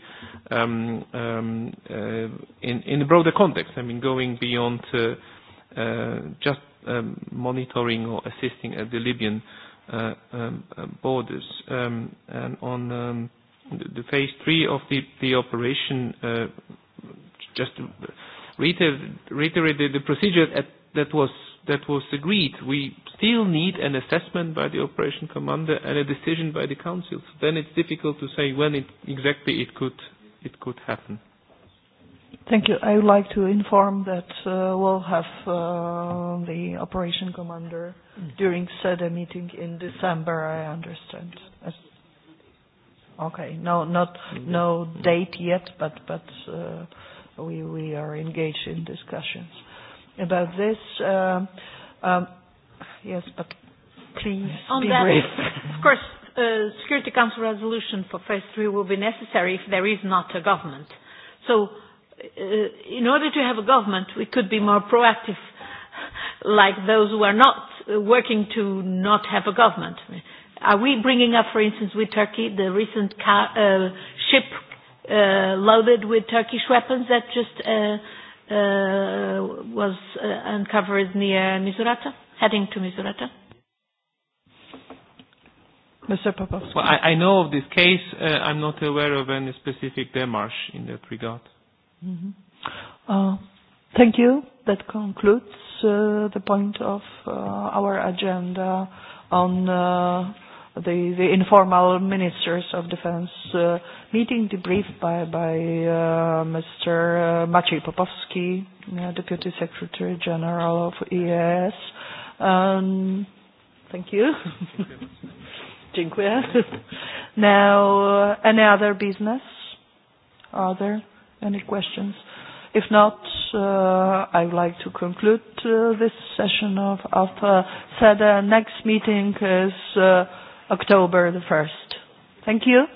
um, um, uh, in in a broader context. I mean, going beyond uh, uh, just um, monitoring or assisting uh the Libyan. Uh, uh, um, um, borders. Um, and on um, the phase three of the, the operation, uh, just to reiterate the procedure that was that was agreed. We still need an assessment by the operation commander and a decision by the council. So then it's difficult to say when it, exactly it could it could happen. Thank you. I would like to inform that uh, we'll have uh, the operation commander during SEDA meeting in December, I understand. As okay. No, not no date yet, but but uh, we we are engaged in discussions about this. Um, um, yes, but please On be that, brief. of course, uh, Security Council resolution for phase three will be necessary if there is not a government. So Uh, in order to have a government, we could be more proactive, [LAUGHS] like those who are not uh, working to not have a government. Are we bringing up, for instance, with Turkey, the recent car, uh, ship uh, loaded with Turkish weapons that just uh, uh, was uh, uncovered near Misurata, heading to Misurata? Mr. Popovsky. Well, I, I know of this case. Uh, I'm not aware of any specific demarche in that regard. Mm-hmm. Uh, thank you. That concludes uh, the point of uh, our agenda on uh, the, the informal ministers of defense uh, meeting debriefed by, by uh, Mr. Uh, Maciej Popowski, uh, Deputy Secretary General of EAS. Um, thank you. [LAUGHS] Dziękuję. [LAUGHS] now, uh, any other business? Are there? Any questions? If not, uh, I would like to conclude uh, this session of, of uh, SEDA. Next meeting is uh, October the 1st. Thank you.